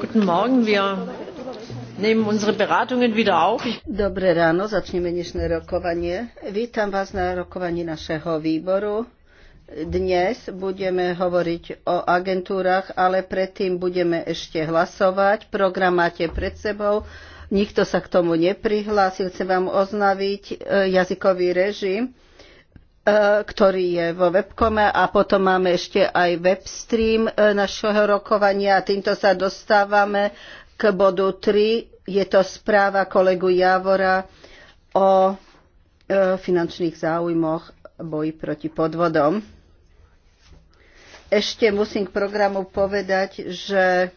Guten Morgen, wir nehmen unsere Beratungen wieder auf. Dobré ráno, začneme dnešné rokovanie. Vítam vás na rokovaní našeho výboru. Dnes budeme hovoriť o agentúrach, ale predtým budeme ešte hlasovať. Program máte pred sebou. Nikto sa k tomu neprihlásil. Chcem vám oznaviť eh, jazykový režim E, ktorý je vo webkome a potom máme ešte aj webstream e, našeho rokovania a týmto sa dostávame k bodu 3. Je to správa kolegu Javora o e, finančných záujmoch boji proti podvodom. Ešte musím k programu povedať, že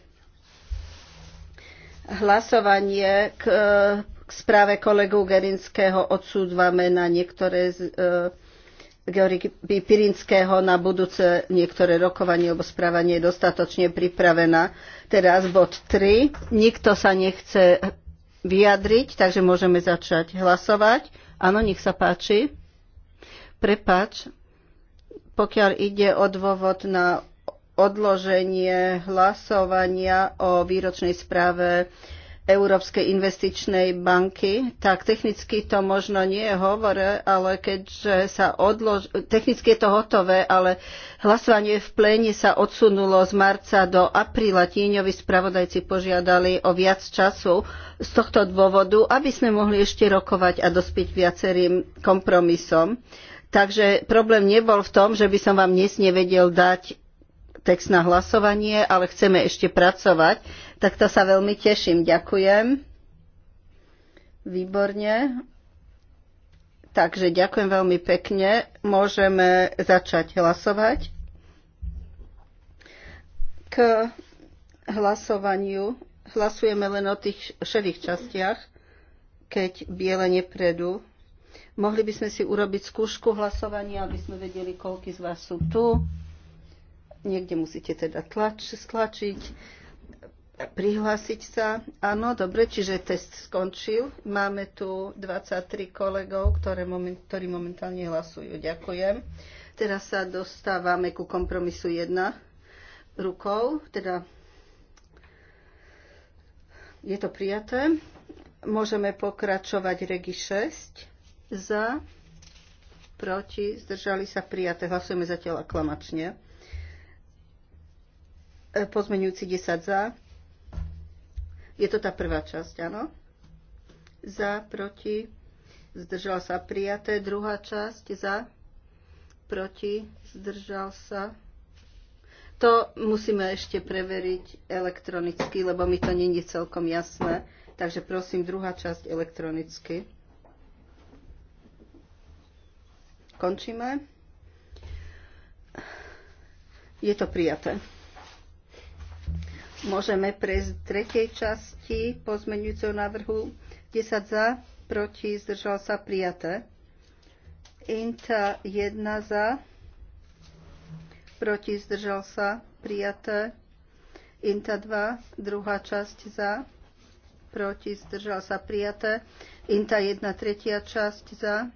hlasovanie k, k správe kolegu Gerinského odsúdvame na niektoré z, e, Georgi Pirinského na budúce niektoré rokovanie alebo správanie je dostatočne pripravená. Teraz bod 3. Nikto sa nechce vyjadriť, takže môžeme začať hlasovať. Áno, nech sa páči. Prepač, pokiaľ ide o dôvod na odloženie hlasovania o výročnej správe Európskej investičnej banky, tak technicky to možno nie je hovore, ale keďže sa odlož... Technicky je to hotové, ale hlasovanie v pléne sa odsunulo z marca do apríla. Tieňovi spravodajci požiadali o viac času z tohto dôvodu, aby sme mohli ešte rokovať a dospiť viacerým kompromisom. Takže problém nebol v tom, že by som vám dnes nevedel dať text na hlasovanie, ale chceme ešte pracovať, tak to sa veľmi teším. Ďakujem. Výborne. Takže ďakujem veľmi pekne. Môžeme začať hlasovať. K hlasovaniu hlasujeme len o tých šedých častiach, keď biele nepredu. Mohli by sme si urobiť skúšku hlasovania, aby sme vedeli, koľko z vás sú tu niekde musíte teda tlač, stlačiť, prihlásiť sa. Áno, dobre, čiže test skončil. Máme tu 23 kolegov, ktoré moment, ktorí momentálne hlasujú. Ďakujem. Teraz sa dostávame ku kompromisu 1 rukou, teda je to prijaté. Môžeme pokračovať regi 6 za, proti, zdržali sa prijaté. Hlasujeme zatiaľ aklamačne. E, pozmeňujúci 10 za. Je to tá prvá časť, áno? Za, proti, zdržal sa prijaté. Druhá časť za, proti, zdržal sa. To musíme ešte preveriť elektronicky, lebo mi to není celkom jasné. Takže prosím, druhá časť elektronicky. Končíme. Je to prijaté. Môžeme prejsť v tretej časti pozmeňujúceho návrhu 10 za, proti, zdržal sa, prijaté. Inta 1 za, proti, zdržal sa, prijaté. Inta 2, druhá časť za, proti, zdržal sa, prijaté. Inta 1, tretia časť za,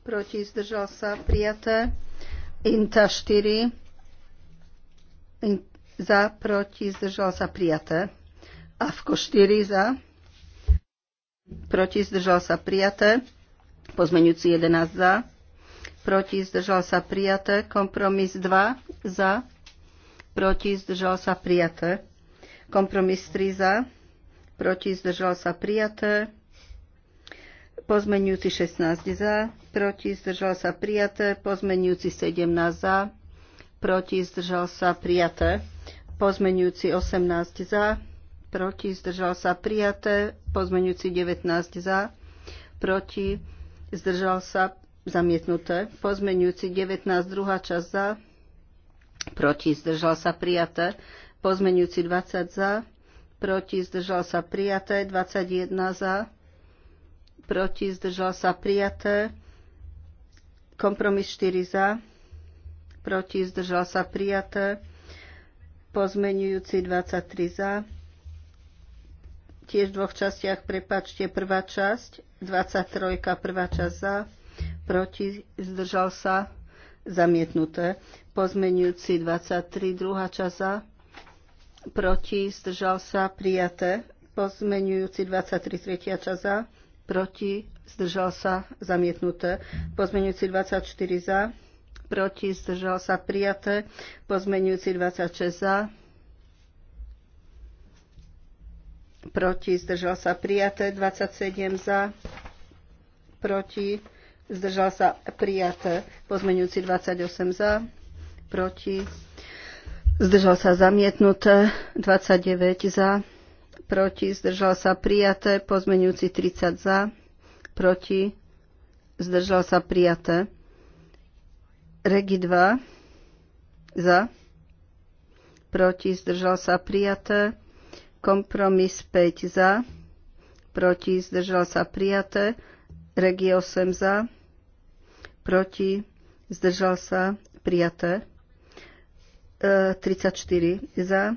proti, zdržal sa, prijaté. Inta 4, za, proti, zdržal sa prijaté. Avko 4 za, proti, zdržal sa prijaté. Pozmeňujúci 11 za, proti, zdržal sa prijaté. Kompromis 2 za, proti, zdržal sa prijaté. Kompromis 3 za, proti, zdržal sa prijaté. Pozmeňujúci 16 za, proti, zdržal sa prijaté. Pozmeňujúci 17 za, proti, zdržal sa prijaté. Pozmenujúci 18 za, proti, zdržal sa prijaté. Pozmenujúci 19 za, proti, zdržal sa zamietnuté. Pozmenujúci 19 druhá časť za, proti, zdržal sa prijaté. Pozmenujúci 20 za, proti, zdržal sa prijaté. 21 za, proti, zdržal sa prijaté. Kompromis 4 za, proti, zdržal sa prijaté. Pozmenujúci 23 za. Tiež v dvoch častiach, prepačte, prvá časť, 23, prvá časť za, proti, zdržal sa, zamietnuté. Pozmenujúci 23, druhá časť za, proti, zdržal sa, prijaté. Pozmenujúci 23, tretia časť za, proti, zdržal sa, zamietnuté. Pozmenujúci 24 za, proti, zdržal sa prijaté, pozmenujúci 26 za, proti, zdržal sa prijaté, 27 za, proti, zdržal sa prijaté, pozmenujúci 28 za, proti, zdržal sa zamietnuté, 29 za, proti, zdržal sa prijaté, pozmenujúci 30 za, proti, zdržal sa prijaté. Regi 2 za, proti, zdržal sa prijaté. Kompromis 5 za, proti, zdržal sa prijaté. Regi 8 za, proti, zdržal sa prijaté. 34 e, za,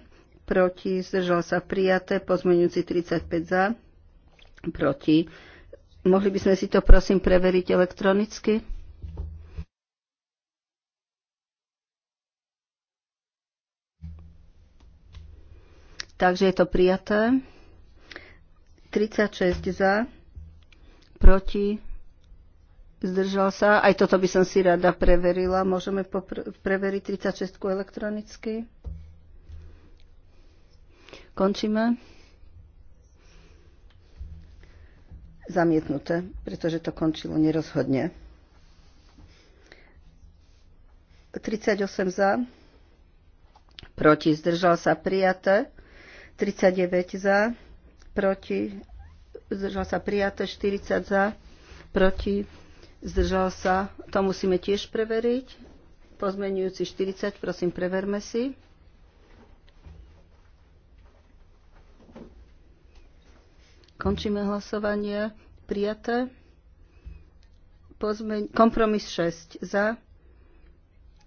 proti, zdržal sa prijaté, pozmeňujúci 35 za, proti. Mohli by sme si to prosím preveriť elektronicky? Takže je to prijaté. 36 za, proti, zdržal sa. Aj toto by som si rada preverila. Môžeme preveriť 36 elektronicky. Končíme. Zamietnuté, pretože to končilo nerozhodne. 38 za, proti zdržal sa prijaté. 39 za, proti, zdržal sa prijaté, 40 za, proti, zdržal sa, to musíme tiež preveriť. Pozmenujúci 40, prosím, preverme si. Končíme hlasovanie. Prijaté. Pozmeň, kompromis 6 za,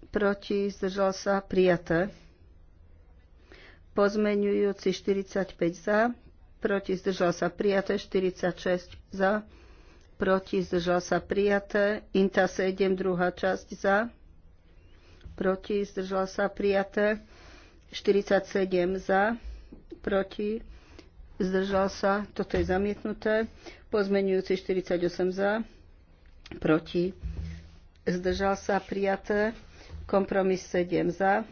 proti, zdržal sa, prijaté. Pozmeňujúci 45 za, proti zdržal sa prijaté, 46 za, proti zdržal sa prijaté, Inta 7 druhá časť za, proti zdržal sa prijaté, 47 za, proti zdržal sa, toto je zamietnuté, pozmenujúci 48 za, proti zdržal sa prijaté, kompromis 7 za,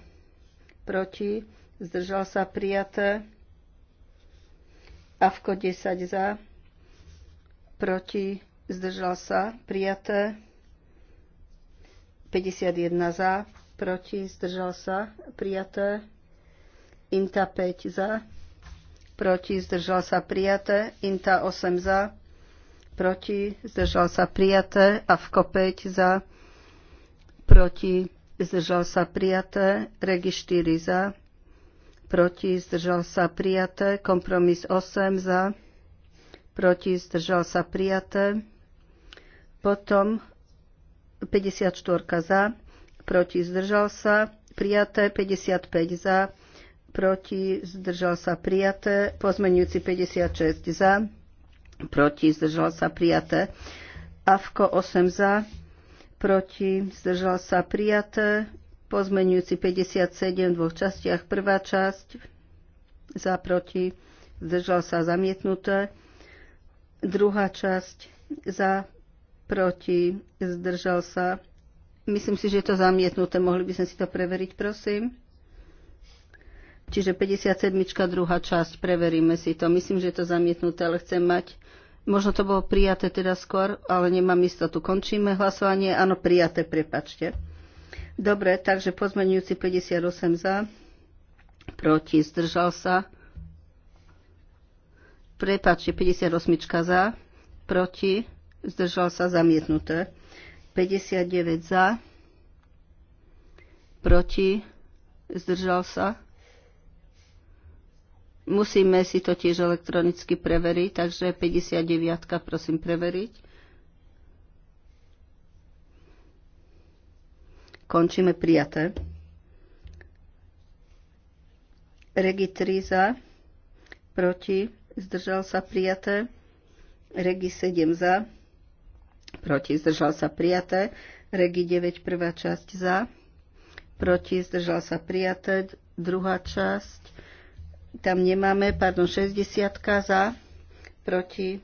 proti zdržal sa prijaté. Avko 10 za, proti, zdržal sa prijaté. 51 za, proti, zdržal sa prijaté. Inta 5 za, proti, zdržal sa prijaté. Inta 8 za, proti, zdržal sa prijaté. Avko 5 za, proti, zdržal sa prijaté. Regi 4 za, proti, zdržal sa prijaté. Kompromis 8 za, proti, zdržal sa prijaté. Potom 54 za, proti, zdržal sa prijaté. 55 za, proti, zdržal sa prijaté. Pozmenujúci 56 za, proti, zdržal sa prijaté. AFKO 8 za, proti, zdržal sa prijaté. Pozmenujúci 57 v dvoch častiach. Prvá časť za proti, zdržal sa zamietnuté. Druhá časť za proti, zdržal sa. Myslím si, že je to zamietnuté. Mohli by sme si to preveriť, prosím. Čiže 57. druhá časť, preveríme si to. Myslím, že je to zamietnuté, ale chcem mať... Možno to bolo prijaté teda skôr, ale nemám istotu. Končíme hlasovanie. Áno, prijaté, prepačte. Dobre, takže pozmenujúci 58 za, proti, zdržal sa. Prepačte, 58 za, proti, zdržal sa, zamietnuté. 59 za, proti, zdržal sa. Musíme si to tiež elektronicky preveriť, takže 59, prosím preveriť. Končíme prijaté. Regi 3 za, proti, zdržal sa prijaté. Regi 7 za, proti, zdržal sa prijaté. Regi 9 prvá časť za, proti, zdržal sa prijaté. Druhá časť, tam nemáme, pardon, 60 za, proti,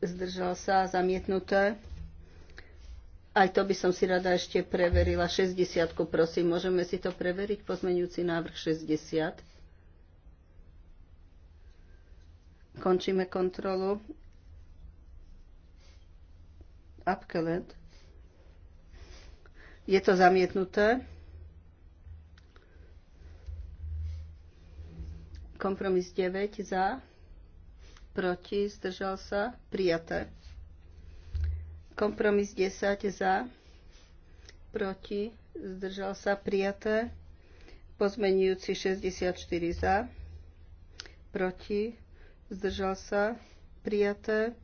zdržal sa zamietnuté. Aj to by som si rada ešte preverila. 60, prosím, môžeme si to preveriť? Pozmeňujúci návrh 60. Končíme kontrolu. Apkelet. Je to zamietnuté. Kompromis 9 za, proti, zdržal sa, prijaté. Kompromis 10 za, proti, zdržal sa prijaté. Pozmenujúci 64 za, proti, zdržal sa prijaté.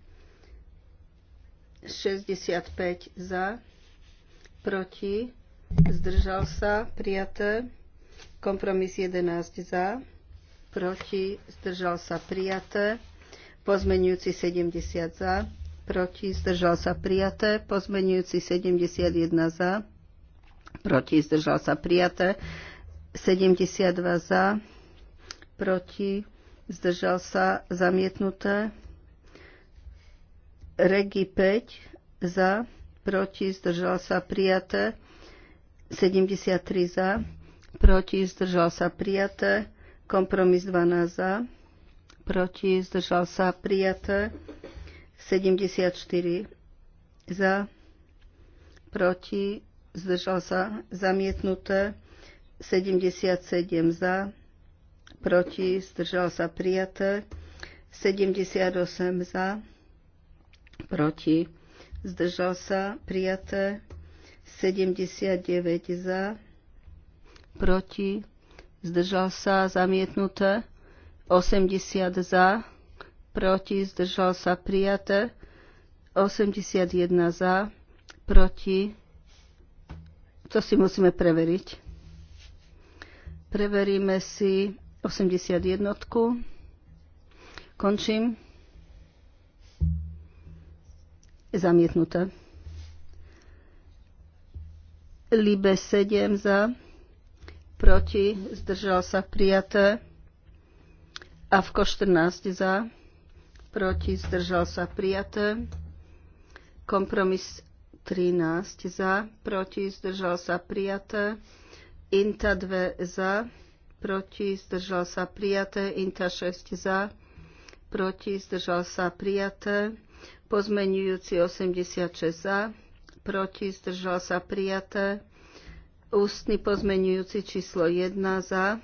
65 za, proti, zdržal sa prijaté. Kompromis 11 za, proti, zdržal sa prijaté. Pozmenujúci 70 za, proti, zdržal sa prijaté, pozmenujúci 71 za, proti, zdržal sa prijaté, 72 za, proti, zdržal sa zamietnuté, regi 5 za, proti, zdržal sa prijaté, 73 za, proti, zdržal sa prijaté, kompromis 12 za, proti, zdržal sa prijaté, 74 za, proti, zdržal sa, zamietnuté, 77 za, proti, zdržal sa, prijaté, 78 za, proti, zdržal sa, prijaté, 79 za, proti, zdržal sa, zamietnuté, 80 za, proti, zdržal sa prijaté, 81 za, proti, to si musíme preveriť. Preveríme si 81. Končím. Zamietnuté. Libe 7 za, proti, zdržal sa prijaté. Avko 14 za, proti, zdržal sa prijaté. Kompromis 13 za, proti, zdržal sa prijaté. Inta 2 za, proti, zdržal sa prijaté. Inta 6 za, proti, zdržal sa prijaté. Pozmenujúci 86 za, proti, zdržal sa prijaté. Ústny pozmenujúci číslo 1 za,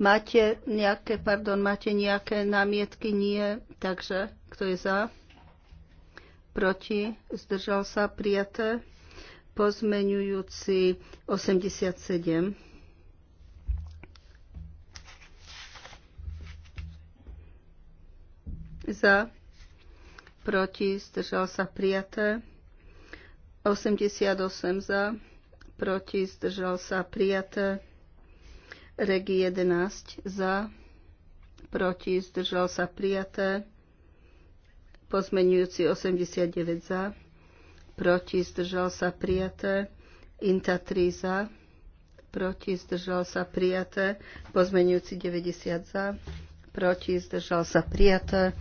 Máte nejaké, pardon, máte nejaké námietky? Nie. Takže, kto je za? Proti? Zdržal sa? Prijaté? Pozmeňujúci 87. Za? Proti? Zdržal sa? Prijaté? 88 za? Proti? Zdržal sa? Prijaté? Regi 11 za, proti, zdržal sa prijaté. Pozmenujúci 89 za, proti, zdržal sa prijaté. Inta 3 za, proti, zdržal sa prijaté. Pozmenujúci 90 za, proti, zdržal sa prijaté.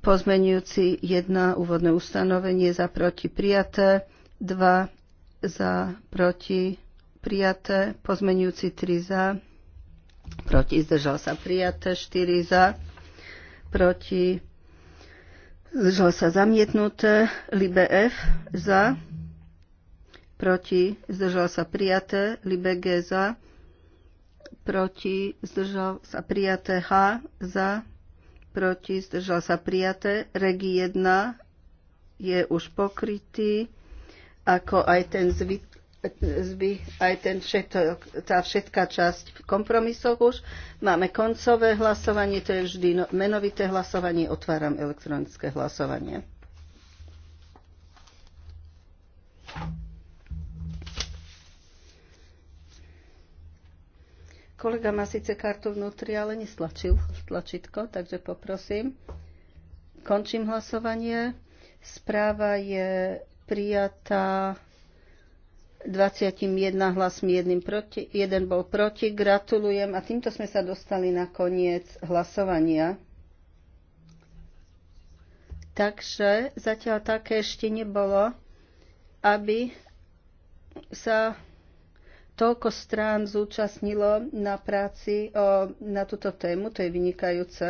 Pozmenujúci 1 úvodné ustanovenie za proti prijaté, 2 za proti prijaté, pozmenujúci 3 za, proti zdržal sa prijaté, 4 za, proti zdržal sa zamietnuté, libe F za, proti zdržal sa prijaté, libe G za, proti zdržal sa prijaté H za, proti zdržal sa prijaté, regi 1 je už pokrytý, ako aj ten zvyk by aj ten všetok, tá všetká časť kompromisoch už. Máme koncové hlasovanie, to je vždy no- menovité hlasovanie. Otváram elektronické hlasovanie. Kolega má síce kartu vnútri, ale nestlačil tlačítko, takže poprosím. Končím hlasovanie. Správa je prijatá 21 hlasmi, jeden, proti, jeden bol proti. Gratulujem a týmto sme sa dostali na koniec hlasovania. Takže zatiaľ také ešte nebolo, aby sa toľko strán zúčastnilo na práci o, na túto tému, to je vynikajúce.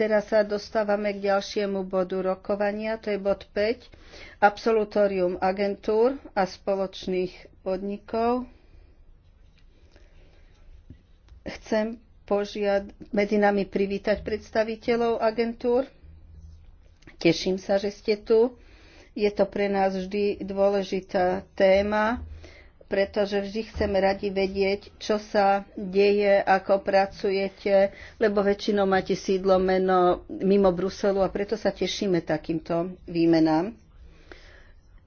Teraz sa dostávame k ďalšiemu bodu rokovania, to je bod 5, absolutórium agentúr a spoločných podnikov. Chcem požiad- medzi nami privítať predstaviteľov agentúr. Teším sa, že ste tu. Je to pre nás vždy dôležitá téma pretože vždy chceme radi vedieť, čo sa deje, ako pracujete, lebo väčšinou máte sídlo meno mimo Bruselu a preto sa tešíme takýmto výmenám.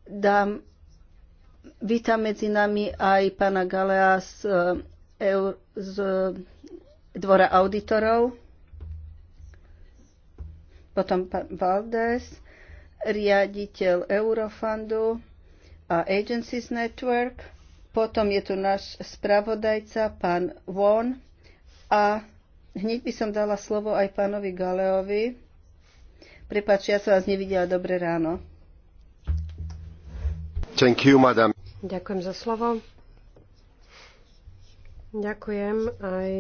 Dám, vítam medzi nami aj pána Galea z, eh, z Dvora auditorov, potom pán Valdés, riaditeľ Eurofundu a Agencies Network, potom je tu náš spravodajca, pán Won. A hneď by som dala slovo aj pánovi Galeovi. Prepač, ja som vás nevidela. Dobré ráno. Thank you, madam. Ďakujem za slovo. Ďakujem aj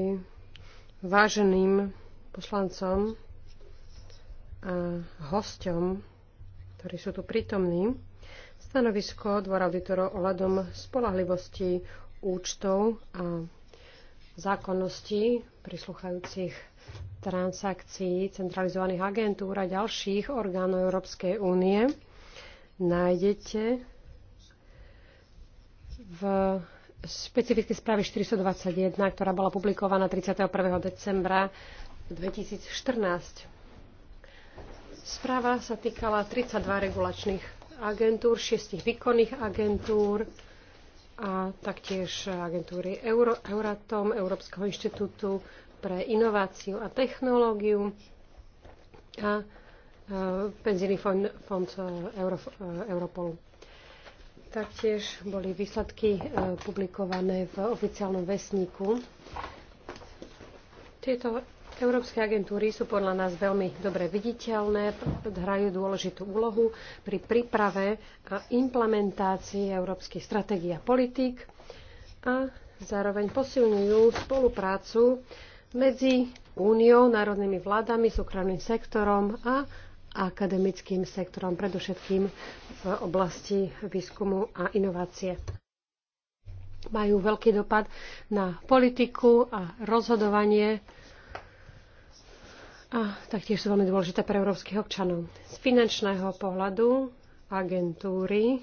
váženým poslancom a hosťom, ktorí sú tu prítomní. Stanovisko dvor auditorov ohľadom spolahlivosti účtov a zákonnosti prisluchajúcich transakcií centralizovaných agentúr a ďalších orgánov Európskej únie nájdete v specifické správe 421, ktorá bola publikovaná 31. decembra 2014. Správa sa týkala 32 regulačných agentúr, šiestich výkonných agentúr a taktiež agentúry Euro, Euratom, Európskeho inštitútu pre inováciu a technológiu a e, penzíny fond, fond e, Euro, e, Europolu. Taktiež boli výsledky e, publikované v oficiálnom vesníku. Tieto Európske agentúry sú podľa nás veľmi dobre viditeľné, hrajú dôležitú úlohu pri príprave a implementácii európskych stratégií a politík a zároveň posilňujú spoluprácu medzi úniou, národnými vládami, súkromným sektorom a akademickým sektorom, predovšetkým v oblasti výskumu a inovácie majú veľký dopad na politiku a rozhodovanie a taktiež sú veľmi dôležité pre európskych občanov. Z finančného pohľadu agentúry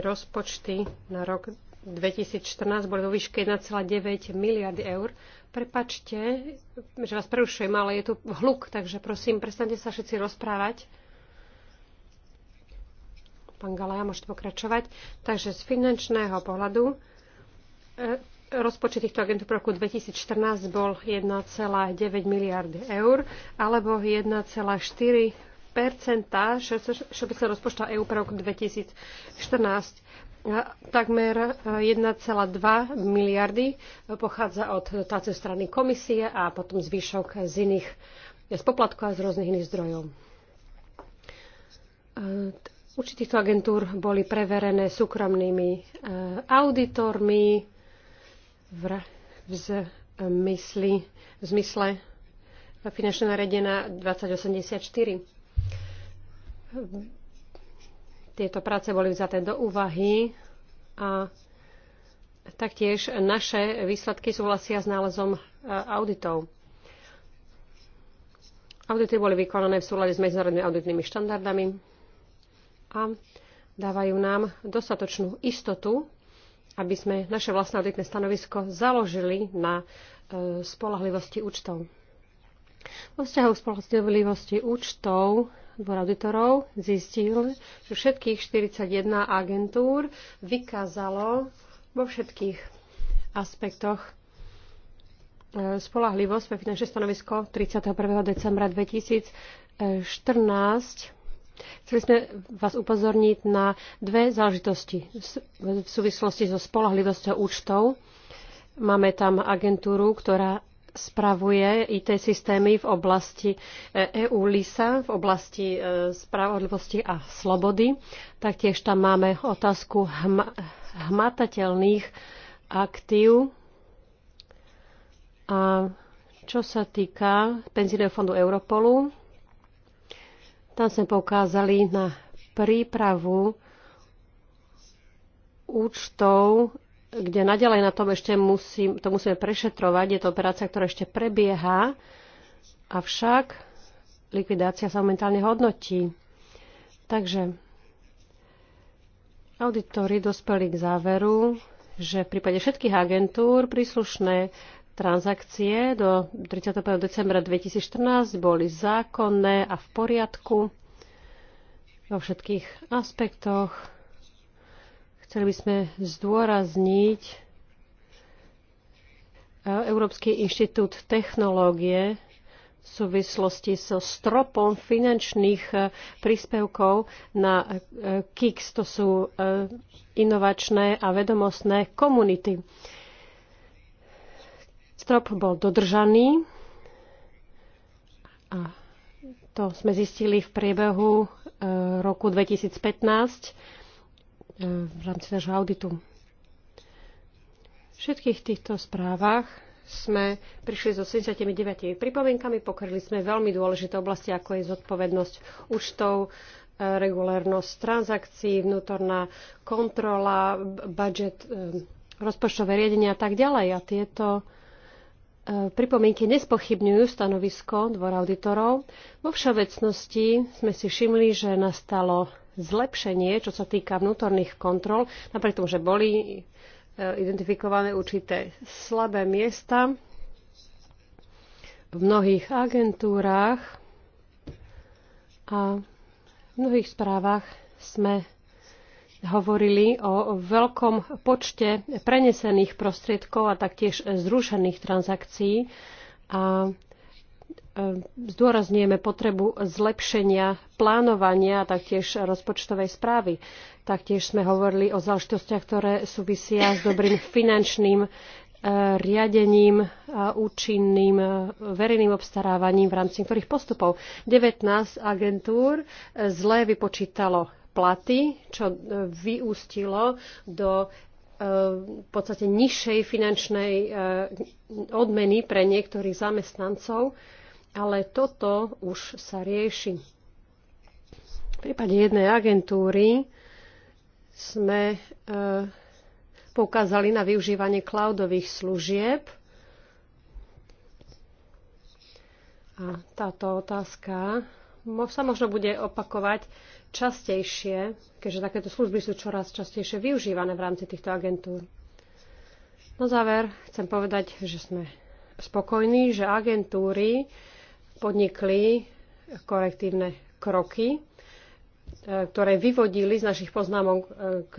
rozpočty na rok 2014 boli vo výške 1,9 miliardy eur. Prepačte, že vás prerušujem, ale je tu hluk, takže prosím, prestante sa všetci rozprávať pán Galaja, môžete pokračovať. Takže z finančného pohľadu e, rozpočet týchto agentúr v roku 2014 bol 1,9 miliardy eur alebo 1,4 percenta všeobecného rozpočta EÚ pre rok 2014 takmer 1,2 e, miliardy pochádza od dotácie strany komisie a potom zvyšok z iných z poplatkov a z rôznych iných zdrojov. Určitýchto e, týchto agentúr boli preverené súkromnými e, auditormi, v, v, mysli, v zmysle finančné naredenia 2084. Tieto práce boli vzaté do úvahy a taktiež naše výsledky súhlasia s nálezom e, auditov. Audity boli vykonané v súlade s medzinárodnými auditnými štandardami a dávajú nám dostatočnú istotu aby sme naše vlastné auditné stanovisko založili na e, spolahlivosti účtov. Vo vzťahu spolahlivosti účtov dvor auditorov zistil, že všetkých 41 agentúr vykázalo vo všetkých aspektoch e, spolahlivosť pre finančné stanovisko 31. decembra 2014 Chceli sme vás upozorniť na dve záležitosti v súvislosti so spolahlivosťou účtov. Máme tam agentúru, ktorá spravuje IT systémy v oblasti EU e LISA, v oblasti e, spravodlivosti a slobody. Taktiež tam máme otázku hmatateľných aktív. A čo sa týka penzíneho fondu Europolu, tam sme poukázali na prípravu účtov, kde naďalej na tom ešte musím, to musíme prešetrovať. Je to operácia, ktorá ešte prebieha, avšak likvidácia sa momentálne hodnotí. Takže auditori dospeli k záveru, že v prípade všetkých agentúr príslušné transakcie do 31. decembra 2014 boli zákonné a v poriadku vo všetkých aspektoch. Chceli by sme zdôrazniť e, Európsky inštitút technológie v súvislosti so stropom finančných e, príspevkov na e, KIX, to sú inovačné a vedomostné komunity. Strop bol dodržaný a to sme zistili v priebehu e, roku 2015 e, v rámci nášho auditu. V všetkých týchto správach sme prišli so 79 pripomienkami, pokryli sme veľmi dôležité oblasti, ako je zodpovednosť účtov, e, regulérnosť transakcií, vnútorná kontrola, budget, rozpočtové riadenie a tak ďalej. A tieto E, pripomienky nespochybňujú stanovisko dvora auditorov. Vo všeobecnosti sme si všimli, že nastalo zlepšenie, čo sa týka vnútorných kontrol, napriek tomu, že boli e, identifikované určité slabé miesta v mnohých agentúrach a v mnohých správach sme hovorili o veľkom počte prenesených prostriedkov a taktiež zrušených transakcií a e, zdôrazňujeme potrebu zlepšenia plánovania a taktiež rozpočtovej správy. Taktiež sme hovorili o záležitostiach, ktoré súvisia s dobrým finančným e, riadením a účinným e, verejným obstarávaním v rámci ktorých postupov. 19 agentúr zle vypočítalo platy, čo e, vyústilo do e, v podstate nižšej finančnej e, odmeny pre niektorých zamestnancov, ale toto už sa rieši. V prípade jednej agentúry sme poukázali na využívanie cloudových služieb. A táto otázka sa možno bude opakovať častejšie, keďže takéto služby sú čoraz častejšie využívané v rámci týchto agentúr. Na záver chcem povedať, že sme spokojní, že agentúry podnikli korektívne kroky, e, ktoré vyvodili z našich poznámok e, k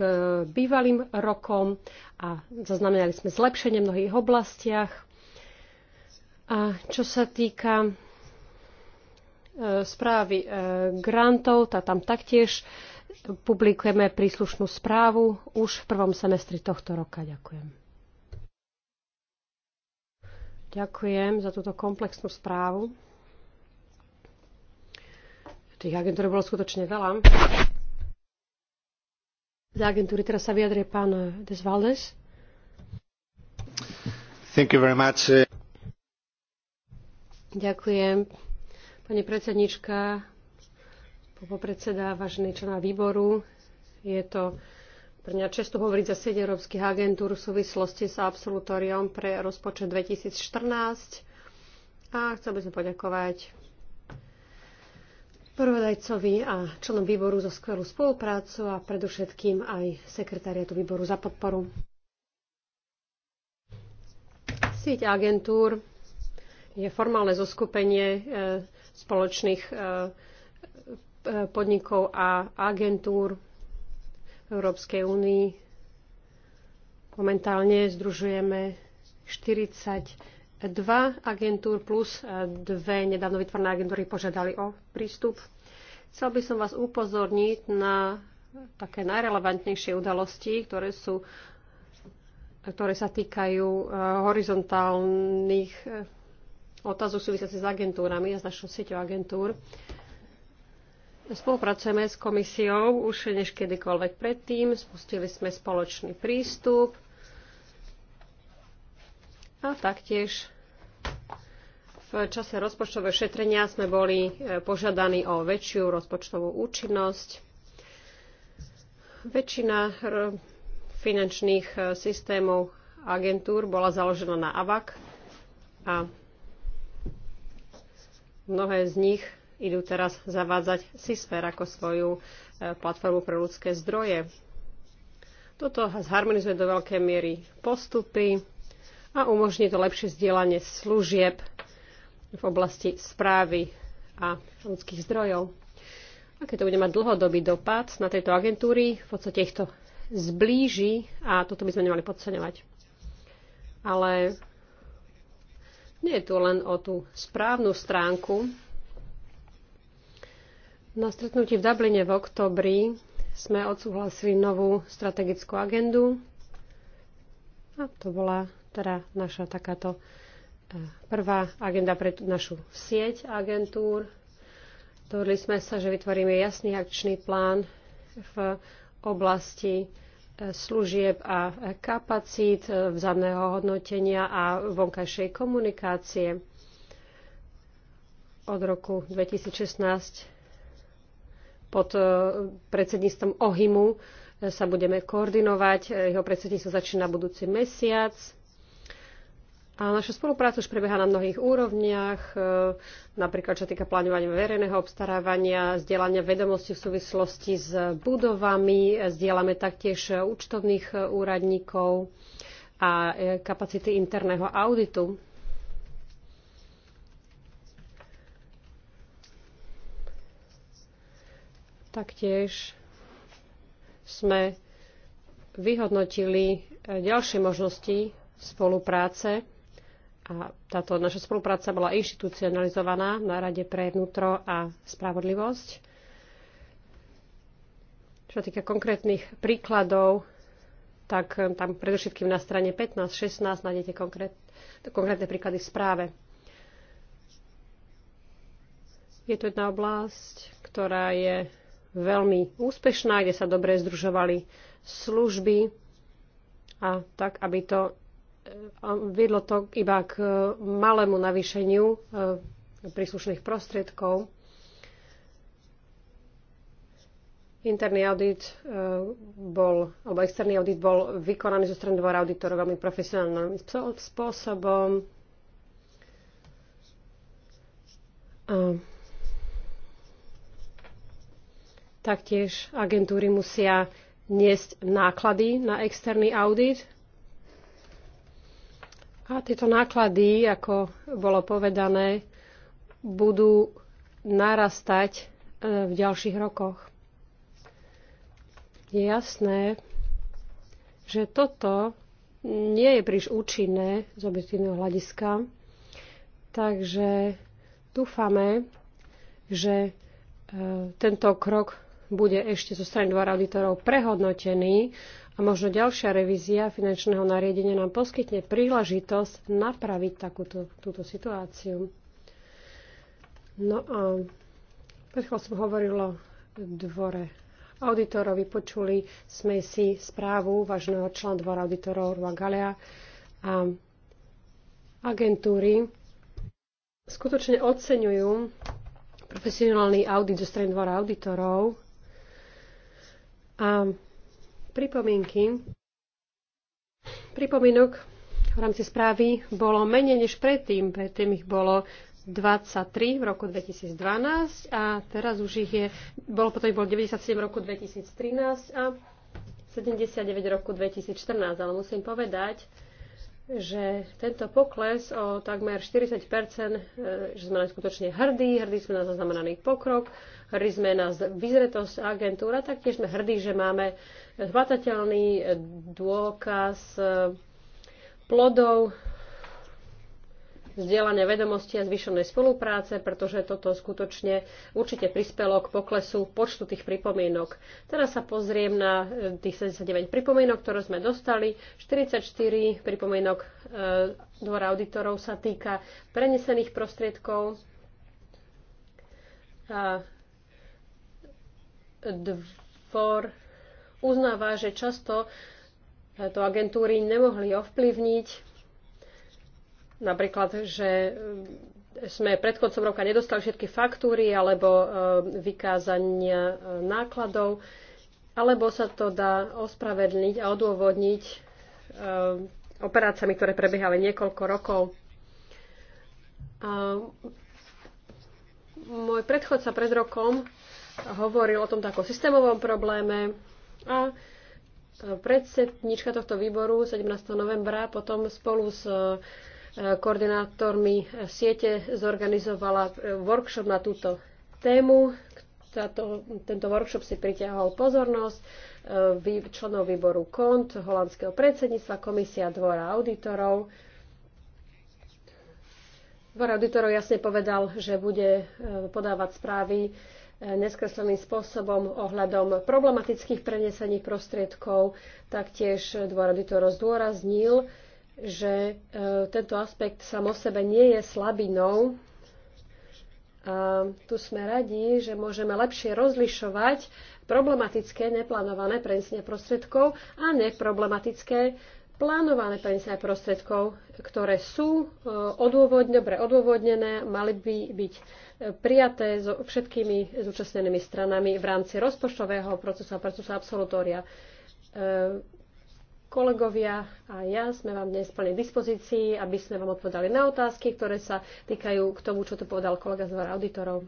bývalým rokom a zaznamenali sme zlepšenie v mnohých oblastiach. A čo sa týka správy e, grantov, tá tam taktiež publikujeme príslušnú správu už v prvom semestri tohto roka. Ďakujem. Ďakujem za túto komplexnú správu. Tých agentúr bolo skutočne veľa. Za agentúry teraz sa vyjadrie pán Desvaldes. Thank you very much. Ďakujem Pani predsednička, popredseda, vážený člena výboru, je to pre mňa často hovoriť za sieť európskych agentúr v súvislosti s absolutóriom pre rozpočet 2014. A chcel by som poďakovať prvodajcovi a členom výboru za skvelú spoluprácu a predovšetkým aj sekretariatu výboru za podporu. Sieť agentúr je formálne zoskupenie e, spoločných e, e, podnikov a agentúr v Európskej únii. Momentálne združujeme 42 agentúr plus dve nedávno vytvorné agentúry požiadali o prístup. Chcel by som vás upozorniť na také najrelevantnejšie udalosti, ktoré sú ktoré sa týkajú horizontálnych otázok súvisiacich s agentúrami a s našou sieťou agentúr. Spolupracujeme s komisiou už než kedykoľvek predtým. Spustili sme spoločný prístup a taktiež v čase rozpočtového šetrenia sme boli e, požiadaní o väčšiu rozpočtovú účinnosť. Väčšina finančných e, systémov agentúr bola založená na AVAC a Mnohé z nich idú teraz zavádzať CISPER ako svoju e, platformu pre ľudské zdroje. Toto zharmonizuje do veľkej miery postupy a umožní to lepšie zdieľanie služieb v oblasti správy a ľudských zdrojov. A keď to bude mať dlhodobý dopad na tejto agentúry, v podstate ich to zblíži a toto by sme nemali podceňovať. Ale nie je tu len o tú správnu stránku. Na stretnutí v Dubline v oktobri sme odsúhlasili novú strategickú agendu. A to bola teda naša takáto e, prvá agenda pre našu sieť agentúr. Dohodli sme sa, že vytvoríme jasný akčný plán v oblasti služieb a kapacít, e, vzájomného hodnotenia a vonkajšej komunikácie. Od roku 2016 pod e, predsedníctvom OHIMu e, sa budeme koordinovať. Jeho predsedníctvo začína budúci mesiac. A naša spolupráca už prebieha na mnohých úrovniach, e, napríklad čo týka plánovania verejného obstarávania, zdieľania vedomostí v súvislosti s budovami, zdieľame taktiež účtovných úradníkov a e, kapacity interného auditu. Taktiež sme vyhodnotili e, ďalšie možnosti spolupráce a táto naša spolupráca bola inštitucionalizovaná na Rade pre vnútro a spravodlivosť. Čo sa týka konkrétnych príkladov, tak tam predovšetkým na strane 15-16 nájdete konkrét, konkrétne príklady v správe. Je to jedna oblasť, ktorá je veľmi úspešná, kde sa dobre združovali služby a tak, aby to viedlo to iba k e, malému navýšeniu e, príslušných prostriedkov. Interný audit e, bol, alebo externý audit bol vykonaný zo strany dvora auditorov veľmi profesionálnym spôsobom. A taktiež agentúry musia niesť náklady na externý audit a tieto náklady, ako bolo povedané, budú narastať e, v ďalších rokoch. Je jasné, že toto nie je príliš účinné z objektívneho hľadiska, takže dúfame, že e, tento krok bude ešte zo strany dvora auditorov prehodnotený a možno ďalšia revízia finančného nariadenia nám poskytne príležitosť napraviť takúto túto situáciu. No a predchol som hovorilo dvore auditorov. Vypočuli sme si správu vážneho člena dvora auditorov Rua Galea a agentúry skutočne oceňujú profesionálny audit zo strany dvora auditorov a pripomienky. Pripomienok v rámci správy bolo menej než predtým. Predtým ich bolo 23 v roku 2012 a teraz už ich je, bolo potom ich bolo 97 v roku 2013 a 79 v roku 2014, ale musím povedať, že tento pokles o takmer 40 e, že sme na skutočne hrdí, hrdí sme na zaznamenaný pokrok hrdí sme na vyzretosť agentúra, tak tiež sme hrdí, že máme hmatateľný dôkaz e, plodov vzdielania vedomosti a zvyšenej spolupráce, pretože toto skutočne určite prispelo k poklesu počtu tých pripomienok. Teraz sa pozriem na e, tých 79 pripomienok, ktoré sme dostali. 44 pripomienok e, dvora auditorov sa týka prenesených prostriedkov. A dvor uznáva, že často to agentúry nemohli ovplyvniť. Napríklad, že e, sme koncom roka nedostali všetky faktúry alebo e, vykázania e, nákladov, alebo sa to dá ospravedlniť a odôvodniť operáciami, ktoré prebiehali niekoľko rokov. A môj predchodca pred rokom hovoril o tomto ako systémovom probléme a e, predsednička tohto výboru 17. novembra potom spolu s e, koordinátormi siete zorganizovala e, workshop na túto tému. Tato, tento workshop si pritiahol pozornosť členov výboru KONT, holandského predsedníctva, komisia dvora auditorov. Dvor auditorov jasne povedal, že bude podávať správy neskresleným spôsobom ohľadom problematických prenesených prostriedkov. Taktiež dvor auditorov zdôraznil, že e, tento aspekt sám o sebe nie je slabinou. A tu sme radi, že môžeme lepšie rozlišovať problematické neplánované prenesenie prostriedkov a neproblematické plánované prenesenia prostriedkov, ktoré sú e, odôvodne, dobre odôvodnené, mali by byť e, prijaté so všetkými zúčastnenými stranami v rámci rozpočtového procesu a procesu absolutória. E, kolegovia a ja sme vám dnes plne dispozícii, aby sme vám odpovedali na otázky, ktoré sa týkajú k tomu, čo tu povedal kolega z dvora auditorov.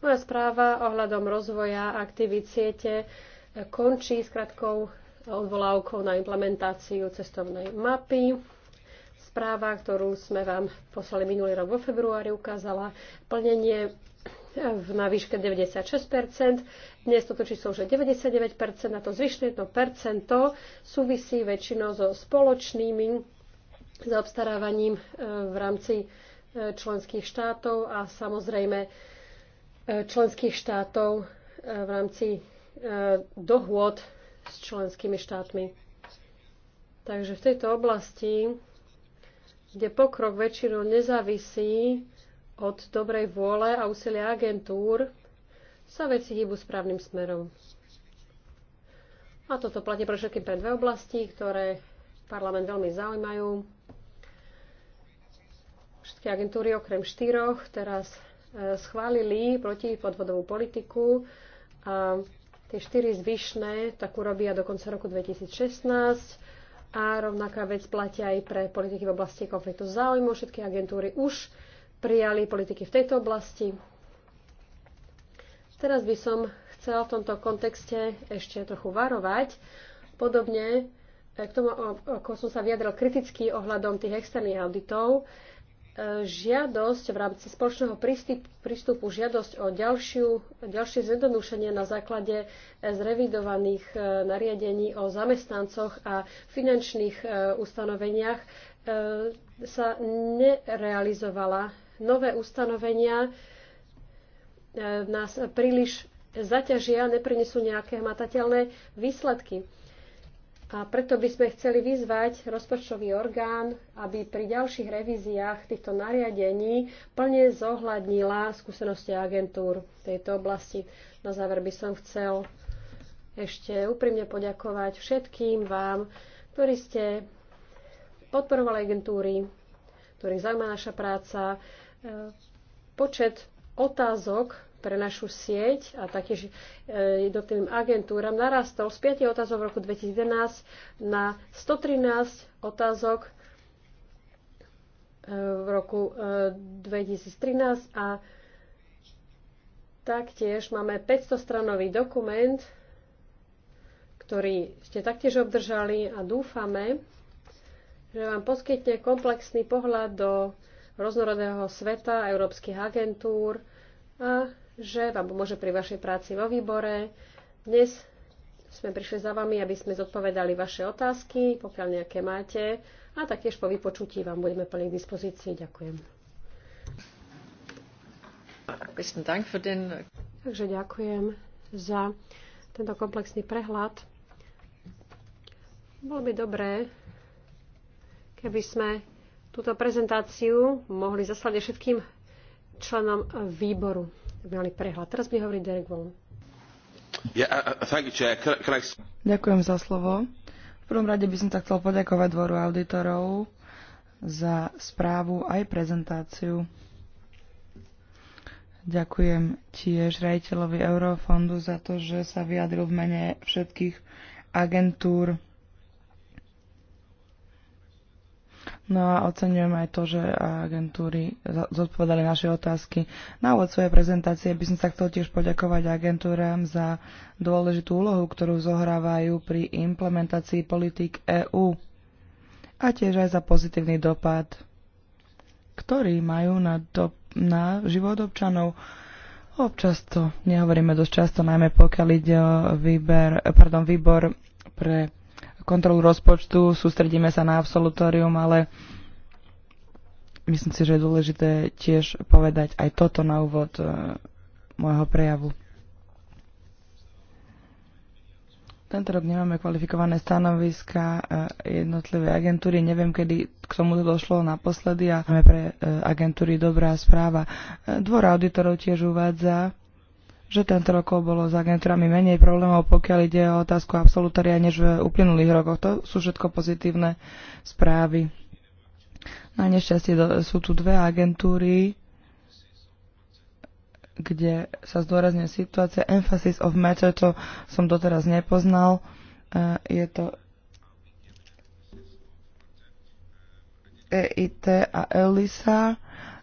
Moja správa ohľadom rozvoja aktivít siete končí s krátkou odvolávkou na implementáciu cestovnej mapy. Správa, ktorú sme vám poslali minulý rok vo februári, ukázala plnenie na výške 96 Dnes toto číslo už je 99 a to zvyšné 1 súvisí väčšinou so spoločnými zaobstarávaním e, v rámci e, členských štátov a samozrejme e, členských štátov v rámci dohôd s členskými štátmi. Takže v tejto oblasti, kde pokrok väčšinou nezávisí od dobrej vôle a úsilia agentúr, sa veci hýbu správnym smerom. A toto platí pre všetky pre dve oblasti, ktoré parlament veľmi zaujímajú. Všetky agentúry okrem štyroch teraz e, schválili protipodvodovú politiku a Tie štyri zvyšné tak urobia do konca roku 2016 a rovnaká vec platia aj pre politiky v oblasti konfliktu záujmu. Všetky agentúry už prijali politiky v tejto oblasti. Teraz by som chcela v tomto kontexte ešte trochu varovať. Podobne e, k tomu, ako som sa vyjadril kriticky ohľadom tých externých auditov, žiadosť v rámci spoločného prístupu, žiadosť o ďalšiu, ďalšie zjednodušenie na základe eh, zrevidovaných eh, nariadení o zamestnancoch a finančných eh, ustanoveniach sa nerealizovala. Nové ustanovenia nás príliš zaťažia, neprinesú nejaké hmatateľné výsledky. A preto by sme chceli vyzvať rozpočtový orgán, aby pri ďalších revíziách týchto nariadení plne zohľadnila skúsenosti agentúr v tejto oblasti. Na záver by som chcel ešte úprimne poďakovať všetkým vám, ktorí ste podporovali agentúry, ktorých zaujíma naša práca. E, počet otázok pre našu sieť a taktiež e, jednotlivým agentúram narastol z 5 otázok v roku 2011 na 113 otázok e, v roku 2013 e, a taktiež máme 500-stranový dokument, ktorý ste taktiež obdržali a dúfame, že vám poskytne komplexný pohľad do rôznorodého sveta, európskych agentúr a že vám pomôže pri vašej práci vo výbore. Dnes sme prišli za vami, aby sme zodpovedali vaše otázky, pokiaľ nejaké máte. A taktiež po vypočutí vám budeme plne k dispozícii. Ďakujem. Takže ďakujem za tento komplexný prehľad. Bolo by dobré, keby sme túto prezentáciu mohli zaslať všetkým členom výboru aby mali prehľad. Teraz bude hovoriť Derek Vaughan. Uh, uh, Ďakujem za slovo. V prvom rade by som tak chcel poďakovať dvoru auditorov za správu aj prezentáciu. Ďakujem tiež rejiteľovi Eurofondu za to, že sa vyjadril v mene všetkých agentúr No a oceňujem aj to, že agentúry zodpovedali naše otázky. Na úvod svojej prezentácie by som sa chcel tiež poďakovať agentúram za dôležitú úlohu, ktorú zohrávajú pri implementácii politík EÚ a tiež aj za pozitívny dopad, ktorý majú na, do, na život občanov. Občas to nehovoríme dosť často, najmä pokiaľ ide o výber, pardon, výbor pre kontrolu rozpočtu, sústredíme sa na absolutórium, ale myslím si, že je dôležité tiež povedať aj toto na úvod e, môjho prejavu. Tento rok nemáme kvalifikované stanoviska e, jednotlivé agentúry. Neviem, kedy k tomu došlo naposledy a máme pre e, agentúry dobrá správa. Dvor auditorov tiež uvádza, že tento rokov bolo s agentúrami menej problémov, pokiaľ ide o otázku absolutória, než v uplynulých rokoch. To sú všetko pozitívne správy. Na nešťastie sú tu dve agentúry, kde sa zdôrazňuje situácia. Emphasis of matter, to som doteraz nepoznal. E, je to EIT a ELISA.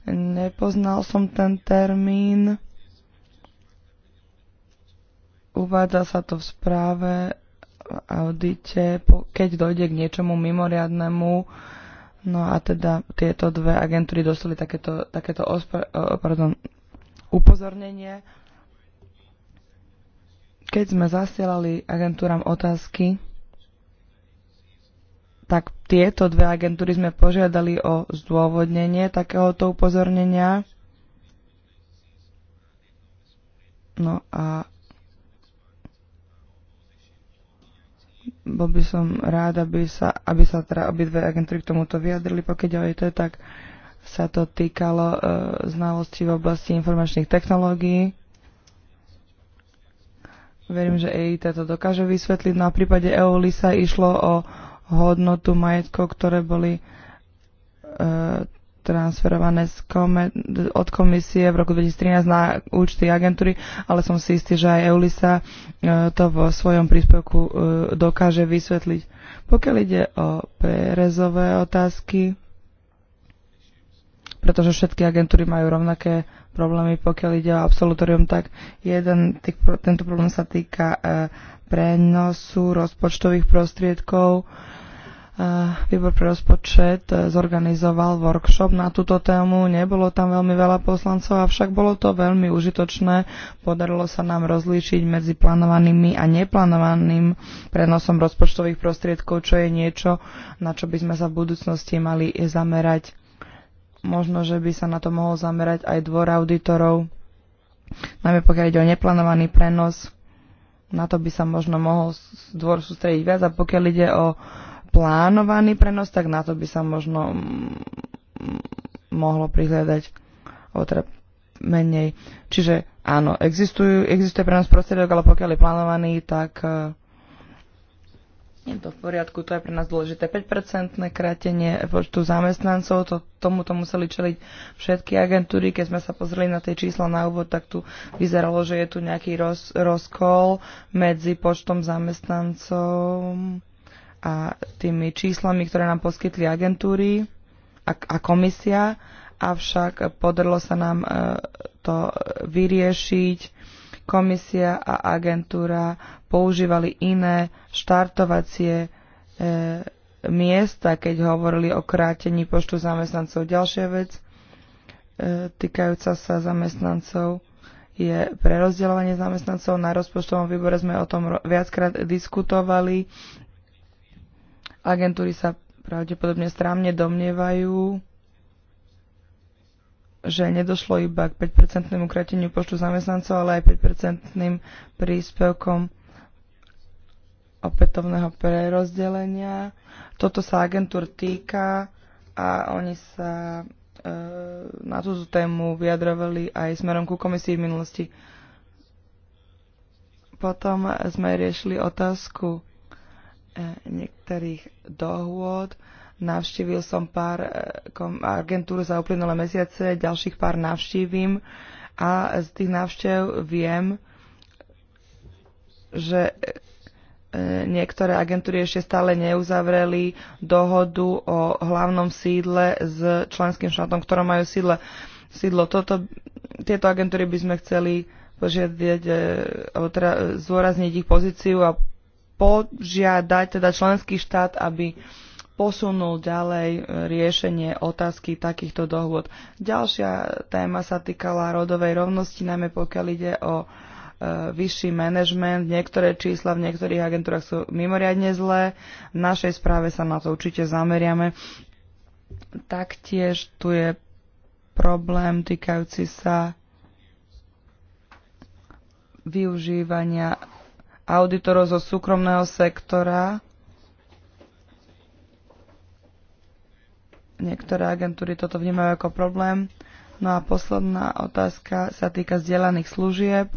Nepoznal som ten termín Uvádza sa to v správe, v audite, keď dojde k niečomu mimoriadnemu, no a teda tieto dve agentúry dostali takéto, takéto ospr- pardon, upozornenie. Keď sme zasielali agentúram otázky, tak tieto dve agentúry sme požiadali o zdôvodnenie takéhoto upozornenia. No a bol by som rád, aby sa, aby sa teda obidve agentúry k tomuto vyjadrili, pokiaľ aj to je tak sa to týkalo e, znalostí v oblasti informačných technológií. Verím, že EIT to dokáže vysvetliť. No a v prípade EOLISA išlo o hodnotu majetkov, ktoré boli e, transferované z kome, od komisie v roku 2013 na účty agentúry, ale som si istý, že aj Eulisa e, to vo svojom príspevku e, dokáže vysvetliť. Pokiaľ ide o prerezové otázky, pretože všetky agentúry majú rovnaké problémy, pokiaľ ide o absolutorium, tak jeden, tých, tento problém sa týka e, prenosu rozpočtových prostriedkov Eh, výbor pre rozpočet eh, zorganizoval workshop na túto tému. Nebolo tam veľmi veľa poslancov, avšak bolo to veľmi užitočné. Podarilo sa nám rozlíšiť medzi plánovanými a neplánovaným prenosom rozpočtových prostriedkov, čo je niečo, na čo by sme sa v budúcnosti mali zamerať. Možno, že by sa na to mohol zamerať aj dvor auditorov, najmä pokiaľ ide o neplánovaný prenos. Na to by sa možno mohol dvor sústrediť viac a pokiaľ ide o plánovaný prenos, tak na to by sa možno mm, mohlo prihľadať otra teda menej. Čiže áno, existujú, existuje prenos prostriedok, ale pokiaľ je plánovaný, tak e, je to v poriadku, to je pre nás dôležité. 5-percentné krátenie počtu zamestnancov, to, tomuto museli čeliť všetky agentúry. Keď sme sa pozreli na tie čísla na úvod, tak tu vyzeralo, že je tu nejaký roz, rozkol medzi počtom zamestnancov a tými číslami, ktoré nám poskytli agentúry a, a komisia, avšak podarilo sa nám e, to vyriešiť. Komisia a agentúra používali iné štartovacie e, miesta, keď hovorili o krátení počtu zamestnancov. Ďalšia vec e, týkajúca sa zamestnancov je prerozdeľovanie zamestnancov. Na rozpočtovom výbore sme o tom viackrát diskutovali. Agentúry sa pravdepodobne strámne domnievajú, že nedošlo iba k 5-percentnému krateniu počtu zamestnancov, ale aj 5-percentným príspevkom opätovného prerozdelenia. Toto sa agentúr týka a oni sa e, na túto tému vyjadrovali aj smerom ku komisii v minulosti. Potom sme riešili otázku niektorých dohôd. Navštívil som pár eh, agentúr za uplynulé mesiace, ďalších pár navštívim a z tých návštev viem, že eh, niektoré agentúry ešte stále neuzavreli dohodu o hlavnom sídle s členským štátom, ktorom majú sídle. sídlo. Toto, tieto agentúry by sme chceli požiadať, eh, teda zôrazniť ich pozíciu a požiadať teda členský štát, aby posunul ďalej e, riešenie otázky takýchto dohôd. Ďalšia téma sa týkala rodovej rovnosti, najmä pokiaľ ide o e, vyšší manažment. Niektoré čísla v niektorých agentúrach sú mimoriadne zlé. V našej správe sa na to určite zameriame. Taktiež tu je problém týkajúci sa využívania auditorov zo súkromného sektora. Niektoré agentúry toto vnímajú ako problém. No a posledná otázka sa týka zdieľaných služieb.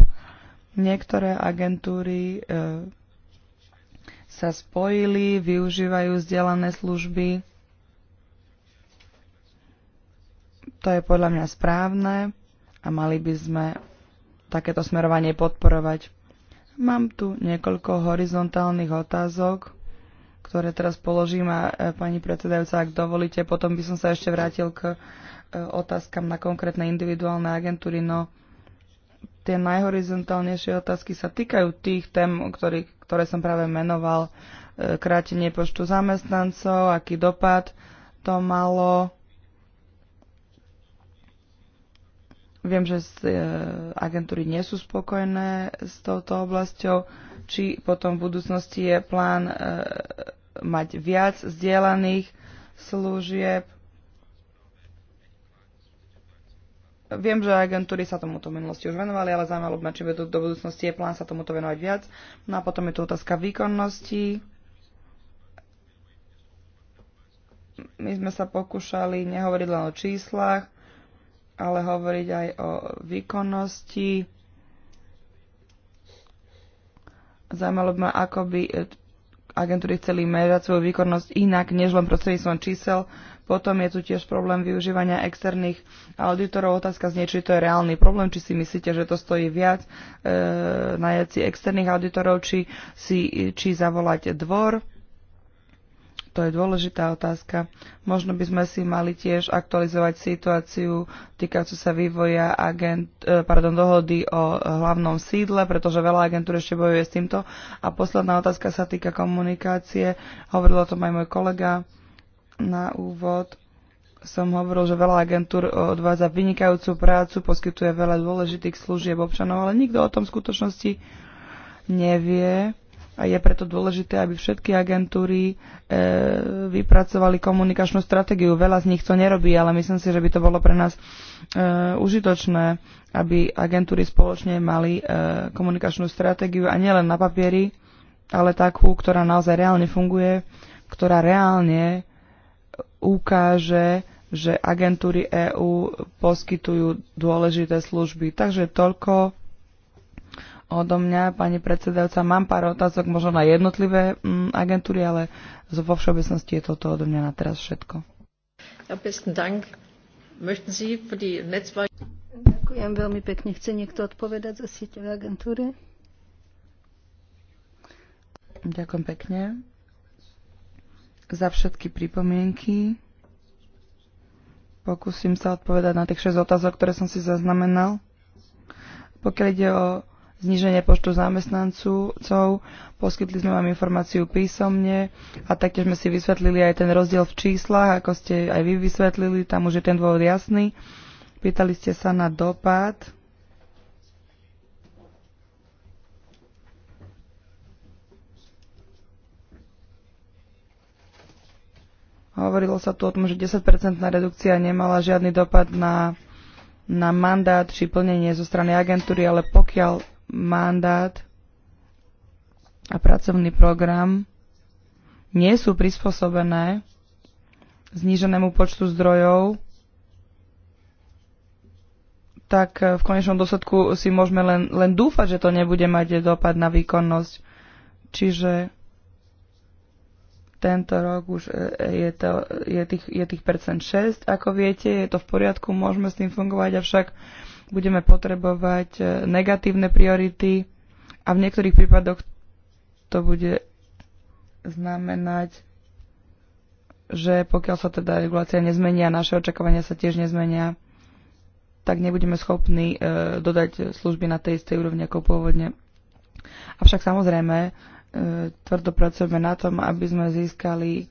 Niektoré agentúry e, sa spojili, využívajú zdieľané služby. To je podľa mňa správne a mali by sme takéto smerovanie podporovať. Mám tu niekoľko horizontálnych otázok, ktoré teraz položím a e, pani predsedajúca, ak dovolíte, potom by som sa ešte vrátil k e, otázkam na konkrétne individuálne agentúry, no tie najhorizontálnejšie otázky sa týkajú tých tém, ktorý, ktoré som práve menoval. E, krátenie počtu zamestnancov, aký dopad to malo, Viem, že e, agentúry nie sú spokojné s touto oblasťou. Či potom v budúcnosti je plán e, mať viac zdieľaných služieb? Viem, že agentúry sa tomuto v minulosti už venovali, ale zaujímalo by ma, či do, do budúcnosti je plán sa tomuto venovať viac. No a potom je tu otázka výkonnosti. My sme sa pokúšali nehovoriť len o číslach, ale hovoriť aj o výkonnosti. Zaujímalo by ma, ako by e, agentúry chceli merať svoju výkonnosť inak, než len prostredníctvom čísel. Potom je tu tiež problém využívania externých auditorov. Otázka znie, či to je reálny problém, či si myslíte, že to stojí viac e, najať si externých auditorov, či, si, či zavolať dvor. To je dôležitá otázka. Možno by sme si mali tiež aktualizovať situáciu týkajúcu sa vývoja agent, e, pardon, dohody o e, hlavnom sídle, pretože veľa agentúr ešte bojuje s týmto. A posledná otázka sa týka komunikácie. Hovoril o tom aj môj kolega na úvod. Som hovoril, že veľa agentúr odvádza vynikajúcu prácu, poskytuje veľa dôležitých služieb občanov, ale nikto o tom v skutočnosti nevie a je preto dôležité, aby všetky agentúry e, vypracovali komunikačnú stratégiu. Veľa z nich to nerobí, ale myslím si, že by to bolo pre nás e, užitočné, aby agentúry spoločne mali e, komunikačnú stratégiu a nielen na papieri, ale takú, ktorá naozaj reálne funguje, ktorá reálne ukáže, že agentúry EÚ poskytujú dôležité služby. Takže toľko odo mňa, pani predsedajúca. Mám pár otázok možno na jednotlivé m, mm, agentúry, ale vo všeobecnosti je toto odo mňa na teraz všetko. Ďakujem veľmi pekne. Chce niekto odpovedať za sieťové agentúry? Ďakujem pekne za všetky pripomienky. Pokúsim sa odpovedať na tých 6 otázok, ktoré som si zaznamenal. Pokiaľ ide o zniženie počtu zamestnancov. Poskytli sme vám informáciu písomne a taktiež sme si vysvetlili aj ten rozdiel v číslach, ako ste aj vy vysvetlili, tam už je ten dôvod jasný. Pýtali ste sa na dopad. Hovorilo sa tu o tom, že 10% redukcia nemala žiadny dopad na na mandát či plnenie zo strany agentúry, ale pokiaľ mandát a pracovný program nie sú prispôsobené zníženému počtu zdrojov, tak v konečnom dôsledku si môžeme len, len dúfať, že to nebude mať dopad na výkonnosť. Čiže tento rok už e, je, to, je, tých, je tých percent 6, ako viete, je to v poriadku, môžeme s tým fungovať, avšak budeme potrebovať e, negatívne priority a v niektorých prípadoch to bude znamenať, že pokiaľ sa teda regulácia nezmenia, naše očakávania sa tiež nezmenia, tak nebudeme schopní e, dodať služby na tej istej úrovni ako pôvodne. Avšak samozrejme, e, tvrdo pracujeme na tom, aby sme získali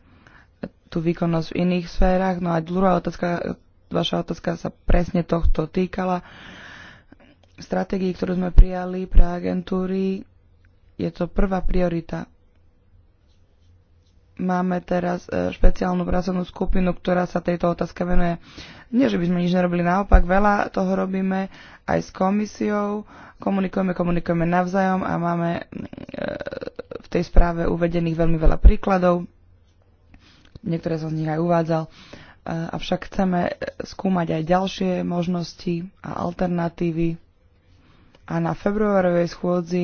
tú výkonnosť v iných sférach. No a druhá otázka, vaša otázka sa presne tohto týkala. Stratégii, ktorú sme prijali pre agentúry, je to prvá priorita. Máme teraz e, špeciálnu pracovnú skupinu, ktorá sa tejto otázke venuje. Nie, že by sme nič nerobili, naopak veľa toho robíme aj s komisiou. Komunikujeme, komunikujeme navzájom a máme e, v tej správe uvedených veľmi veľa príkladov. Niektoré som z nich aj uvádzal avšak chceme skúmať aj ďalšie možnosti a alternatívy. A na februárovej schôdzi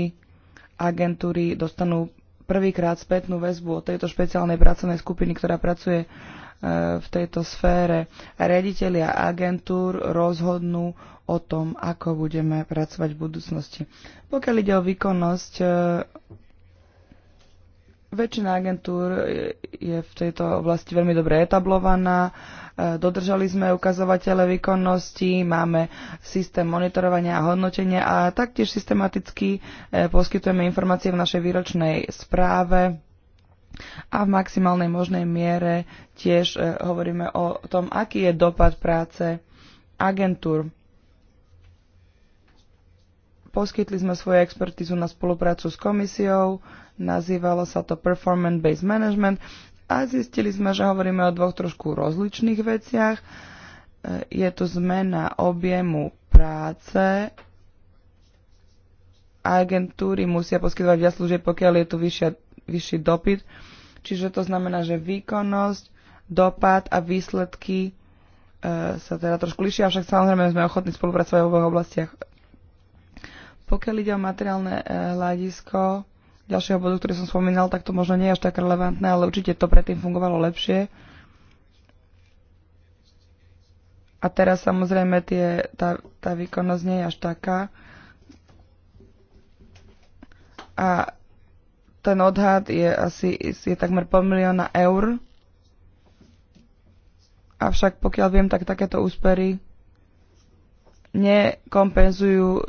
agentúry dostanú prvýkrát spätnú väzbu od tejto špeciálnej pracovnej skupiny, ktorá pracuje e, v tejto sfére. Rediteľia agentúr rozhodnú o tom, ako budeme pracovať v budúcnosti. Pokiaľ ide o výkonnosť e, Väčšina agentúr je v tejto oblasti veľmi dobre etablovaná. E, dodržali sme ukazovatele výkonnosti, máme systém monitorovania a hodnotenia a taktiež systematicky e, poskytujeme informácie v našej výročnej správe a v maximálnej možnej miere tiež e, hovoríme o tom, aký je dopad práce agentúr. Poskytli sme svoju expertizu na spoluprácu s komisiou, nazývalo sa to Performance Based Management a zistili sme, že hovoríme o dvoch trošku rozličných veciach. E, je tu zmena objemu práce agentúry musia poskytovať viac služieb, pokiaľ je tu vyššia, vyšší dopyt. Čiže to znamená, že výkonnosť, dopad a výsledky e, sa teda trošku lišia, avšak samozrejme sme ochotní spolupracovať v oboch oblastiach. Pokiaľ ide o materiálne e, hľadisko, ďalšieho bodu, ktorý som spomínal, tak to možno nie je až tak relevantné, ale určite to predtým fungovalo lepšie. A teraz samozrejme tie, tá, tá výkonnosť nie je až taká. A ten odhad je asi je takmer pol milióna eur. Avšak pokiaľ viem, tak takéto úspery nekompenzujú e,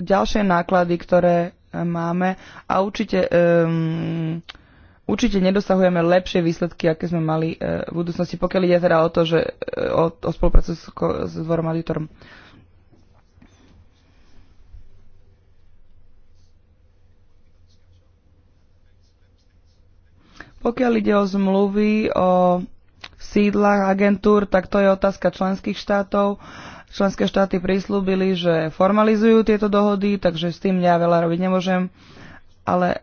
ďalšie náklady, ktoré máme a určite, um, určite nedosahujeme lepšie výsledky, aké sme mali uh, v budúcnosti, pokiaľ ide teda o to, že uh, o, o spoluprácu s, s dvorom auditorom. Pokiaľ ide o zmluvy o sídlach agentúr, tak to je otázka členských štátov. Uh, Členské štáty prislúbili, že formalizujú tieto dohody, takže s tým ja veľa robiť nemôžem, ale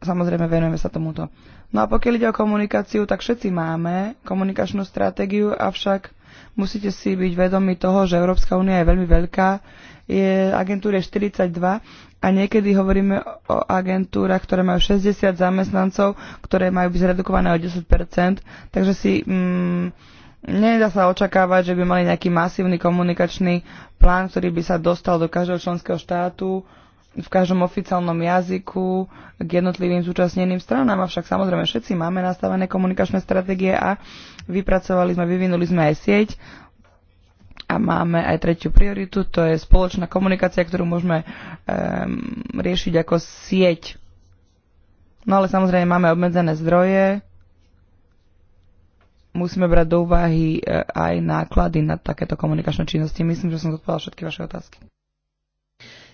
samozrejme venujeme sa tomuto. No a pokiaľ ide o komunikáciu, tak všetci máme komunikačnú stratégiu, avšak musíte si byť vedomi toho, že Európska únia je veľmi veľká, je agentúra 42 a niekedy hovoríme o agentúrach, ktoré majú 60 zamestnancov, ktoré majú byť zredukované o 10%, takže si... Mm, Nedá sa očakávať, že by mali nejaký masívny komunikačný plán, ktorý by sa dostal do každého členského štátu v každom oficiálnom jazyku k jednotlivým zúčastneným stranám. Avšak samozrejme všetci máme nastavené komunikačné stratégie a vypracovali sme, vyvinuli sme aj sieť a máme aj tretiu prioritu, to je spoločná komunikácia, ktorú môžeme um, riešiť ako sieť. No ale samozrejme máme obmedzené zdroje, musíme brať do úvahy e, aj náklady na takéto komunikačné činnosti. Myslím, že som zodpovedala všetky vaše otázky.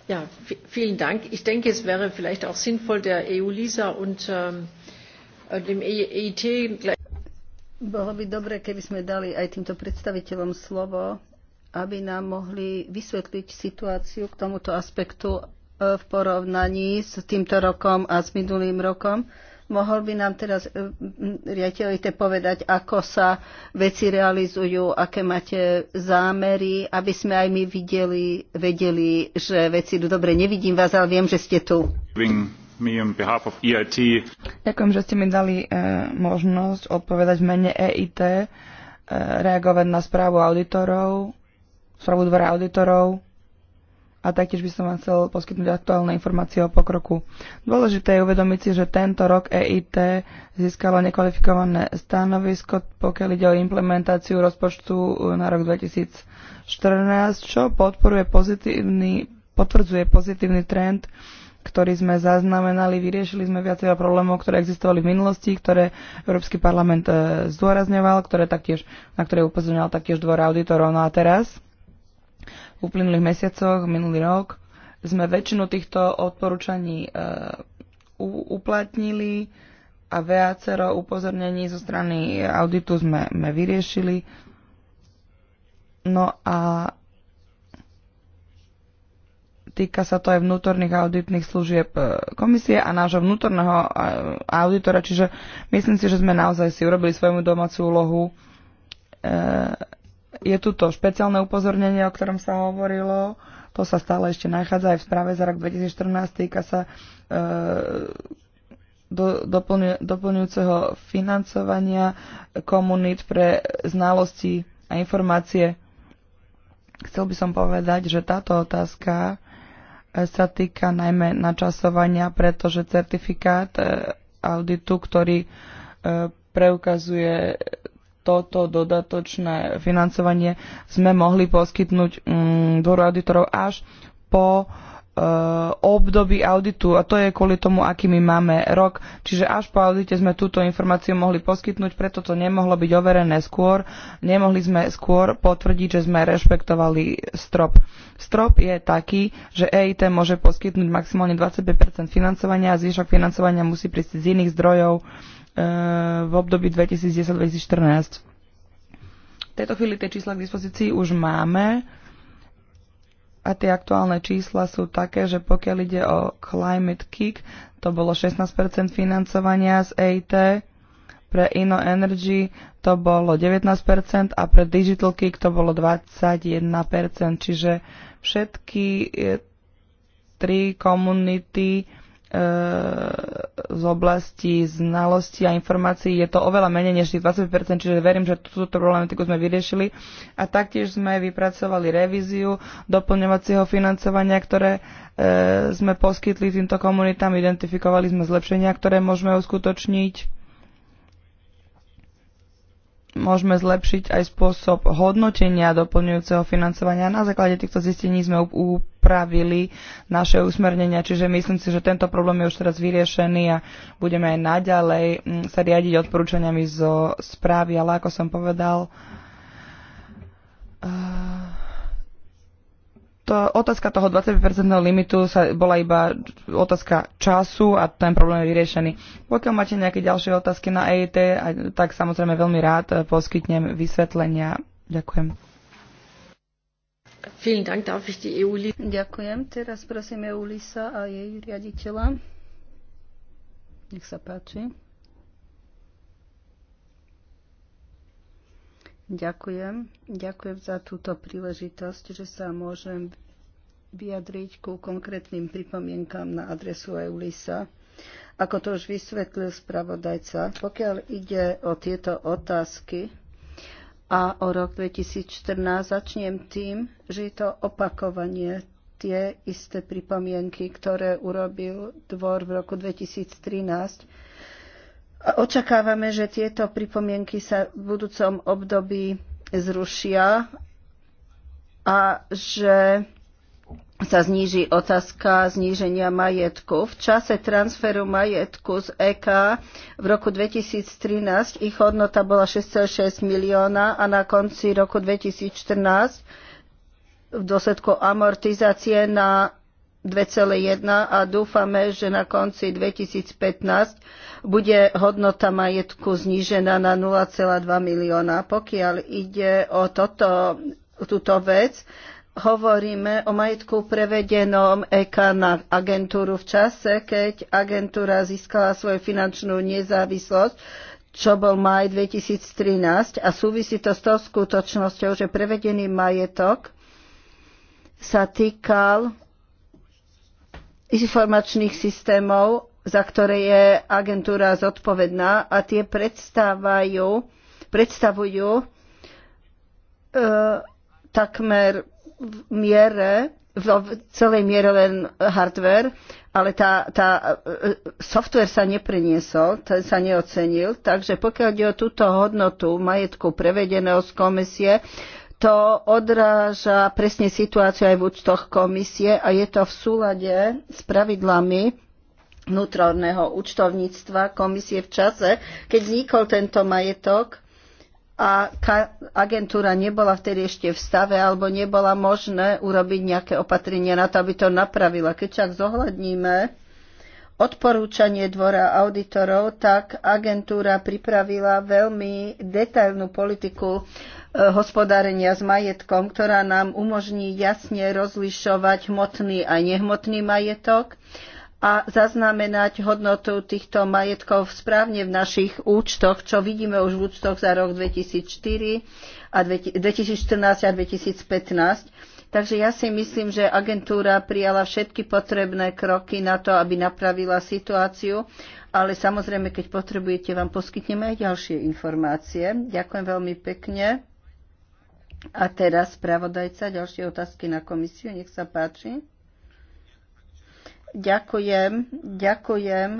Ja, vielen Dank. Ich denke, es wäre vielleicht auch sinnvoll, der EU-LISA und ähm, äh, dem e e EIT... Bolo by dobre, keby sme dali aj týmto predstaviteľom slovo, aby nám mohli vysvetliť situáciu k tomuto aspektu v porovnaní s týmto rokom a s minulým rokom Mohol by nám teraz e, riaditeľite povedať, ako sa veci realizujú, aké máte zámery, aby sme aj my videli, vedeli, že veci idú dobre. Nevidím vás, ale viem, že ste tu. E Ďakujem, že ste mi dali e, možnosť odpovedať v mene EIT, e, reagovať na správu auditorov, správu dvora auditorov a taktiež by som vám chcel poskytnúť aktuálne informácie o pokroku. Dôležité je uvedomiť si, že tento rok EIT získalo nekvalifikované stanovisko, pokiaľ ide o implementáciu rozpočtu e, na rok 2014, čo podporuje pozitívny, potvrdzuje pozitívny trend ktorý sme zaznamenali, vyriešili sme viacero problémov, ktoré existovali v minulosti, ktoré Európsky parlament e, zdôrazňoval, ktoré taktiež, na ktoré upozorňoval taktiež dvor auditorov. No a teraz v uplynulých mesiacoch, minulý rok, sme väčšinu týchto odporúčaní uh, uplatnili a viacero upozornení zo strany auditu sme, sme vyriešili. No a týka sa to aj vnútorných auditných služieb e, komisie a nášho vnútorného e, auditora, čiže myslím si, že sme naozaj si urobili svoju domácu úlohu. Je tu to špeciálne upozornenie, o ktorom sa hovorilo. To sa stále ešte nachádza aj v správe za rok 2014. Týka sa e, do, doplňu, doplňujúceho financovania komunít pre znalosti a informácie. Chcel by som povedať, že táto otázka e, sa týka najmä načasovania, pretože certifikát e, auditu, ktorý e, preukazuje toto dodatočné financovanie sme mohli poskytnúť mm, dvoru auditorov až po e, období auditu a to je kvôli tomu, aký my máme rok. Čiže až po audite sme túto informáciu mohli poskytnúť, preto to nemohlo byť overené skôr. Nemohli sme skôr potvrdiť, že sme rešpektovali strop. Strop je taký, že EIT môže poskytnúť maximálne 25 financovania a zvyšok financovania musí prísť z iných zdrojov v období 2010-2014. V tejto chvíli tie čísla k dispozícii už máme a tie aktuálne čísla sú také, že pokiaľ ide o Climate Kick, to bolo 16% financovania z EIT, pre Inno Energy to bolo 19% a pre Digital Kick to bolo 21%, čiže všetky eh, tri komunity z oblasti znalosti a informácií je to oveľa menej než tých 20%, čiže verím, že túto problematiku sme vyriešili. A taktiež sme vypracovali revíziu doplňovacieho financovania, ktoré e, sme poskytli týmto komunitám, identifikovali sme zlepšenia, ktoré môžeme uskutočniť môžeme zlepšiť aj spôsob hodnotenia doplňujúceho financovania. Na základe týchto zistení sme upravili naše usmernenia, čiže myslím si, že tento problém je už teraz vyriešený a budeme aj naďalej mm, sa riadiť odporúčaniami zo správy, ale ako som povedal, uh to, otázka toho 20% limitu sa bola iba otázka času a ten problém je vyriešený. Pokiaľ máte nejaké ďalšie otázky na EIT, tak samozrejme veľmi rád e, poskytnem vysvetlenia. Ďakujem. E Ďakujem. Teraz prosím Eulisa a jej riaditeľa. Nech sa páči. Ďakujem. Ďakujem za túto príležitosť, že sa môžem vyjadriť ku konkrétnym pripomienkam na adresu EULISA. Ako to už vysvetlil spravodajca, pokiaľ ide o tieto otázky a o rok 2014, začnem tým, že je to opakovanie tie isté pripomienky, ktoré urobil dvor v roku 2013 Očakávame, že tieto pripomienky sa v budúcom období zrušia a že sa zníži otázka zníženia majetku. V čase transferu majetku z EK v roku 2013 ich hodnota bola 6,6 milióna a na konci roku 2014 v dôsledku amortizácie na 2,1 a dúfame, že na konci 2015 bude hodnota majetku znížená na 0,2 milióna. Pokiaľ ide o toto, túto vec, hovoríme o majetku prevedenom EK na agentúru v čase, keď agentúra získala svoju finančnú nezávislosť, čo bol maj 2013 a súvisí to s tou skutočnosťou, že prevedený majetok sa týkal informačných systémov, za ktoré je agentúra zodpovedná a tie predstavujú, predstavujú e, takmer v miere, v celej miere len hardware, ale tá, tá e, software sa nepreniesol, ten sa neocenil, takže pokiaľ ide o túto hodnotu majetku prevedeného z komisie, to odráža presne situáciu aj v účtoch komisie a je to v súlade s pravidlami vnútorného účtovníctva komisie v čase, keď vznikol tento majetok a agentúra nebola vtedy ešte v stave alebo nebola možné urobiť nejaké opatrenia na to, aby to napravila. Keď však zohľadníme odporúčanie dvora auditorov, tak agentúra pripravila veľmi detailnú politiku hospodárenia s majetkom, ktorá nám umožní jasne rozlišovať hmotný a nehmotný majetok a zaznamenať hodnotu týchto majetkov správne v našich účtoch, čo vidíme už v účtoch za rok 2004 a 2014 a 2015. Takže ja si myslím, že agentúra prijala všetky potrebné kroky na to, aby napravila situáciu, ale samozrejme, keď potrebujete, vám poskytneme aj ďalšie informácie. Ďakujem veľmi pekne. A teraz spravodajca, ďalšie otázky na komisiu, nech sa páči. Ďakujem, ďakujem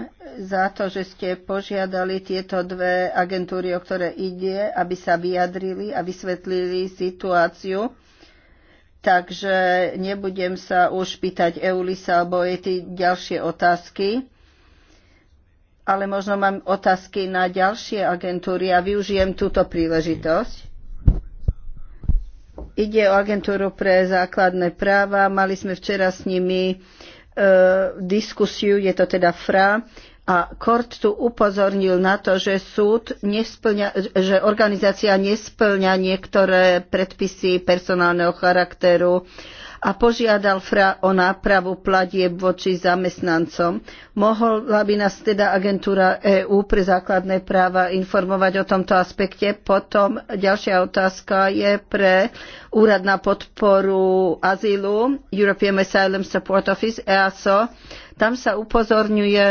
za to, že ste požiadali tieto dve agentúry, o ktoré ide, aby sa vyjadrili a vysvetlili situáciu. Takže nebudem sa už pýtať Eulisa alebo aj tie ďalšie otázky ale možno mám otázky na ďalšie agentúry a využijem túto príležitosť. Ide o agentúru pre základné práva. Mali sme včera s nimi e, diskusiu, je to teda FRA, a Kort tu upozornil na to, že súd nesplňa, že organizácia nesplňa niektoré predpisy personálneho charakteru a požiadal FRA o nápravu platieb voči zamestnancom. Mohla by nás teda agentúra EÚ pre základné práva informovať o tomto aspekte? Potom ďalšia otázka je pre Úrad na podporu azylu, European Asylum Support Office, EASO. Tam sa upozorňuje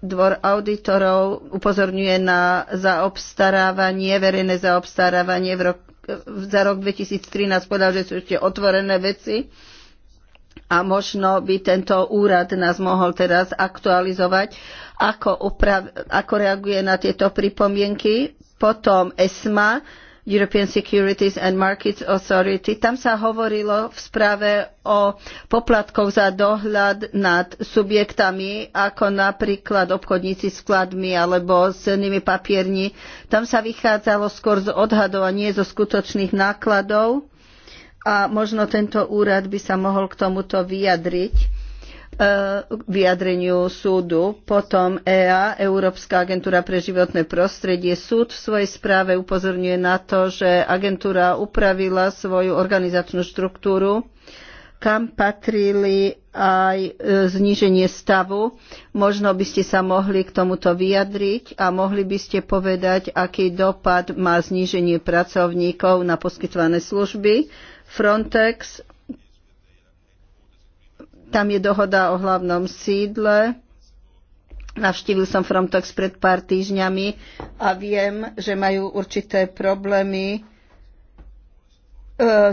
dvor auditorov upozorňuje na zaobstarávanie, verejné zaobstarávanie v, roku za rok 2013 povedal, že sú ešte otvorené veci a možno by tento úrad nás mohol teraz aktualizovať, ako, uprav, ako reaguje na tieto pripomienky. Potom ESMA, European Securities and Markets Authority. Tam sa hovorilo v správe o poplatkoch za dohľad nad subjektami, ako napríklad obchodníci s skladmi alebo s cennými papiermi. Tam sa vychádzalo skôr z odhadov a nie zo skutočných nákladov. A možno tento úrad by sa mohol k tomuto vyjadriť E, vyjadreniu súdu. Potom EA, Európska agentúra pre životné prostredie, súd v svojej správe upozorňuje na to, že agentúra upravila svoju organizačnú štruktúru, kam patrili aj e, zníženie stavu. Možno by ste sa mohli k tomuto vyjadriť a mohli by ste povedať, aký dopad má zníženie pracovníkov na poskytované služby. Frontex tam je dohoda o hlavnom sídle. Navštívil som Frontex pred pár týždňami a viem, že majú určité problémy e,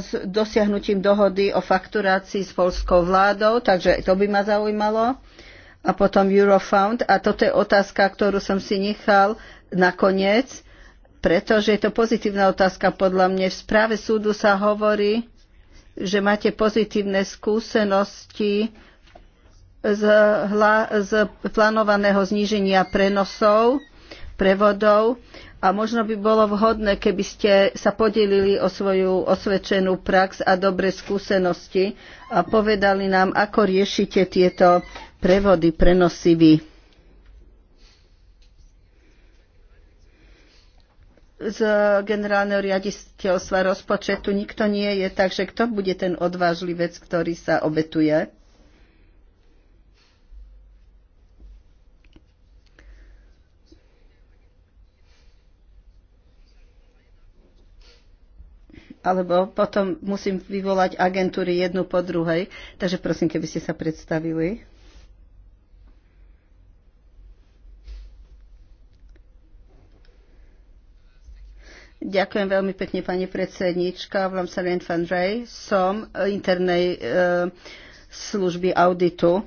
s dosiahnutím dohody o fakturácii s polskou vládou, takže to by ma zaujímalo. A potom Eurofound. A toto je otázka, ktorú som si nechal nakoniec, pretože je to pozitívna otázka podľa mňa. V správe súdu sa hovorí, že máte pozitívne skúsenosti z, hla, z plánovaného zníženia prenosov, prevodov a možno by bolo vhodné, keby ste sa podelili o svoju osvedčenú prax a dobre skúsenosti a povedali nám, ako riešite tieto prevody, prenosy vy. z generálneho riaditeľstva rozpočetu nikto nie je, takže kto bude ten vec, ktorý sa obetuje? Alebo potom musím vyvolať agentúry jednu po druhej. Takže prosím, keby ste sa predstavili. Ďakujem veľmi pekne, pani predsednička. Volám sa Len van Rej. Som eh, internej e, služby auditu.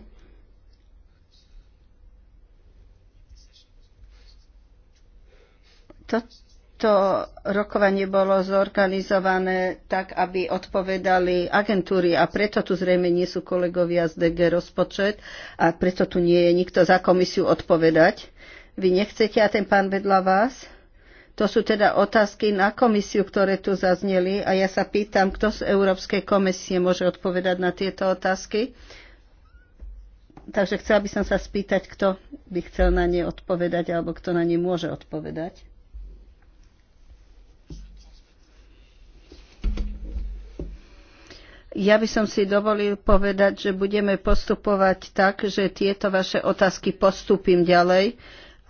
Toto rokovanie bolo zorganizované tak, aby odpovedali agentúry a preto tu zrejme nie sú kolegovia z DG rozpočet a preto tu nie je nikto za komisiu odpovedať. Vy nechcete a ten pán vedľa vás? To sú teda otázky na komisiu, ktoré tu zazneli a ja sa pýtam, kto z Európskej komisie môže odpovedať na tieto otázky. Takže chcela by som sa spýtať, kto by chcel na ne odpovedať alebo kto na ne môže odpovedať. Ja by som si dovolil povedať, že budeme postupovať tak, že tieto vaše otázky postupím ďalej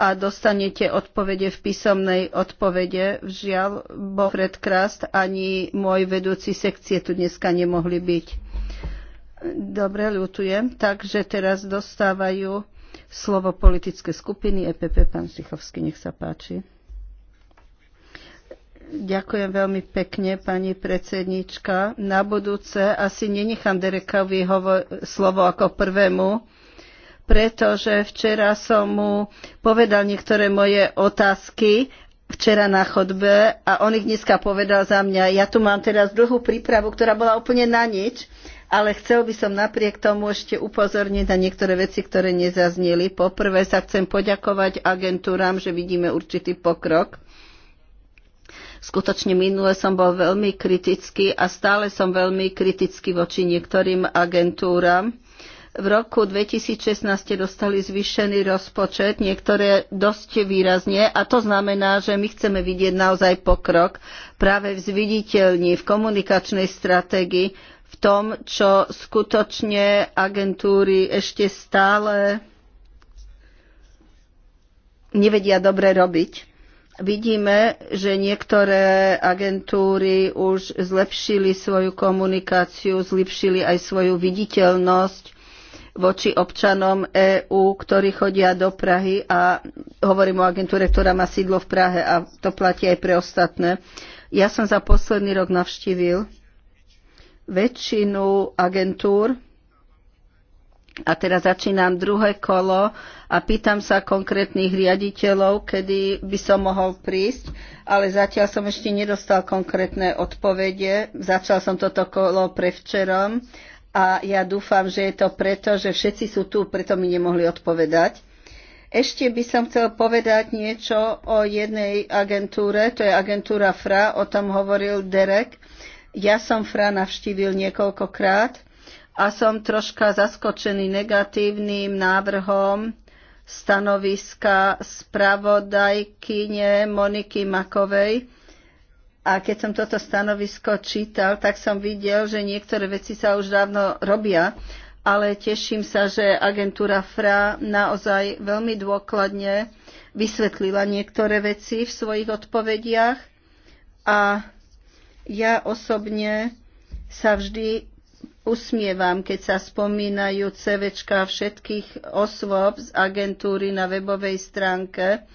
a dostanete odpovede v písomnej odpovede. Žiaľ, bo Fred Krast ani môj vedúci sekcie tu dneska nemohli byť. Dobre, ľutujem. Takže teraz dostávajú slovo politické skupiny EPP. Pán Šichovský, nech sa páči. Ďakujem veľmi pekne, pani predsednička. Na budúce asi nenechám Derekovi slovo ako prvému pretože včera som mu povedal niektoré moje otázky včera na chodbe a on ich dneska povedal za mňa. Ja tu mám teraz dlhú prípravu, ktorá bola úplne na nič, ale chcel by som napriek tomu ešte upozorniť na niektoré veci, ktoré nezazneli. Poprvé sa chcem poďakovať agentúram, že vidíme určitý pokrok. Skutočne minule som bol veľmi kritický a stále som veľmi kritický voči niektorým agentúram v roku 2016 ste dostali zvýšený rozpočet, niektoré dosť výrazne, a to znamená, že my chceme vidieť naozaj pokrok práve v zviditeľní, v komunikačnej stratégii, v tom, čo skutočne agentúry ešte stále nevedia dobre robiť. Vidíme, že niektoré agentúry už zlepšili svoju komunikáciu, zlepšili aj svoju viditeľnosť, voči občanom EÚ, ktorí chodia do Prahy a hovorím o agentúre, ktorá má sídlo v Prahe a to platí aj pre ostatné. Ja som za posledný rok navštívil väčšinu agentúr a teraz začínam druhé kolo a pýtam sa konkrétnych riaditeľov, kedy by som mohol prísť, ale zatiaľ som ešte nedostal konkrétne odpovede. Začal som toto kolo prevčerom. včerom a ja dúfam, že je to preto, že všetci sú tu, preto mi nemohli odpovedať. Ešte by som chcel povedať niečo o jednej agentúre, to je agentúra FRA, o tom hovoril Derek. Ja som FRA navštívil niekoľkokrát a som troška zaskočený negatívnym návrhom stanoviska spravodajkyne Moniky Makovej, a keď som toto stanovisko čítal, tak som videl, že niektoré veci sa už dávno robia, ale teším sa, že agentúra FRA naozaj veľmi dôkladne vysvetlila niektoré veci v svojich odpovediach a ja osobne sa vždy usmievam, keď sa spomínajú CVčka všetkých osôb z agentúry na webovej stránke,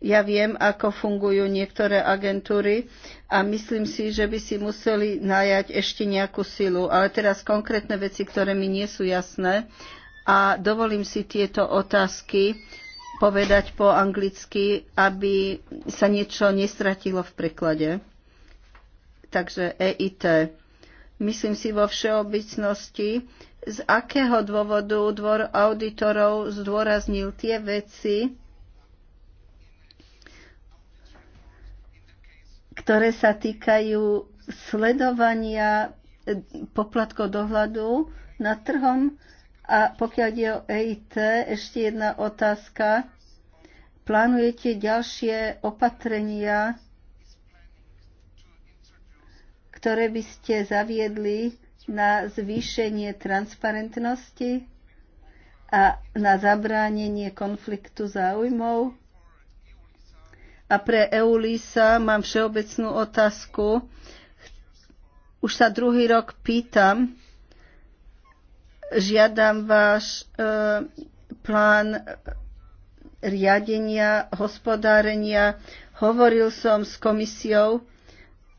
ja viem, ako fungujú niektoré agentúry a myslím si, že by si museli najať ešte nejakú silu. Ale teraz konkrétne veci, ktoré mi nie sú jasné a dovolím si tieto otázky povedať po anglicky, aby sa niečo nestratilo v preklade. Takže EIT. Myslím si vo všeobecnosti, z akého dôvodu dvor auditorov zdôraznil tie veci, ktoré sa týkajú sledovania e, poplatkov dohľadu nad trhom. A pokiaľ je o EIT, ešte jedna otázka. Plánujete ďalšie opatrenia, ktoré by ste zaviedli na zvýšenie transparentnosti a na zabránenie konfliktu záujmov? A pre Eulisa mám všeobecnú otázku. Už sa druhý rok pýtam, žiadam váš e, plán riadenia, hospodárenia. Hovoril som s komisiou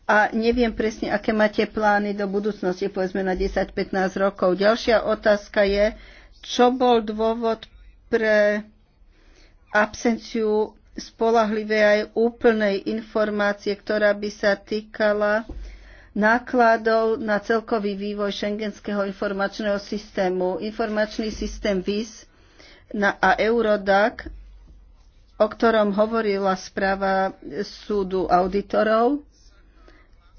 a neviem presne, aké máte plány do budúcnosti, povedzme na 10-15 rokov. Ďalšia otázka je, čo bol dôvod pre absenciu spolahlivé aj úplnej informácie, ktorá by sa týkala nákladov na celkový vývoj šengenského informačného systému. Informačný systém VIS a Eurodac, o ktorom hovorila správa súdu auditorov.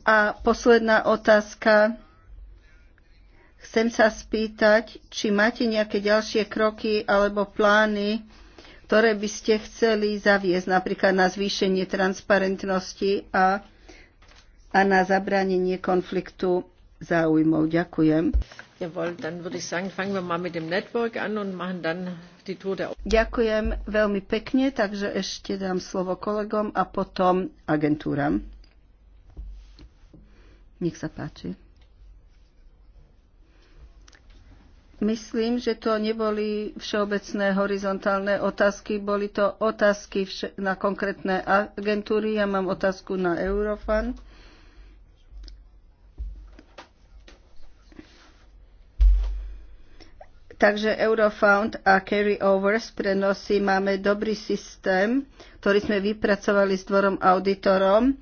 A posledná otázka. Chcem sa spýtať, či máte nejaké ďalšie kroky alebo plány, ktoré by ste chceli zaviesť napríklad na zvýšenie transparentnosti a, a na zabranenie konfliktu záujmov. Ďakujem. Ďakujem veľmi pekne, takže ešte dám slovo kolegom a potom agentúram. Nech sa páči. Myslím, že to neboli všeobecné horizontálne otázky, boli to otázky na konkrétne agentúry. Ja mám otázku na Eurofan. Takže Eurofound a Carryovers prenosy máme dobrý systém, ktorý sme vypracovali s dvorom auditorom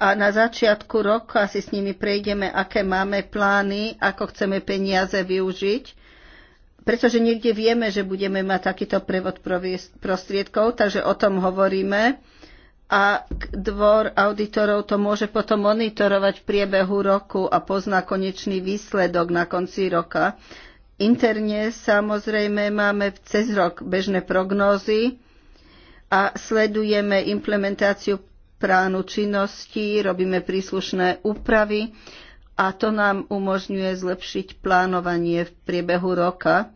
a na začiatku roka si s nimi prejdeme, aké máme plány, ako chceme peniaze využiť pretože niekde vieme, že budeme mať takýto prevod prostriedkov, takže o tom hovoríme a dvor auditorov to môže potom monitorovať v priebehu roku a pozná konečný výsledok na konci roka. Interne samozrejme máme cez rok bežné prognózy a sledujeme implementáciu plánu činnosti, robíme príslušné úpravy a to nám umožňuje zlepšiť plánovanie v priebehu roka.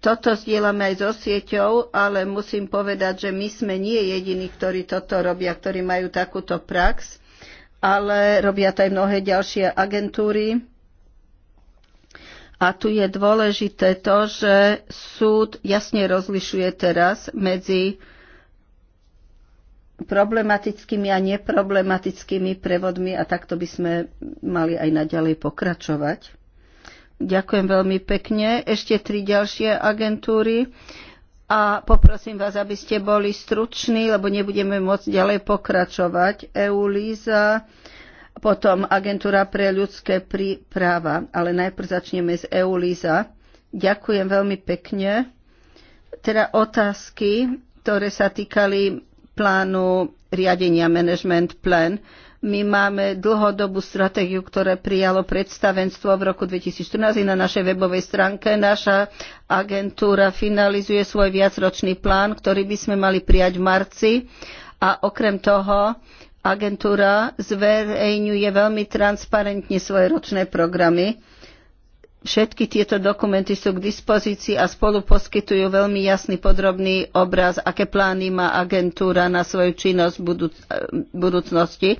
Toto sdielame aj so sieťou, ale musím povedať, že my sme nie jediní, ktorí toto robia, ktorí majú takúto prax, ale robia to aj mnohé ďalšie agentúry. A tu je dôležité to, že súd jasne rozlišuje teraz medzi problematickými a neproblematickými prevodmi a takto by sme mali aj naďalej pokračovať. Ďakujem veľmi pekne. Ešte tri ďalšie agentúry a poprosím vás, aby ste boli struční, lebo nebudeme môcť ďalej pokračovať. EULISA, potom Agentúra pre ľudské práva, ale najprv začneme s EULISA. Ďakujem veľmi pekne. Teda otázky, ktoré sa týkali plánu riadenia Management Plan. My máme dlhodobú stratégiu, ktoré prijalo predstavenstvo v roku 2014 na našej webovej stránke. Naša agentúra finalizuje svoj viacročný plán, ktorý by sme mali prijať v marci. A okrem toho agentúra zverejňuje veľmi transparentne svoje ročné programy Všetky tieto dokumenty sú k dispozícii a spolu poskytujú veľmi jasný podrobný obraz, aké plány má agentúra na svoju činnosť v budúc- e, budúcnosti.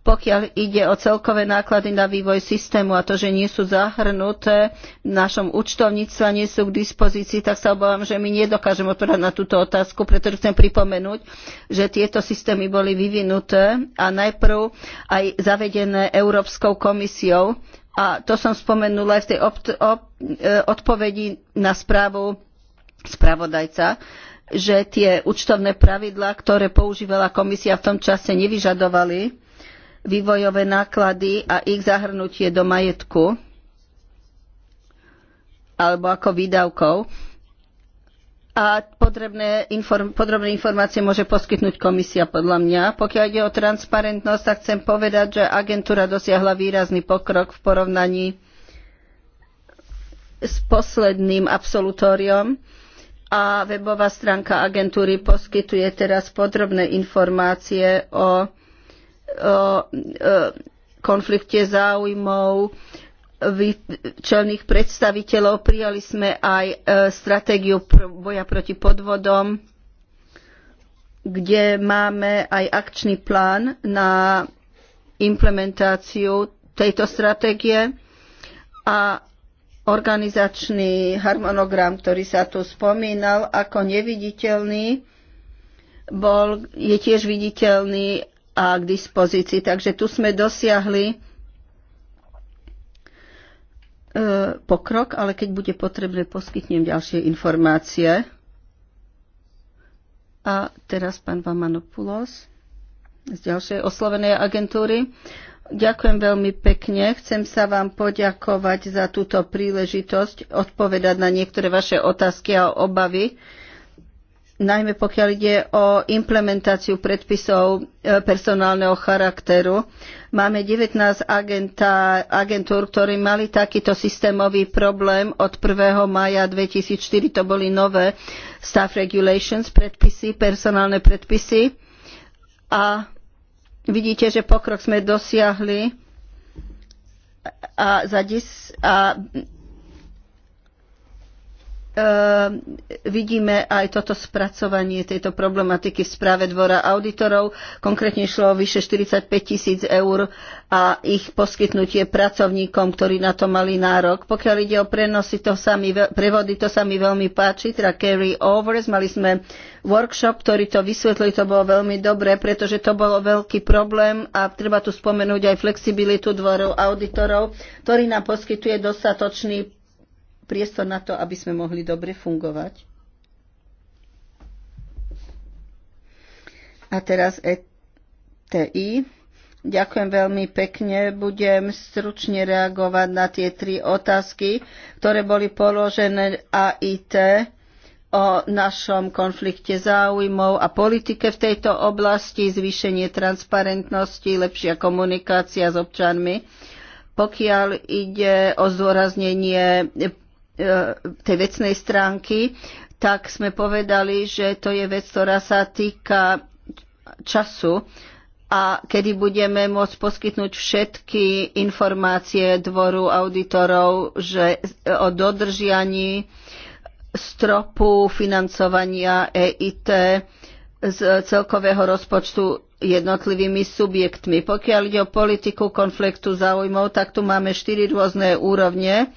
Pokiaľ ide o celkové náklady na vývoj systému a to, že nie sú zahrnuté v našom účtovníctve, nie sú k dispozícii, tak sa obávam, že my nedokážeme odpovedať na túto otázku, pretože chcem pripomenúť, že tieto systémy boli vyvinuté a najprv aj zavedené Európskou komisiou a to som spomenula aj v tej e, odpovedi na správu spravodajca, že tie účtovné pravidlá, ktoré používala komisia v tom čase, nevyžadovali vývojové náklady a ich zahrnutie do majetku alebo ako výdavkov a podrobné, inform, podrobné informácie môže poskytnúť komisia podľa mňa. Pokiaľ ide o transparentnosť, tak chcem povedať, že agentúra dosiahla výrazný pokrok v porovnaní s posledným absolutóriom a webová stránka agentúry poskytuje teraz podrobné informácie o, o, o e, konflikte záujmov, čelných predstaviteľov. Prijali sme aj e, stratégiu boja proti podvodom, kde máme aj akčný plán na implementáciu tejto stratégie a organizačný harmonogram, ktorý sa tu spomínal ako neviditeľný, bol, je tiež viditeľný a k dispozícii. Takže tu sme dosiahli E, pokrok, ale keď bude potrebné, poskytnem ďalšie informácie. A teraz pán Vamanopulos z ďalšej oslovenej agentúry. Ďakujem veľmi pekne. Chcem sa vám poďakovať za túto príležitosť odpovedať na niektoré vaše otázky a obavy, najmä pokiaľ ide o implementáciu predpisov e, personálneho charakteru. Máme 19 agenta, agentúr, ktorí mali takýto systémový problém od 1. maja 2004. To boli nové staff regulations, predpisy, personálne predpisy. A vidíte, že pokrok sme dosiahli a, za 10, a Ehm, vidíme aj toto spracovanie tejto problematiky v správe Dvora auditorov. Konkrétne šlo o vyše 45 tisíc eur a ich poskytnutie pracovníkom, ktorí na to mali nárok. Pokiaľ ide o prenosy, to sami, prevody, to sa mi veľmi páči, teda carry overs. Mali sme workshop, ktorý to vysvetlil, to bolo veľmi dobré, pretože to bolo veľký problém a treba tu spomenúť aj flexibilitu dvorov auditorov, ktorý nám poskytuje dostatočný priestor na to, aby sme mohli dobre fungovať. A teraz ETI. Ďakujem veľmi pekne. Budem stručne reagovať na tie tri otázky, ktoré boli položené AIT o našom konflikte záujmov a politike v tejto oblasti, zvýšenie transparentnosti, lepšia komunikácia s občanmi. Pokiaľ ide o zdôraznenie E, tej vecnej stránky, tak sme povedali, že to je vec, ktorá sa týka času a kedy budeme môcť poskytnúť všetky informácie dvoru auditorov že o dodržianí stropu financovania EIT z celkového rozpočtu jednotlivými subjektmi. Pokiaľ ide o politiku konfliktu záujmov, tak tu máme štyri rôzne úrovne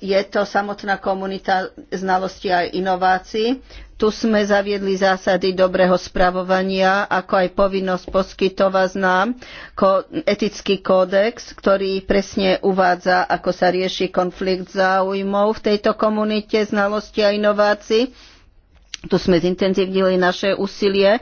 je to samotná komunita znalosti a inovácií. Tu sme zaviedli zásady dobrého spravovania, ako aj povinnosť poskytovať nám etický kódex, ktorý presne uvádza, ako sa rieši konflikt záujmov v tejto komunite znalosti a inovácií. Tu sme zintenzívnili naše úsilie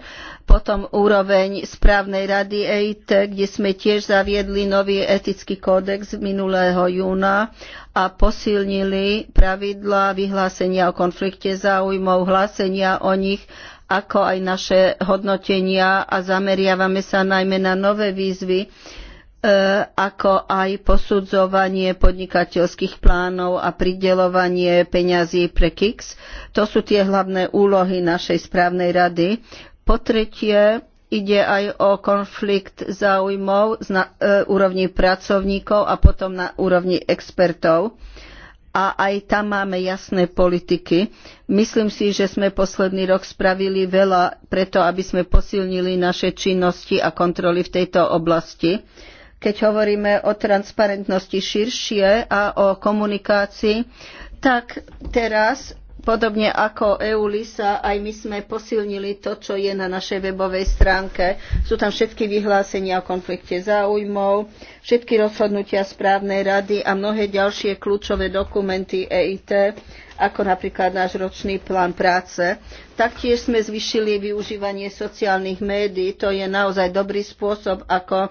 potom úroveň správnej rady EIT, kde sme tiež zaviedli nový etický kódex minulého júna a posilnili pravidla vyhlásenia o konflikte záujmov, hlásenia o nich, ako aj naše hodnotenia a zameriavame sa najmä na nové výzvy, e, ako aj posudzovanie podnikateľských plánov a prideľovanie peňazí pre KIX. To sú tie hlavné úlohy našej správnej rady. Po tretie, ide aj o konflikt záujmov na e, úrovni pracovníkov a potom na úrovni expertov. A aj tam máme jasné politiky. Myslím si, že sme posledný rok spravili veľa preto, aby sme posilnili naše činnosti a kontroly v tejto oblasti. Keď hovoríme o transparentnosti širšie a o komunikácii, tak teraz Podobne ako EULISA, aj my sme posilnili to, čo je na našej webovej stránke. Sú tam všetky vyhlásenia o konflikte záujmov, všetky rozhodnutia správnej rady a mnohé ďalšie kľúčové dokumenty EIT, ako napríklad náš ročný plán práce. Taktiež sme zvyšili využívanie sociálnych médií. To je naozaj dobrý spôsob, ako e,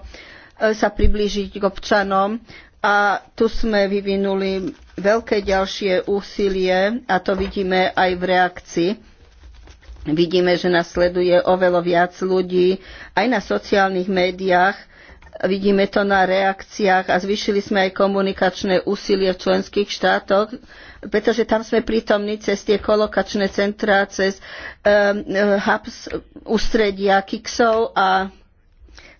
sa priblížiť k občanom. A tu sme vyvinuli veľké ďalšie úsilie a to vidíme aj v reakcii. Vidíme, že nás sleduje oveľa viac ľudí aj na sociálnych médiách. Vidíme to na reakciách a zvyšili sme aj komunikačné úsilie v členských štátoch, pretože tam sme prítomní cez tie kolokačné centrá, cez um, hubs ústredia KIXov a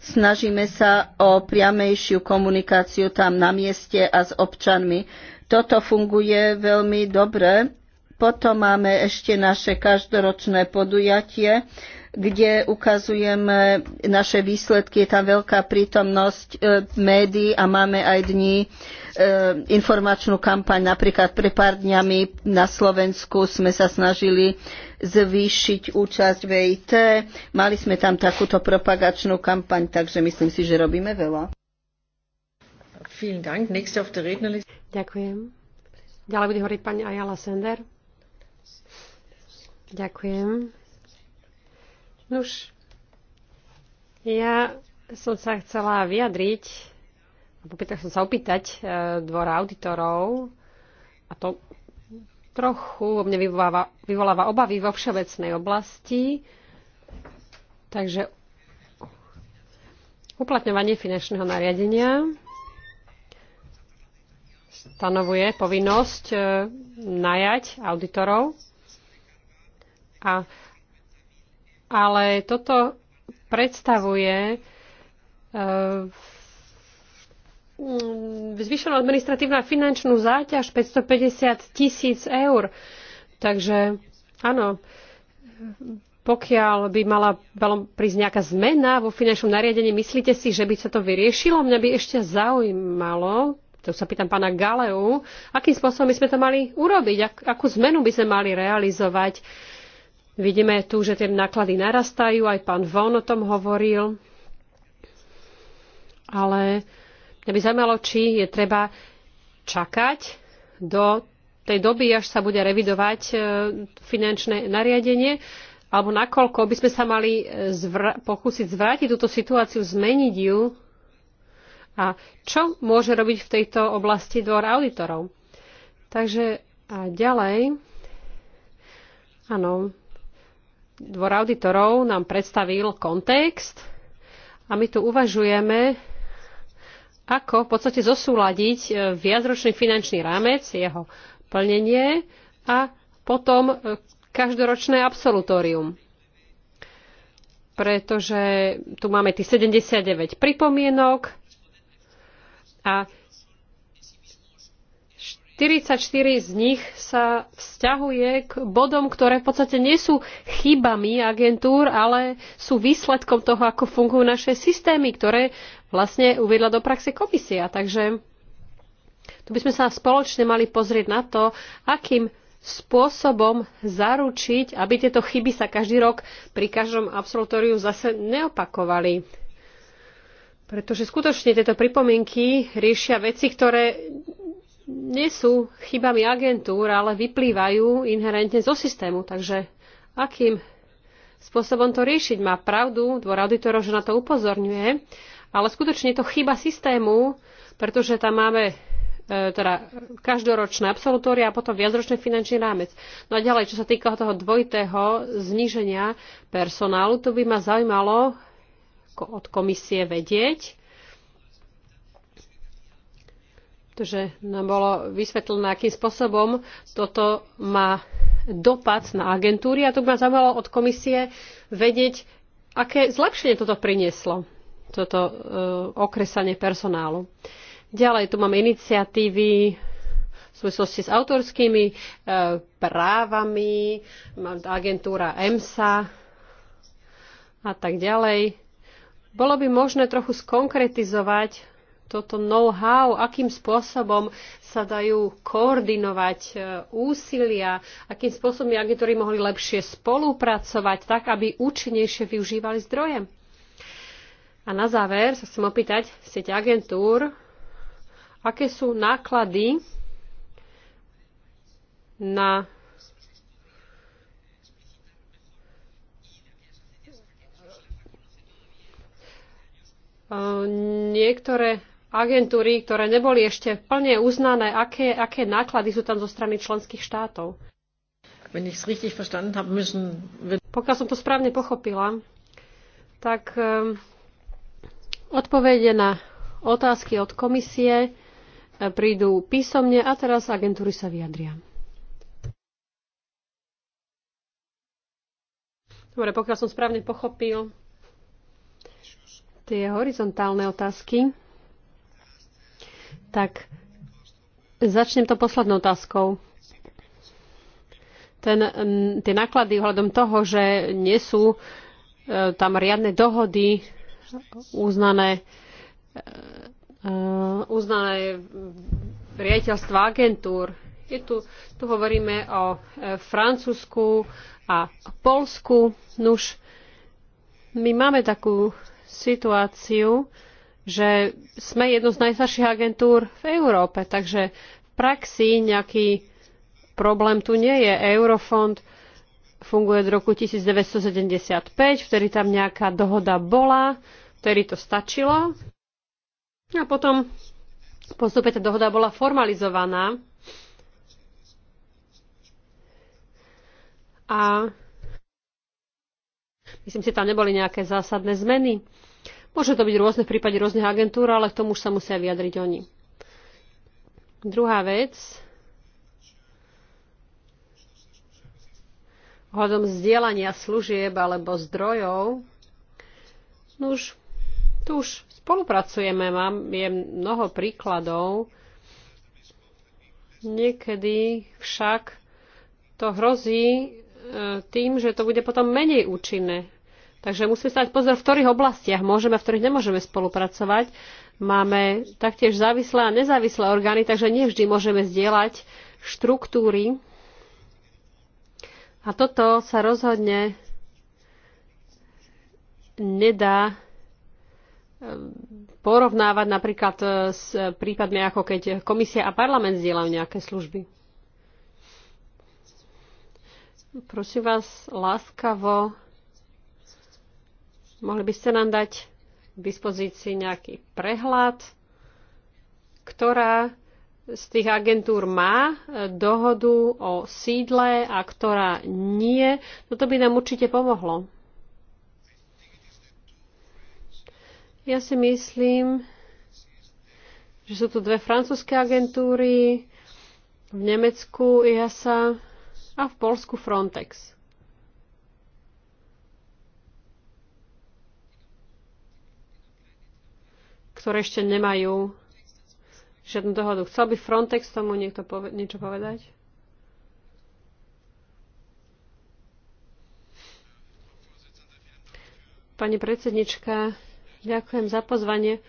snažíme sa o priamejšiu komunikáciu tam na mieste a s občanmi toto funguje veľmi dobre. Potom máme ešte naše každoročné podujatie, kde ukazujeme naše výsledky. Je tam veľká prítomnosť e, médií a máme aj dní e, informačnú kampaň. Napríklad pre pár dňami na Slovensku sme sa snažili zvýšiť účasť VIT. Mali sme tam takúto propagačnú kampaň, takže myslím si, že robíme veľa. Ďakujem. Ďalej bude hovoriť pani Ayala Sender. Ďakujem. Nuž, ja som sa chcela vyjadriť, popýtala som sa opýtať e, dvora auditorov, a to trochu mne vyvoláva, vyvoláva obavy vo všeobecnej oblasti, takže uplatňovanie finančného nariadenia stanovuje povinnosť e, najať auditorov. A, ale toto predstavuje e, zvyšenú administratívnu a finančnú záťaž 550 tisíc eur. Takže áno, pokiaľ by mala prísť nejaká zmena vo finančnom nariadení, myslíte si, že by sa to vyriešilo? Mňa by ešte zaujímalo, to sa pýtam pána Galeu, akým spôsobom by sme to mali urobiť, ak, akú zmenu by sme mali realizovať. Vidíme tu, že tie náklady narastajú, aj pán Von o tom hovoril. Ale mňa by zaujímalo, či je treba čakať do tej doby, až sa bude revidovať e, finančné nariadenie, alebo nakoľko by sme sa mali zvr- pokúsiť zvrátiť túto situáciu, zmeniť ju a čo môže robiť v tejto oblasti dvor auditorov. Takže a ďalej, áno, dvor auditorov nám predstavil kontext a my tu uvažujeme, ako v podstate zosúľadiť e, viacročný finančný rámec, jeho plnenie a potom e, každoročné absolutórium pretože tu máme tých 79 pripomienok a 44 z nich sa vzťahuje k bodom, ktoré v podstate nie sú chybami agentúr, ale sú výsledkom toho, ako fungujú naše systémy, ktoré vlastne uviedla do praxe komisia. Takže tu by sme sa spoločne mali pozrieť na to, akým spôsobom zaručiť, aby tieto chyby sa každý rok pri každom absolutóriu zase neopakovali pretože skutočne tieto pripomienky riešia veci, ktoré nie sú chybami agentúr, ale vyplývajú inherentne zo systému. Takže akým spôsobom to riešiť? Má pravdu dvor auditorov, že na to upozorňuje, ale skutočne je to chyba systému, pretože tam máme e, teda každoročné absolutória a potom viacročný finančný rámec. No a ďalej, čo sa týka toho dvojitého zníženia personálu, to by ma zaujímalo, od komisie vedieť. Pretože nám bolo vysvetlené, akým spôsobom toto má dopad na agentúry a to by ma zaujímalo od komisie vedieť, aké zlepšenie toto prinieslo, toto uh, okresanie personálu. Ďalej tu máme iniciatívy v súvislosti s autorskými e, právami, agentúra EMSA a tak ďalej. Bolo by možné trochu skonkretizovať toto know-how, akým spôsobom sa dajú koordinovať e, úsilia, akým spôsobom by agentúry mohli lepšie spolupracovať, tak aby účinnejšie využívali zdroje. A na záver sa chcem opýtať sieť agentúr, aké sú náklady na niektoré agentúry, ktoré neboli ešte plne uznané, aké, aké náklady sú tam zo strany členských štátov. Pokiaľ som to správne pochopila, tak um, odpovede na otázky od komisie eh, prídu písomne a teraz agentúry sa vyjadria. Dobre, pokiaľ som správne pochopil, tie horizontálne otázky, tak začnem to poslednou otázkou. Ten, tie náklady ohľadom toho, že nie sú e, tam riadne dohody uznané, e, e, uznané riaditeľstva agentúr. Je tu, tu hovoríme o Francúzsku a Polsku. Nuž, my máme takú situáciu, že sme jednou z najstarších agentúr v Európe, takže v praxi nejaký problém tu nie je. Eurofond funguje od roku 1975, vtedy tam nejaká dohoda bola, vtedy to stačilo. A potom postupne tá dohoda bola formalizovaná. A Myslím si, tam neboli nejaké zásadné zmeny. Môže to byť rôzne v prípade rôznych agentúr, ale k tomu už sa musia vyjadriť oni. Druhá vec. Ohľadom zdieľania služieb alebo zdrojov. No už, tu už spolupracujeme, mám je mnoho príkladov. Niekedy však to hrozí e, tým, že to bude potom menej účinné. Takže musíme stať pozor, v ktorých oblastiach môžeme, v ktorých nemôžeme spolupracovať. Máme taktiež závislé a nezávislé orgány, takže nevždy môžeme zdieľať štruktúry. A toto sa rozhodne nedá ehm, porovnávať napríklad e, s prípadmi, ako keď komisia a parlament zdieľajú nejaké služby. Prosím vás láskavo Mohli by ste nám dať k dispozícii nejaký prehľad, ktorá z tých agentúr má e, dohodu o sídle a ktorá nie. No to by nám určite pomohlo. Ja si myslím, že sú tu dve francúzske agentúry, v Nemecku IASA a v Polsku Frontex. ktoré ešte nemajú žiadnu dohodu. Chcel by Frontex tomu niekto pove- niečo povedať? Pani predsednička, ďakujem za pozvanie.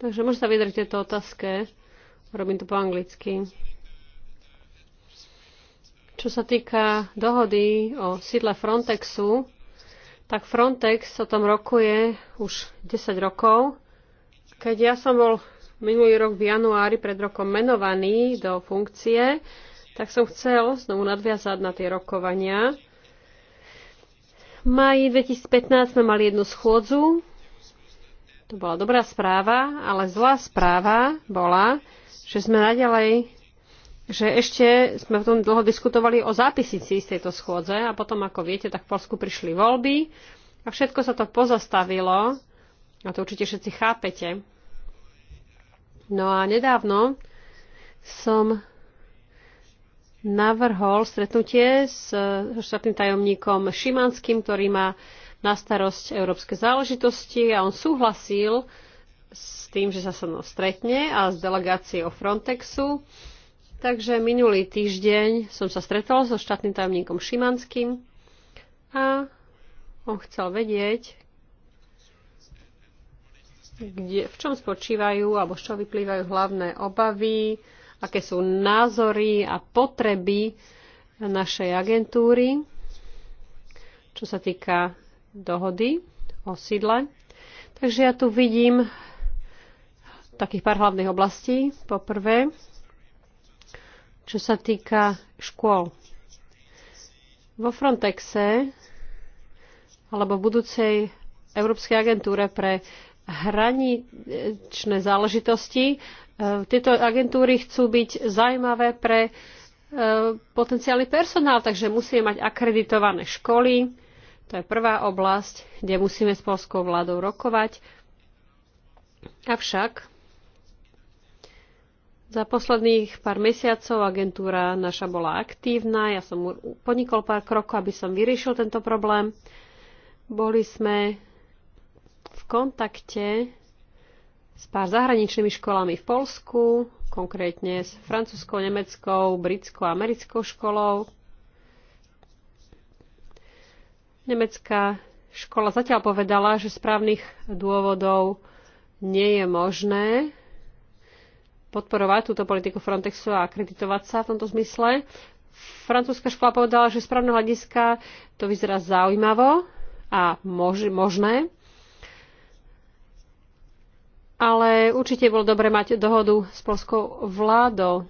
Takže môžete sa vyjadriť tieto otázke. Robím to po anglicky. Čo sa týka dohody o sídle Frontexu, tak Frontex o tom rokuje už 10 rokov. Keď ja som bol minulý rok v januári pred rokom menovaný do funkcie, tak som chcel znovu nadviazať na tie rokovania. V maji 2015 sme mali jednu schôdzu. To bola dobrá správa, ale zlá správa bola, že sme naďalej že ešte sme v tom dlho diskutovali o zápisnici z tejto schôdze a potom, ako viete, tak v Polsku prišli voľby a všetko sa to pozastavilo a to určite všetci chápete. No a nedávno som navrhol stretnutie s štátnym tajomníkom Šimanským, ktorý má na starosť európske záležitosti a on súhlasil s tým, že sa so mnou stretne a s delegáciou Frontexu Takže minulý týždeň som sa stretol so štátnym tajomníkom Šimanským a on chcel vedieť, kde, v čom spočívajú alebo z čo vyplývajú hlavné obavy, aké sú názory a potreby našej agentúry, čo sa týka dohody o sídle. Takže ja tu vidím takých pár hlavných oblastí. Po prvé, čo sa týka škôl. Vo Frontexe alebo v budúcej Európskej agentúre pre hraničné záležitosti. E, tieto agentúry chcú byť zaujímavé pre e, potenciálny personál, takže musíme mať akreditované školy. To je prvá oblasť, kde musíme s polskou vládou rokovať. Avšak za posledných pár mesiacov agentúra naša bola aktívna, ja som podnikol pár krokov, aby som vyriešil tento problém. Boli sme v kontakte s pár zahraničnými školami v Polsku, konkrétne s francúzskou, nemeckou, britskou a americkou školou. Nemecká škola zatiaľ povedala, že správnych dôvodov nie je možné podporovať túto politiku Frontexu a kreditovať sa v tomto zmysle. Francúzska škola povedala, že z právneho hľadiska to vyzerá zaujímavo a mož, možné, ale určite bolo dobre mať dohodu s polskou vládou.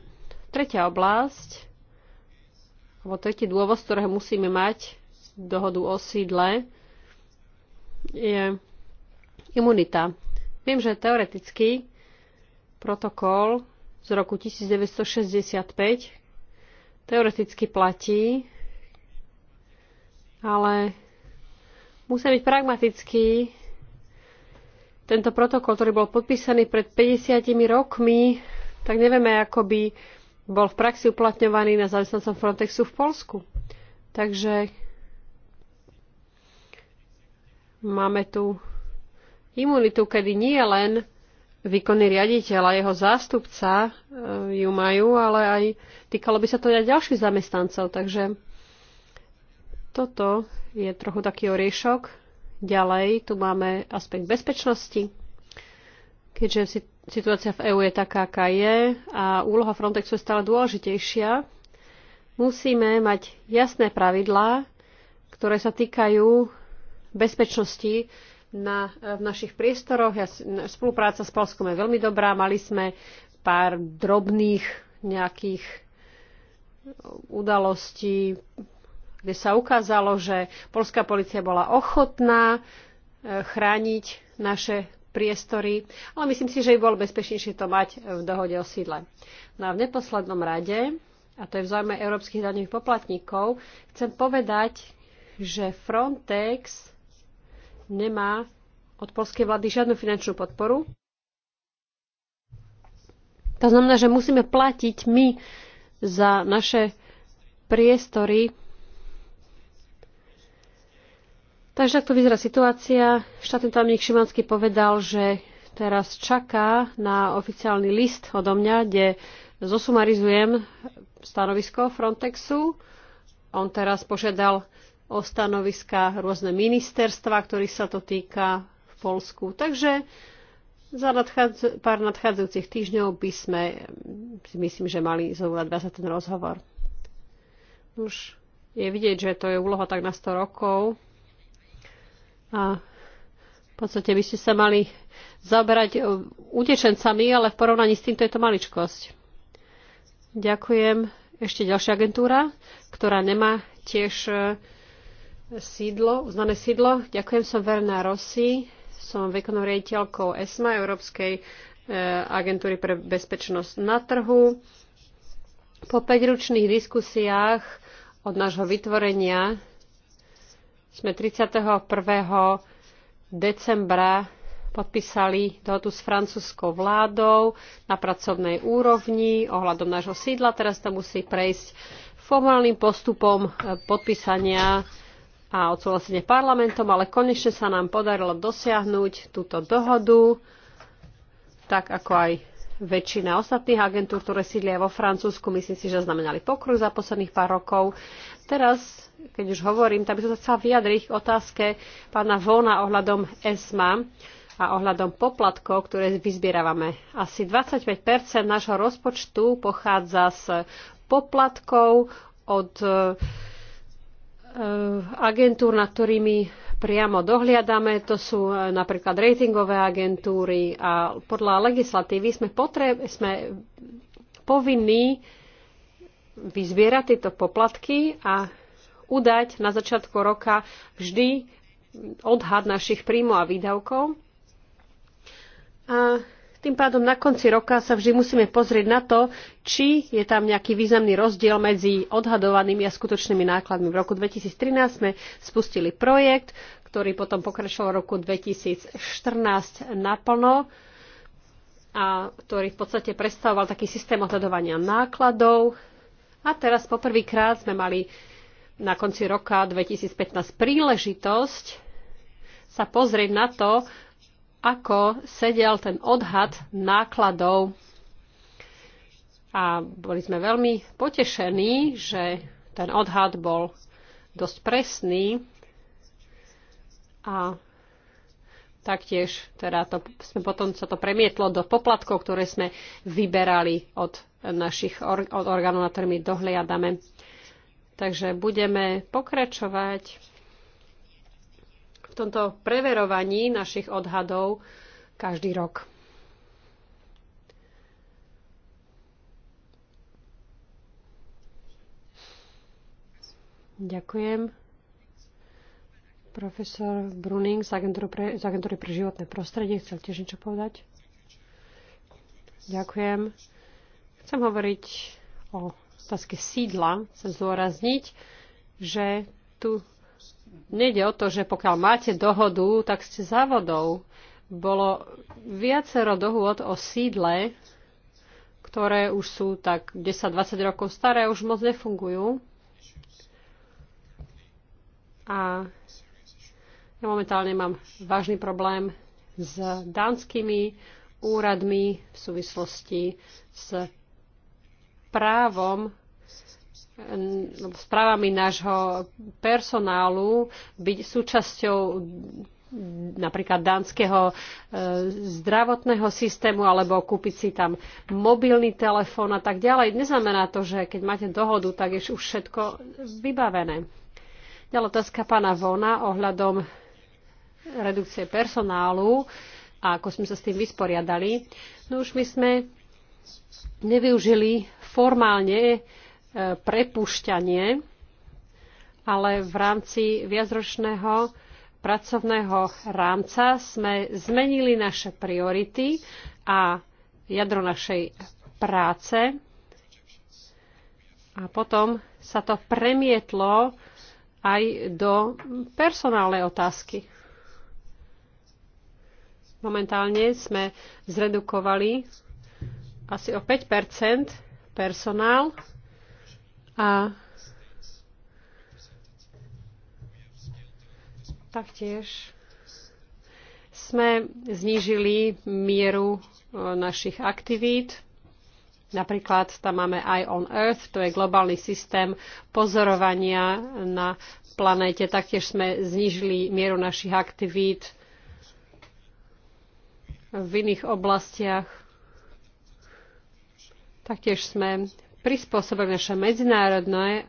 Tretia oblasť, alebo tretí dôvod, z ktorého musíme mať dohodu o sídle, je imunita. Viem, že teoreticky protokol z roku 1965 teoreticky platí, ale musia byť pragmatický. Tento protokol, ktorý bol podpísaný pred 50 rokmi, tak nevieme, ako by bol v praxi uplatňovaný na zamestnancom Frontexu v Polsku. Takže máme tu imunitu, kedy nie len výkonný riaditeľ a jeho zástupca e, ju majú, ale aj týkalo by sa to aj ďalších zamestnancov. Takže toto je trochu taký oriešok. Ďalej tu máme aspekt bezpečnosti. Keďže situácia v EÚ je taká, aká je a úloha Frontexu je stále dôležitejšia, musíme mať jasné pravidlá, ktoré sa týkajú bezpečnosti na, v našich priestoroch. Ja, spolupráca s Polskom je veľmi dobrá. Mali sme pár drobných nejakých udalostí, kde sa ukázalo, že polská policia bola ochotná eh, chrániť naše priestory, ale myslím si, že by bolo bezpečnejšie to mať eh, v dohode o sídle. No a v neposlednom rade, a to je v záujme európskych daňových poplatníkov, chcem povedať, že Frontex nemá od polskej vlády žiadnu finančnú podporu. To znamená, že musíme platiť my za naše priestory. Takže takto vyzerá situácia. Štátny tajomník Šimanský povedal, že teraz čaká na oficiálny list odo mňa, kde zosumarizujem stanovisko Frontexu. On teraz požiadal o stanoviskách rôzne ministerstva, ktorých sa to týka v Polsku. Takže za nadchádz- pár nadchádzajúcich týždňov by sme, mm, myslím, že mali zaujímať viac ten rozhovor. Už je vidieť, že to je úloha tak na 100 rokov. A v podstate by ste sa mali zaberať e, utečencami, ale v porovnaní s týmto je to maličkosť. Ďakujem. Ešte ďalšia agentúra, ktorá nemá tiež e, sídlo, uznané sídlo. Ďakujem, som Verna Rossi, som výkonnou riaditeľkou ESMA, Európskej e, agentúry pre bezpečnosť na trhu. Po 5-ročných diskusiách od nášho vytvorenia sme 31. decembra podpísali dohodu s francúzskou vládou na pracovnej úrovni ohľadom nášho sídla. Teraz to musí prejsť formálnym postupom e, podpísania a odsúhlasenie parlamentom, ale konečne sa nám podarilo dosiahnuť túto dohodu, tak ako aj väčšina ostatných agentúr, ktoré sídlia vo Francúzsku, myslím si, že znamenali pokrok za posledných pár rokov. Teraz, keď už hovorím, tak by som sa chcela vyjadriť k otázke pána Vona ohľadom ESMA a ohľadom poplatkov, ktoré vyzbieravame. Asi 25 nášho rozpočtu pochádza z poplatkov od Eh, agentúr, nad ktorými priamo dohliadame. To sú eh, napríklad ratingové agentúry a podľa legislatívy sme, potreb, sme povinní vyzbierať tieto poplatky a udať na začiatku roka vždy odhad našich príjmov a výdavkov. A tým pádom na konci roka sa vždy musíme pozrieť na to, či je tam nejaký významný rozdiel medzi odhadovanými a skutočnými nákladmi. V roku 2013 sme spustili projekt, ktorý potom pokračoval v roku 2014 naplno a ktorý v podstate predstavoval taký systém odhadovania nákladov. A teraz poprvýkrát sme mali na konci roka 2015 príležitosť sa pozrieť na to, ako sedel ten odhad nákladov. A boli sme veľmi potešení, že ten odhad bol dosť presný a taktiež teda to, sme, potom sa to premietlo do poplatkov, ktoré sme vyberali od našich or, od orgánov, na ktorými dohliadame. Takže budeme pokračovať tomto preverovaní našich odhadov každý rok. Ďakujem. Profesor Bruning z agentúry, pre, z agentúry pre životné prostredie chcel tiež niečo povedať. Ďakujem. Chcem hovoriť o otázke sídla. Chcem zdôrazniť, že tu Nejde o to, že pokiaľ máte dohodu, tak ste závodou. Bolo viacero dohôd o sídle, ktoré už sú tak 10-20 rokov staré, už moc nefungujú. A ja momentálne mám vážny problém s dánskymi úradmi v súvislosti s právom správami nášho personálu byť súčasťou napríklad dánskeho e, zdravotného systému alebo kúpiť si tam mobilný telefón a tak ďalej. Neznamená to, že keď máte dohodu, tak je už všetko vybavené. Ďalej otázka pána Vona ohľadom redukcie personálu a ako sme sa s tým vysporiadali. No už my sme nevyužili formálne E, prepušťanie, ale v rámci viacročného pracovného rámca sme zmenili naše priority a jadro našej práce a potom sa to premietlo aj do personálnej otázky. Momentálne sme zredukovali asi o 5 personál a taktiež sme znížili mieru e, našich aktivít. Napríklad tam máme Eye on Earth, to je globálny systém pozorovania na planéte. Taktiež sme znížili mieru našich aktivít v iných oblastiach. Taktiež sme prispôsobili naše medzinárodné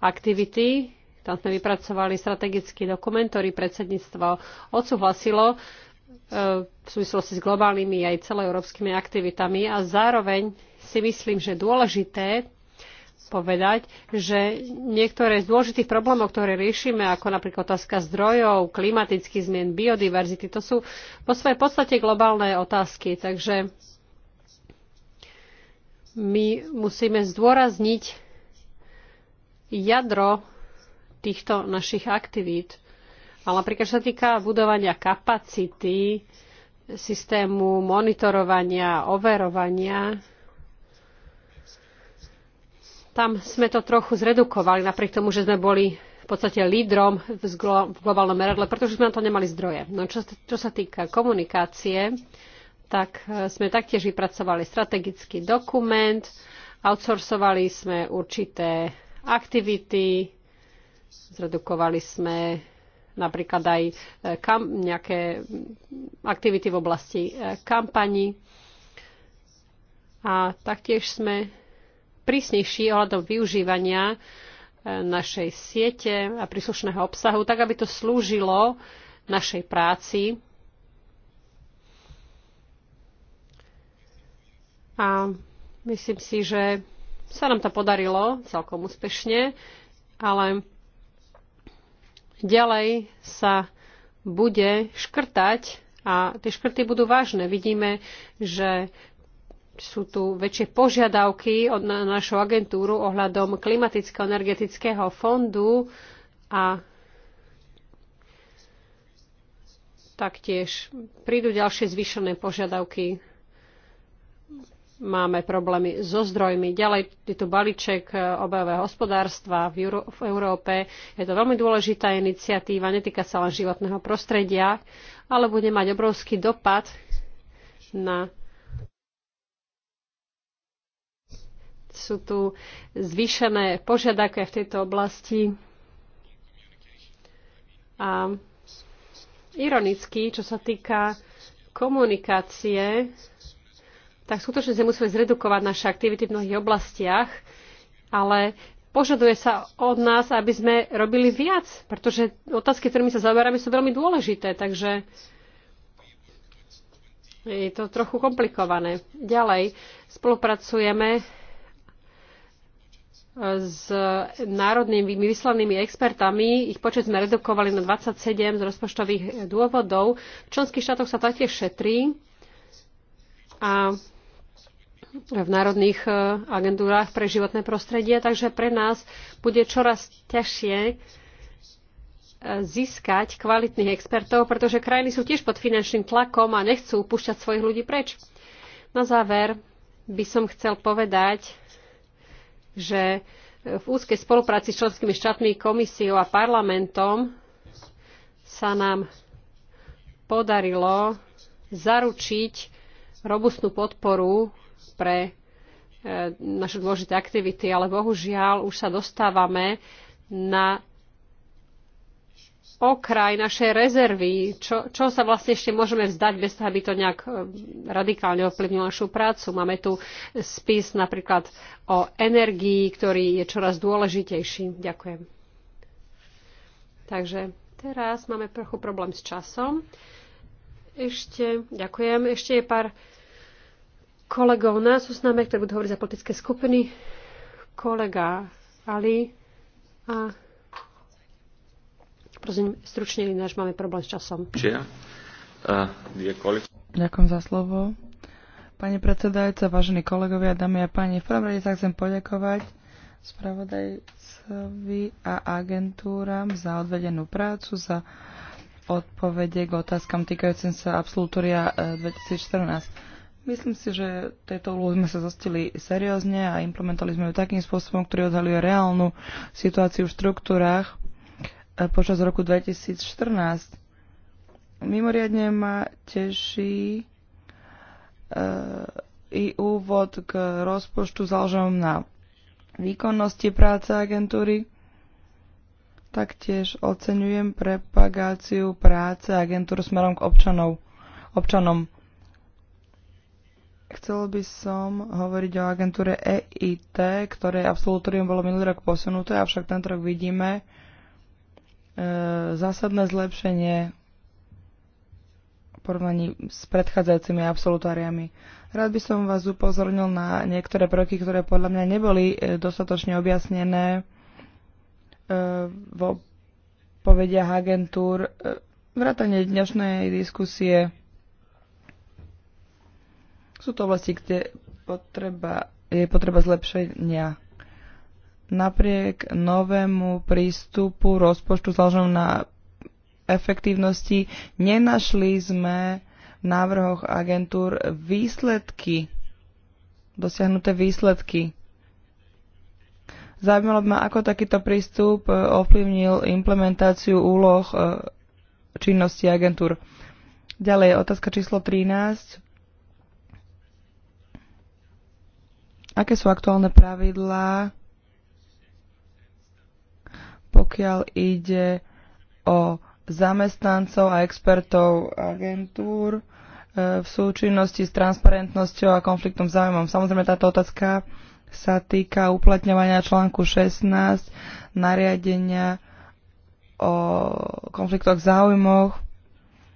aktivity. Tam sme vypracovali strategický dokument, ktorý predsedníctvo odsúhlasilo e, v súvislosti s globálnymi aj celoeurópskymi aktivitami a zároveň si myslím, že dôležité povedať, že niektoré z dôležitých problémov, ktoré riešime, ako napríklad otázka zdrojov, klimatických zmien, biodiverzity, to sú vo svojej podstate globálne otázky. Takže my musíme zdôrazniť jadro týchto našich aktivít. Ale napríklad, čo sa týka budovania kapacity, systému monitorovania, overovania, tam sme to trochu zredukovali, napriek tomu, že sme boli v podstate lídrom v globálnom meradle, pretože sme na to nemali zdroje. No čo, čo sa týka komunikácie, tak e, sme taktiež vypracovali strategický dokument, outsourcovali sme určité aktivity, zredukovali sme napríklad aj e, kam, nejaké aktivity v oblasti e, kampani. A taktiež sme prísnejší ohľadom využívania našej siete a príslušného obsahu, tak aby to slúžilo našej práci a myslím si, že sa nám to podarilo celkom úspešne, ale ďalej sa bude škrtať a tie škrty budú vážne. Vidíme, že sú tu väčšie požiadavky od na našu agentúru ohľadom klimaticko energetického fondu a taktiež prídu ďalšie zvýšené požiadavky máme problémy so zdrojmi. Ďalej je tu balíček e, obehového hospodárstva v, Euró- v Európe. Je to veľmi dôležitá iniciatíva, netýka sa len životného prostredia, ale bude mať obrovský dopad na. Sú tu zvýšené požiadavky v tejto oblasti. A ironicky, čo sa týka komunikácie, tak skutočne sme museli zredukovať naše aktivity v mnohých oblastiach, ale požaduje sa od nás, aby sme robili viac, pretože otázky, ktorými sa zaoberáme, sú veľmi dôležité, takže je to trochu komplikované. Ďalej, spolupracujeme s národnými vyslanými expertami. Ich počet sme redukovali na 27 z rozpočtových dôvodov. V členských štátoch sa taktiež šetrí a v národných e, agentúrách pre životné prostredie, takže pre nás bude čoraz ťažšie e, získať kvalitných expertov, pretože krajiny sú tiež pod finančným tlakom a nechcú púšťať svojich ľudí preč. Na záver by som chcel povedať, že e, v úzkej spolupráci s členskými štátmi, komisiou a parlamentom sa nám podarilo zaručiť robustnú podporu pre e, naše dôležité aktivity, ale bohužiaľ už sa dostávame na okraj našej rezervy, čo, čo sa vlastne ešte môžeme vzdať bez toho, aby to nejak e, radikálne ovplyvnilo našu prácu. Máme tu spis napríklad o energii, ktorý je čoraz dôležitejší. Ďakujem. Takže teraz máme trochu problém s časom. Ešte, ďakujem, ešte je pár kolegov na zozname, ktorí budú hovoriť za politické skupiny. Kolega Ali a prosím, stručne, ináč máme problém s časom. Ďakujem za slovo. Pani predsedajúca, vážení kolegovia, dámy a páni, v prvom rade sa chcem poďakovať spravodajcovi a agentúram za odvedenú prácu, za odpovede k otázkam týkajúcim sa absolutória 2014 eh, Myslím si, že tejto úlohu sme sa zostili seriózne a implementovali sme ju takým spôsobom, ktorý odhaluje reálnu situáciu v štruktúrách e, počas roku 2014. Mimoriadne ma teší e, i úvod k rozpočtu založenom na výkonnosti práce agentúry. Taktiež oceňujem propagáciu práce agentúr smerom k občanov, občanom Chcel by som hovoriť o agentúre EIT, ktoré absolutorium bolo minulý rok posunuté, avšak tento rok vidíme e, zásadné zlepšenie v porovnaní s predchádzajúcimi absolutáriami. Rád by som vás upozornil na niektoré prvky, ktoré podľa mňa neboli e, dostatočne objasnené e, vo povediach agentúr, e, dnešnej diskusie sú to oblasti, kde potreba, je potreba zlepšenia. Napriek novému prístupu rozpočtu založenom na efektívnosti nenašli sme v návrhoch agentúr výsledky, dosiahnuté výsledky. Zaujímalo by ma, ako takýto prístup e, ovplyvnil implementáciu úloh e, činnosti agentúr. Ďalej, otázka číslo 13. Aké sú aktuálne pravidlá, pokiaľ ide o zamestnancov a expertov agentúr e, v súčinnosti s transparentnosťou a konfliktom záujmom? Samozrejme, táto otázka sa týka uplatňovania článku 16 nariadenia o konfliktoch záujmoch.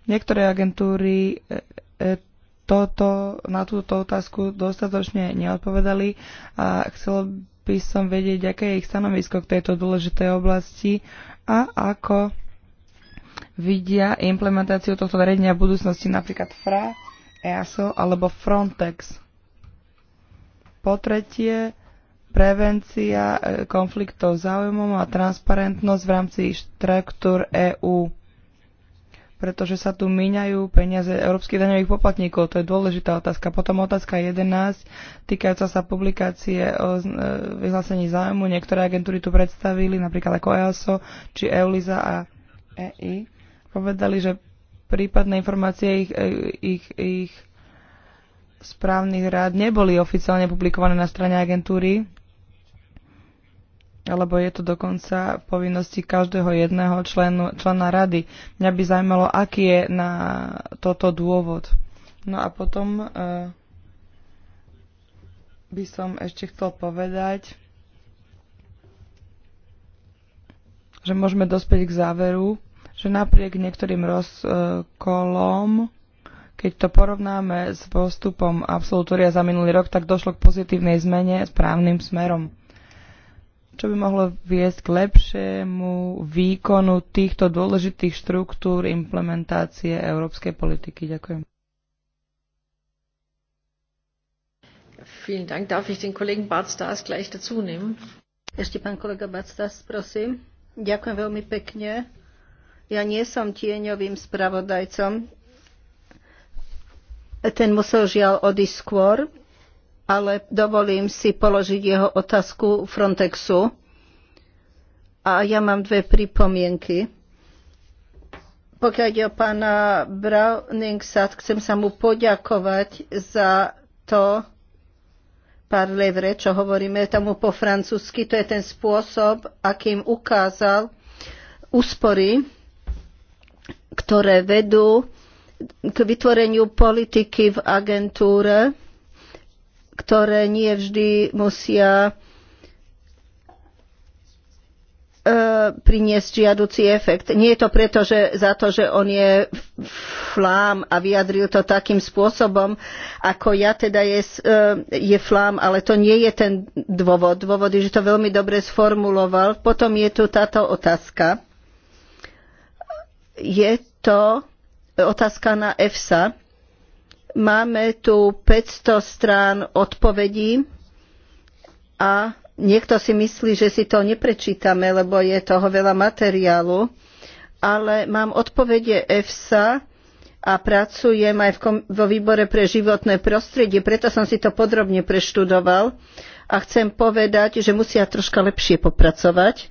Niektoré agentúry e, toto, na túto otázku dostatočne neodpovedali a chcelo by som vedieť, aké je ich stanovisko k tejto dôležitej oblasti a ako vidia implementáciu tohto nariadenia v budúcnosti napríklad FRA, EASO alebo Frontex. Po tretie, prevencia e, konfliktov záujmov a transparentnosť v rámci štruktúr EÚ pretože sa tu míňajú peniaze európskych daňových poplatníkov. To je dôležitá otázka. Potom otázka 11, týkajúca sa publikácie o e, vyhlásení zájmu. Niektoré agentúry tu predstavili, napríklad ako EASO, či EULISA a EI. Povedali, že prípadné informácie ich, e, ich, ich správnych rád neboli oficiálne publikované na strane agentúry, alebo je to dokonca v povinnosti každého jedného členu, člena rady. Mňa by zaujímalo, aký je na toto dôvod. No a potom uh, by som ešte chcel povedať, že môžeme dospieť k záveru, že napriek niektorým rozkolom, keď to porovnáme s postupom absolutória za minulý rok, tak došlo k pozitívnej zmene správnym smerom čo by mohlo viesť k lepšiemu výkonu týchto dôležitých štruktúr implementácie európskej politiky. Ďakujem. Vielen Dank. Darf ich den Kollegen gleich dazu nehmen? Ešte pán kolega Bart prosím. Ďakujem veľmi pekne. Ja nie som tieňovým spravodajcom. Ten musel žiaľ odísť skôr, ale dovolím si položiť jeho otázku Frontexu. A ja mám dve pripomienky. Pokiaľ ide o pána Browningsat, chcem sa mu poďakovať za to, pár levre, čo hovoríme tomu po francúzsky, to je ten spôsob, akým ukázal úspory, ktoré vedú k vytvoreniu politiky v agentúre, ktoré nie vždy musia e, priniesť žiaducí efekt. Nie je to preto, že za to, že on je flám a vyjadril to takým spôsobom, ako ja teda je, e, je flám, ale to nie je ten dôvod. Dôvod je, že to veľmi dobre sformuloval. Potom je tu táto otázka. Je to otázka na EFSA. Máme tu 500 strán odpovedí a niekto si myslí, že si to neprečítame, lebo je toho veľa materiálu, ale mám odpovede EFSA a pracujem aj vo výbore pre životné prostredie, preto som si to podrobne preštudoval a chcem povedať, že musia troška lepšie popracovať,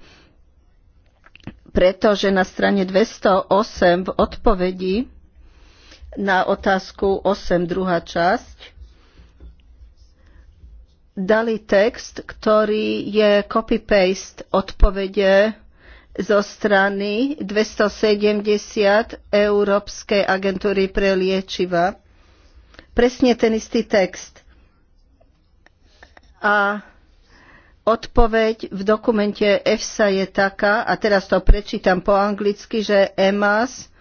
pretože na strane 208 v odpovedi na otázku 8, druhá časť, dali text, ktorý je copy-paste odpovede zo strany 270 Európskej agentúry pre liečiva. Presne ten istý text. A odpoveď v dokumente EFSA je taká, a teraz to prečítam po anglicky, že EMAS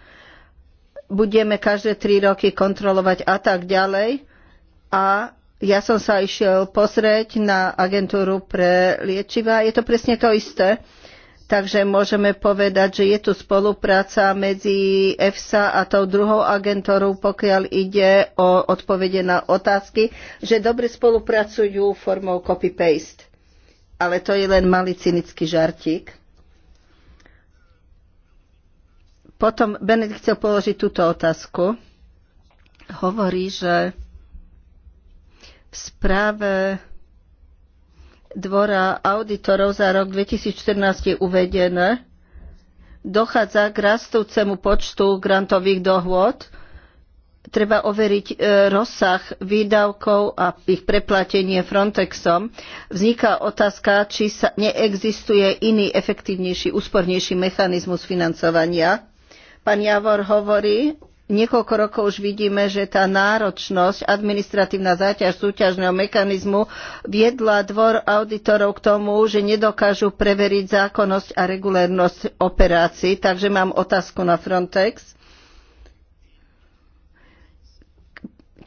budeme každé tri roky kontrolovať a tak ďalej. A ja som sa išiel pozrieť na agentúru pre liečiva. Je to presne to isté. Takže môžeme povedať, že je tu spolupráca medzi EFSA a tou druhou agentúrou, pokiaľ ide o odpovede na otázky, že dobre spolupracujú formou copy-paste. Ale to je len malý cynický žartík. Potom Benedikt chcel položiť túto otázku. Hovorí, že v správe Dvora auditorov za rok 2014 je uvedené, dochádza k rastúcemu počtu grantových dohôd. Treba overiť e, rozsah výdavkov a ich preplatenie Frontexom. Vzniká otázka, či sa neexistuje iný efektívnejší, úspornejší mechanizmus financovania Pán Javor hovorí, niekoľko rokov už vidíme, že tá náročnosť, administratívna záťaž súťažného mechanizmu viedla dvor auditorov k tomu, že nedokážu preveriť zákonnosť a regulérnosť operácií. Takže mám otázku na Frontex.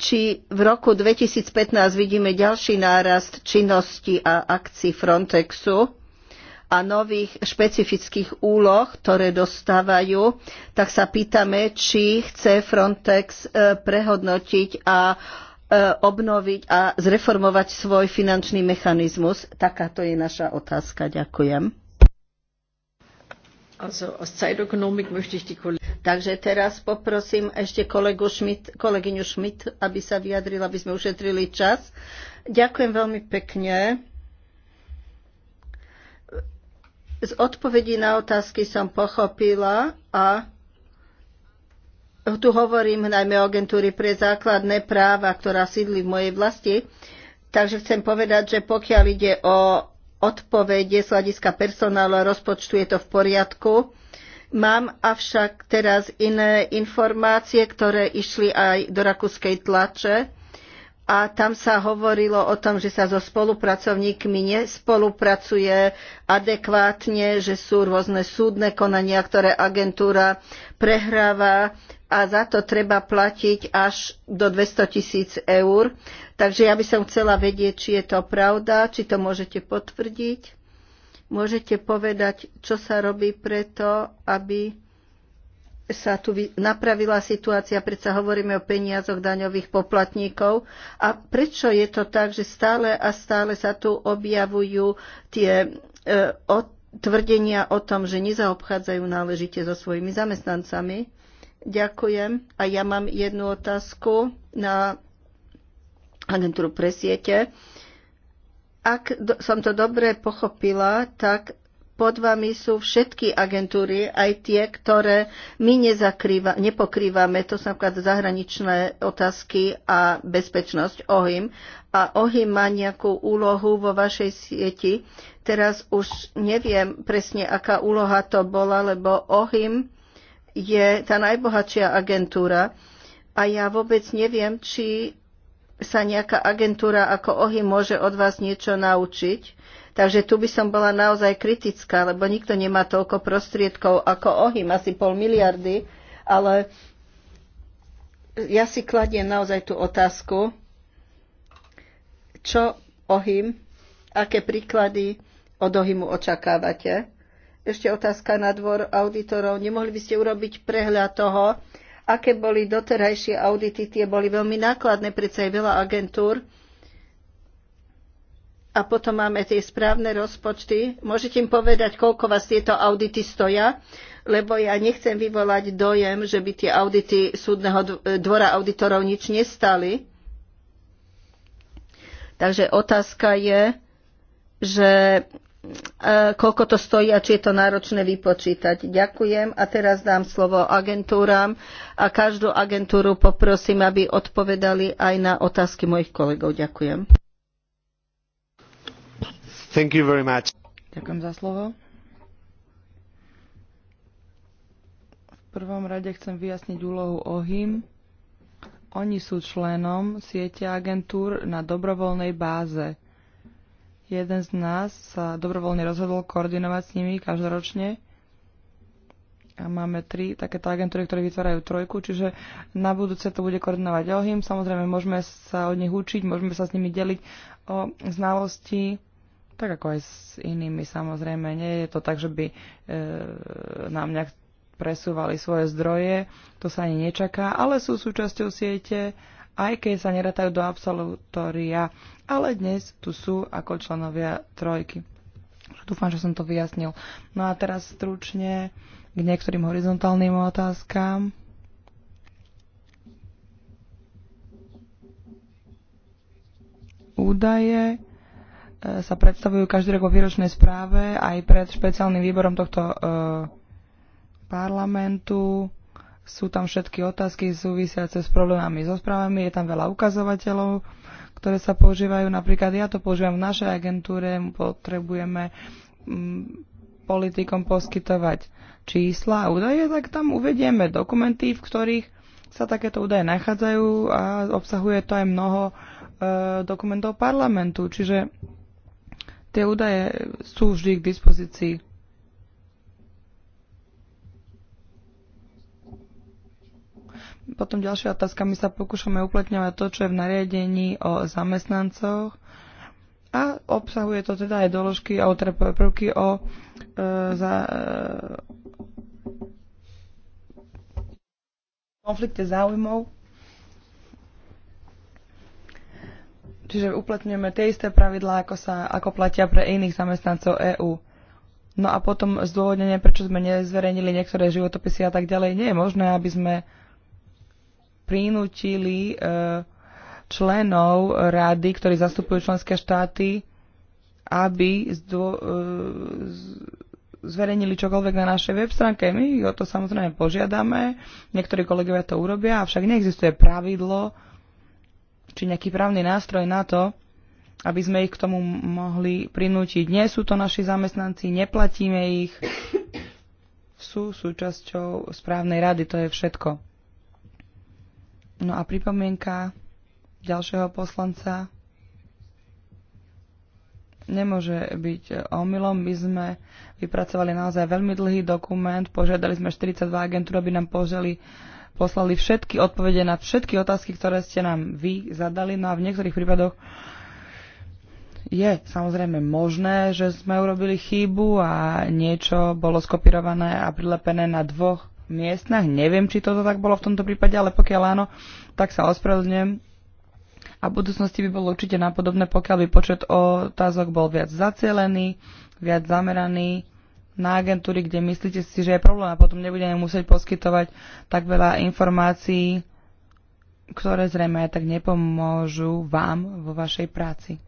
či v roku 2015 vidíme ďalší nárast činnosti a akcií Frontexu a nových špecifických úloh, ktoré dostávajú, tak sa pýtame, či chce Frontex e, prehodnotiť a e, obnoviť a zreformovať svoj finančný mechanizmus. Takáto je naša otázka. Ďakujem. Also, die... Takže teraz poprosím ešte kolegu Schmidt, kolegyňu Schmidt, aby sa vyjadrila, aby sme ušetrili čas. Ďakujem veľmi pekne. Z odpovedí na otázky som pochopila a tu hovorím najmä o agentúry pre základné práva, ktorá sídli v mojej vlasti. Takže chcem povedať, že pokiaľ ide o odpovede z hľadiska personálu a rozpočtu, je to v poriadku. Mám avšak teraz iné informácie, ktoré išli aj do rakúskej tlače a tam sa hovorilo o tom, že sa so spolupracovníkmi nespolupracuje adekvátne, že sú rôzne súdne konania, ktoré agentúra prehráva a za to treba platiť až do 200 tisíc eur. Takže ja by som chcela vedieť, či je to pravda, či to môžete potvrdiť. Môžete povedať, čo sa robí preto, aby sa tu napravila situácia, predsa hovoríme o peniazoch daňových poplatníkov. A prečo je to tak, že stále a stále sa tu objavujú tie e, o, tvrdenia o tom, že nezaobchádzajú náležite so svojimi zamestnancami? Ďakujem. A ja mám jednu otázku na agentúru pre siete. Ak do, som to dobre pochopila, tak pod vami sú všetky agentúry, aj tie, ktoré my nezakrýva, nepokrývame, to sú napríklad zahraničné otázky a bezpečnosť OHIM. A OHIM má nejakú úlohu vo vašej sieti. Teraz už neviem presne, aká úloha to bola, lebo OHIM je tá najbohatšia agentúra a ja vôbec neviem, či sa nejaká agentúra ako OHIM môže od vás niečo naučiť Takže tu by som bola naozaj kritická, lebo nikto nemá toľko prostriedkov ako OHIM, asi pol miliardy, ale ja si kladiem naozaj tú otázku, čo OHIM, aké príklady od OHIMu očakávate? Ešte otázka na dvor auditorov. Nemohli by ste urobiť prehľad toho, aké boli doterajšie audity, tie boli veľmi nákladné, predsa aj veľa agentúr, a potom máme tie správne rozpočty. Môžete im povedať, koľko vás tieto audity stoja? Lebo ja nechcem vyvolať dojem, že by tie audity súdneho dvora auditorov nič nestali. Takže otázka je, že e, koľko to stojí a či je to náročné vypočítať. Ďakujem a teraz dám slovo agentúram a každú agentúru poprosím, aby odpovedali aj na otázky mojich kolegov. Ďakujem. V prvom rade chcem vyjasniť úlohu OHIM. Oni sú členom siete agentúr na dobrovoľnej báze. Jeden z nás sa dobrovoľne rozhodol koordinovať s nimi každoročne a máme tri takéto agentúry, ktoré vytvárajú trojku, čiže na budúce to bude koordinovať OHIM. Samozrejme, môžeme sa od nich učiť, môžeme sa s nimi deliť o znalosti, tak ako aj s inými samozrejme. Nie je to tak, že by e, nám nejak presúvali svoje zdroje, to sa ani nečaká, ale sú súčasťou siete, aj keď sa neratajú do absolutória, ale dnes tu sú ako členovia trojky. Dúfam, že som to vyjasnil. No a teraz stručne k niektorým horizontálnym otázkam. Údaje sa predstavujú každý rok vo výročnej správe aj pred špeciálnym výborom tohto e, parlamentu. Sú tam všetky otázky súvisiace s problémami so správami, je tam veľa ukazovateľov, ktoré sa používajú. Napríklad ja to používam v našej agentúre, potrebujeme mm, politikom poskytovať čísla a údaje, tak tam uvedieme dokumenty, v ktorých sa takéto údaje nachádzajú a obsahuje to aj mnoho e, dokumentov parlamentu. Čiže Tie údaje sú vždy k dispozícii. Potom ďalšia otázka. My sa pokúšame uplatňovať to, čo je v nariadení o zamestnancoch a obsahuje to teda aj doložky a teda prvky o e, za, e, konflikte záujmov Čiže uplatňujeme tie isté pravidlá, ako, sa, ako platia pre iných zamestnancov EÚ. No a potom zdôvodnenie, prečo sme nezverejnili niektoré životopisy a tak ďalej, nie je možné, aby sme prinútili e, členov rady, ktorí zastupujú členské štáty, aby zdô, e, zverejnili čokoľvek na našej web stránke. My o to samozrejme požiadame, niektorí kolegovia to urobia, avšak neexistuje pravidlo, či nejaký právny nástroj na to, aby sme ich k tomu mohli prinútiť. Nie sú to naši zamestnanci, neplatíme ich, sú súčasťou správnej rady, to je všetko. No a pripomienka ďalšieho poslanca nemôže byť omylom. My sme vypracovali naozaj veľmi dlhý dokument, požiadali sme 42 agentúr, aby nám požiadali poslali všetky odpovede na všetky otázky, ktoré ste nám vy zadali. No a v niektorých prípadoch je samozrejme možné, že sme urobili chybu a niečo bolo skopirované a prilepené na dvoch miestnach. Neviem, či toto tak bolo v tomto prípade, ale pokiaľ áno, tak sa ospravedlňujem. A v budúcnosti by bolo určite napodobné, pokiaľ by počet otázok bol viac zacielený, viac zameraný na agentúry, kde myslíte si, že je problém a potom nebudeme musieť poskytovať tak veľa informácií, ktoré zrejme aj tak nepomôžu vám vo vašej práci.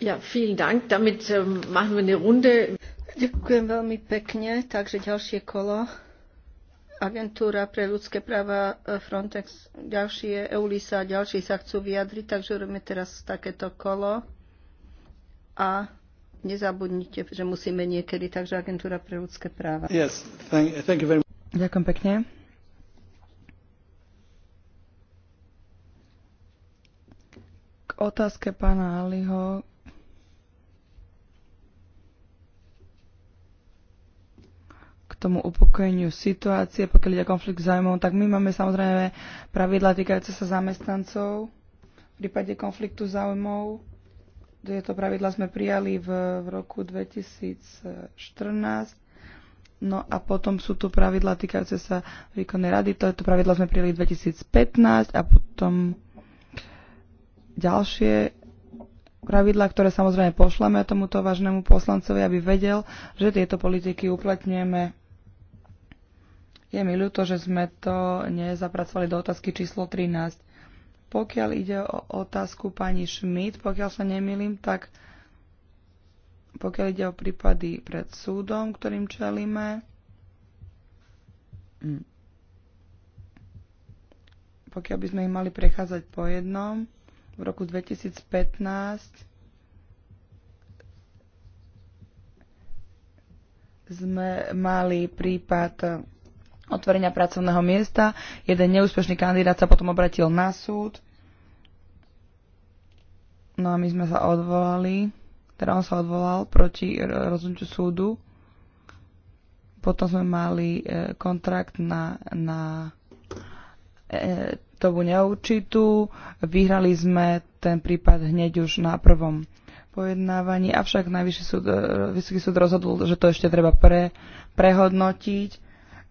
Ja, vielen Dank. Damit ähm, machen wir eine Runde. Ďakujem veľmi pekne. Takže ďalšie kolo. Agentúra pre ľudské práva e, Frontex, ďalšie EULISA, ďalší sa chcú vyjadriť, takže robíme teraz takéto kolo. A nezabudnite, že musíme niekedy, takže agentúra pre ľudské práva. Yes, thank, thank you very much. Ďakujem pekne. K otázke pána Aliho. K tomu upokojeniu situácie, pokiaľ ide konflikt zájmov, tak my máme samozrejme pravidla týkajúce sa zamestnancov v prípade konfliktu záujmov tieto pravidla sme prijali v, v roku 2014. No a potom sú tu pravidla týkajúce sa výkonnej rady. Tieto pravidla sme prijali v 2015 a potom ďalšie pravidla, ktoré samozrejme pošleme tomuto vážnemu poslancovi, aby vedel, že tieto politiky uplatňujeme. Je mi ľúto, že sme to nezapracovali do otázky číslo 13 pokiaľ ide o otázku pani Schmidt, pokiaľ sa nemýlim, tak pokiaľ ide o prípady pred súdom, ktorým čelíme, mm, pokiaľ by sme ich mali prechádzať po jednom, v roku 2015 sme mali prípad otvorenia pracovného miesta. Jeden neúspešný kandidát sa potom obratil na súd. No a my sme sa odvolali, teda on sa odvolal proti rozhodnutiu súdu. Potom sme mali e, kontrakt na, na e, neurčitú. Vyhrali sme ten prípad hneď už na prvom pojednávaní, avšak najvyšší súd, e, Vysoký súd rozhodol, že to ešte treba pre, prehodnotiť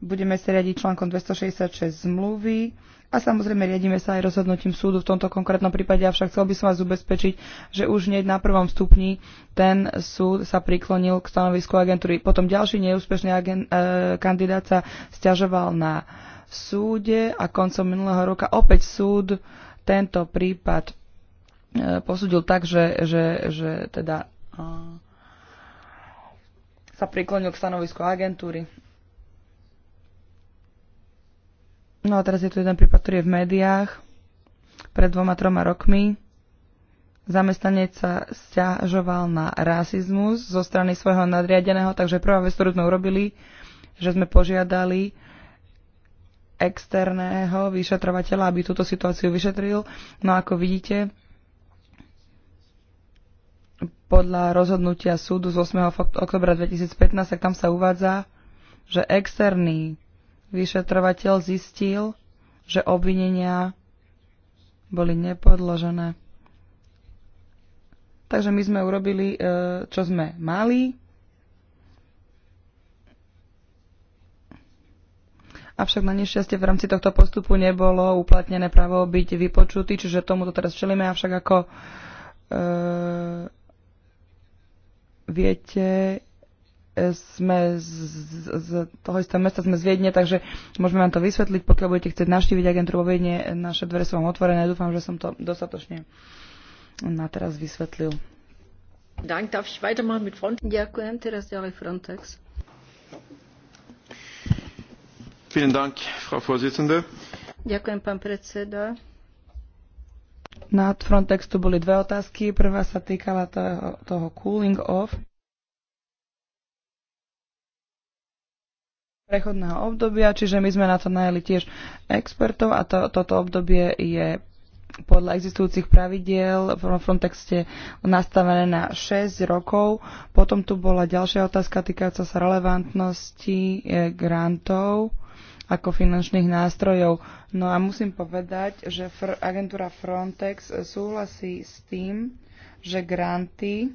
budeme sa riadiť článkom 266 zmluvy a samozrejme riadíme sa aj rozhodnutím súdu v tomto konkrétnom prípade, avšak chcel by som vás ubezpečiť, že už hneď na prvom stupni ten súd sa priklonil k stanovisku agentúry. Potom ďalší neúspešný agen, e, kandidát sa stiažoval na súde a koncom minulého roka opäť súd tento prípad e, posúdil tak, že, že, že teda e, sa priklonil k stanovisku agentúry. No a teraz je tu jeden prípad, ktorý je v médiách. Pred dvoma, troma rokmi zamestnanec sa stiažoval na rasizmus zo strany svojho nadriadeného, takže prvá vec, ktorú sme urobili, že sme požiadali externého vyšetrovateľa, aby túto situáciu vyšetril. No ako vidíte, podľa rozhodnutia súdu z 8. oktobra 2015, tak tam sa uvádza, že externý vyšetrovateľ zistil, že obvinenia boli nepodložené. Takže my sme urobili, e, čo sme mali. Avšak na nešťastie v rámci tohto postupu nebolo uplatnené právo byť vypočutý, čiže tomuto teraz čelíme. Avšak ako e, viete, sme z, z z toho istého mesta, sme z Viedne, takže môžeme vám to vysvetliť. Pokiaľ budete chcieť navštíviť agentúru vo Viedne, naše dvere sú vám otvorené. Dúfam, že som to dostatočne na teraz vysvetlil. Ďakujem, teraz ďalej Frontex. Ďakujem, pán predseda. Na tu boli dve otázky. Prvá sa týkala toho, toho cooling off prechodného obdobia, čiže my sme na to najali tiež expertov a to, toto obdobie je podľa existujúcich pravidiel v Frontexte nastavené na 6 rokov. Potom tu bola ďalšia otázka týkajúca sa relevantnosti e, grantov ako finančných nástrojov. No a musím povedať, že agentúra Frontex súhlasí s tým, že granty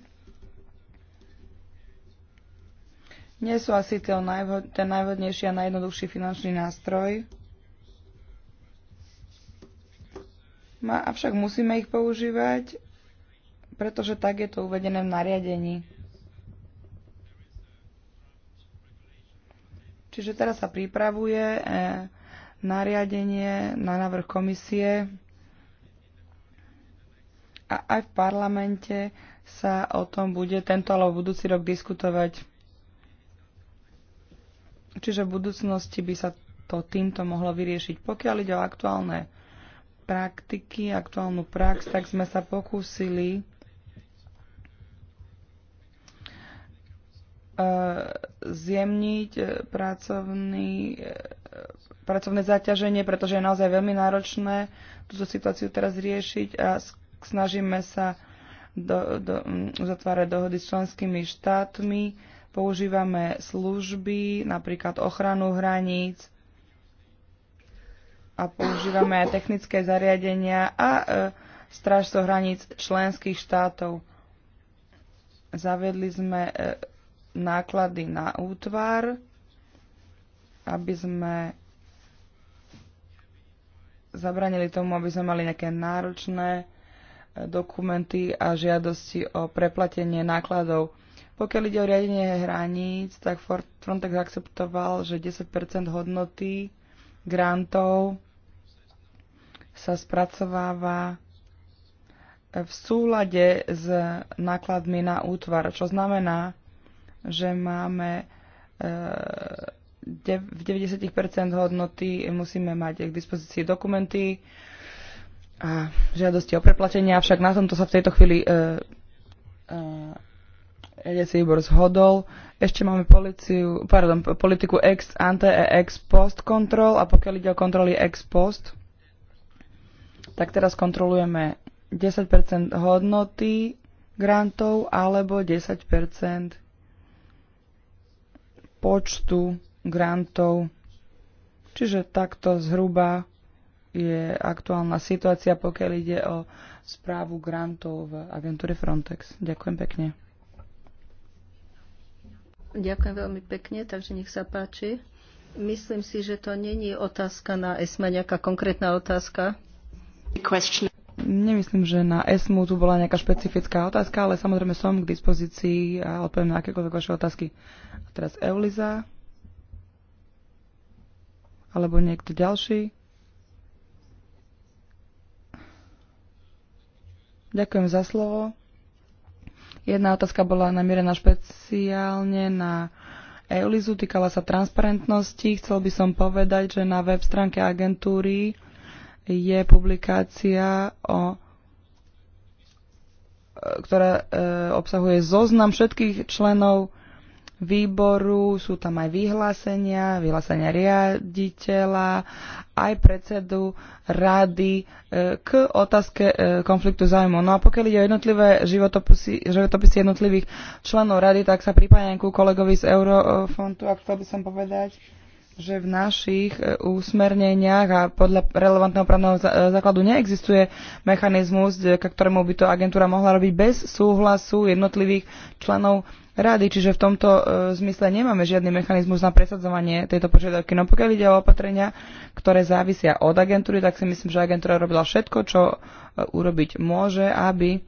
nie sú asi ten, najvhodnejší a najjednoduchší finančný nástroj. avšak musíme ich používať, pretože tak je to uvedené v nariadení. Čiže teraz sa pripravuje e, nariadenie na návrh komisie a aj v parlamente sa o tom bude tento alebo budúci rok diskutovať. Čiže v budúcnosti by sa to týmto mohlo vyriešiť. Pokiaľ ide o aktuálne praktiky, aktuálnu prax, tak sme sa pokúsili e, zjemniť e, pracovný, e, pracovné zaťaženie, pretože je naozaj veľmi náročné túto situáciu teraz riešiť a snažíme sa do, do, uzatvárať dohody s členskými štátmi Používame služby, napríklad ochranu hraníc a používame aj technické zariadenia a e, strážcov hraníc členských štátov. Zavedli sme e, náklady na útvar, aby sme zabranili tomu, aby sme mali nejaké náročné e, dokumenty a žiadosti o preplatenie nákladov. Pokiaľ ide o riadenie hraníc, tak Frontex akceptoval, že 10 hodnoty grantov sa spracováva v súlade s nákladmi na útvar, čo znamená, že máme eh, v 90% hodnoty musíme mať k dispozícii dokumenty a žiadosti o preplatenie, avšak na tomto sa v tejto chvíli eh, eh, riadiaci výbor zhodol. Ešte máme policiu, pardon, politiku ex ante a ex post kontrol a pokiaľ ide o kontroly ex post, tak teraz kontrolujeme 10% hodnoty grantov alebo 10% počtu grantov. Čiže takto zhruba je aktuálna situácia, pokiaľ ide o správu grantov v agentúre Frontex. Ďakujem pekne. Ďakujem veľmi pekne, takže nech sa páči. Myslím si, že to není otázka na ESMA, nejaká konkrétna otázka. Nemyslím, že na ESMU tu bola nejaká špecifická otázka, ale samozrejme som k dispozícii a odpoviem na akékoľvek vaše otázky. A teraz Euliza. Alebo niekto ďalší. Ďakujem za slovo. Jedna otázka bola namierená špeciálne na EULIZu, týkala sa transparentnosti. Chcel by som povedať, že na web stránke agentúry je publikácia o ktorá e, obsahuje zoznam všetkých členov výboru, sú tam aj vyhlásenia, vyhlásenia riaditeľa, aj predsedu rady e, k otázke e, konfliktu záujmov. No a pokiaľ ide o jednotlivé životopisy, životopisy jednotlivých členov rady, tak sa pripájam ku kolegovi z Eurofontu a chcel by som povedať, že v našich úsmerneniach e, a podľa relevantného právneho základu neexistuje mechanizmus, k ktorému by to agentúra mohla robiť bez súhlasu jednotlivých členov rady, čiže v tomto e, zmysle nemáme žiadny mechanizmus na presadzovanie tejto požiadavky. No pokiaľ ide o opatrenia, ktoré závisia od agentúry, tak si myslím, že agentúra robila všetko, čo e, urobiť môže, aby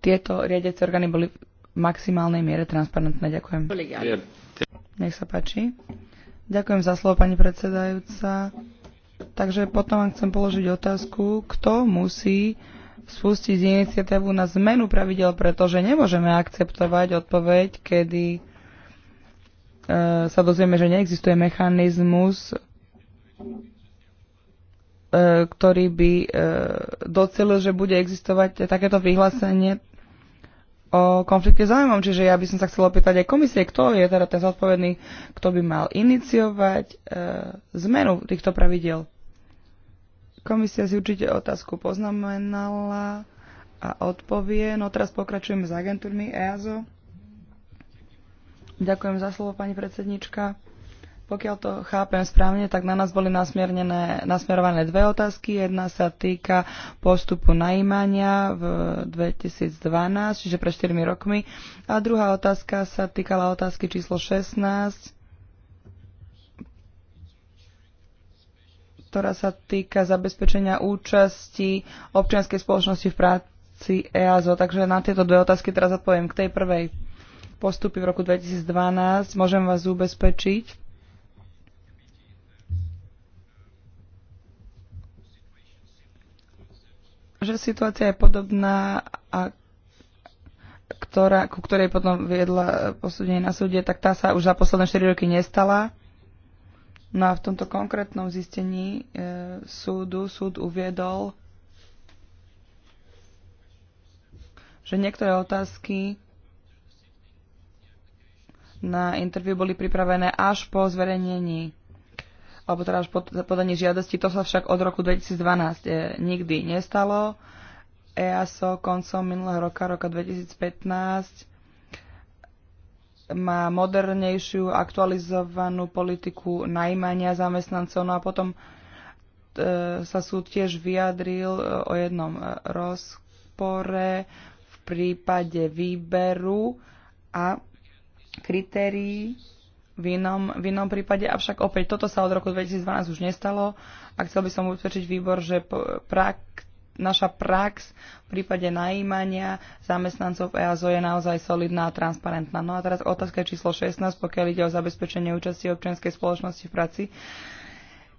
tieto riadiace orgány boli v maximálnej miere transparentné. Ďakujem. Nech sa páči. Ďakujem za slovo, pani predsedajúca. Takže potom vám chcem položiť otázku, kto musí spustiť iniciatívu na zmenu pravidel, pretože nemôžeme akceptovať odpoveď, kedy e, sa dozvieme, že neexistuje mechanizmus, e, ktorý by e, docelil, že bude existovať takéto vyhlásenie o konflikte zájmom. Čiže ja by som sa chcela opýtať aj komisie, kto je teda ten zodpovedný, kto by mal iniciovať zmenu týchto pravidel. Komisia si určite otázku poznamenala a odpovie. No teraz pokračujeme s agentúrmi EASO. Ďakujem za slovo, pani predsednička. Pokiaľ to chápem správne, tak na nás boli nasmerované dve otázky. Jedna sa týka postupu najímania v 2012, čiže pred 4 rokmi. A druhá otázka sa týkala otázky číslo 16 ktorá sa týka zabezpečenia účasti občianskej spoločnosti v práci EASO. Takže na tieto dve otázky teraz odpoviem. K tej prvej postupy v roku 2012 môžem vás ubezpečiť, že situácia je podobná a ktorá, ku ktorej potom viedla posúdenie na súde, tak tá sa už za posledné 4 roky nestala. No a v tomto konkrétnom zistení e, súdu súd uviedol, že niektoré otázky na interviu boli pripravené až po zverejnení alebo teda až po podaní žiadosti. To sa však od roku 2012 e, nikdy nestalo. EASO koncom minulého roka, roka 2015, má modernejšiu, aktualizovanú politiku najmania zamestnancov. No a potom e, sa súd tiež vyjadril e, o jednom e, rozpore v prípade výberu a kritérií v inom, v inom prípade. Avšak opäť toto sa od roku 2012 už nestalo a chcel by som ubezpečiť výbor, že prak naša prax v prípade najímania zamestnancov EASO je naozaj solidná a transparentná. No a teraz otázka číslo 16, pokiaľ ide o zabezpečenie účasti občianskej spoločnosti v práci.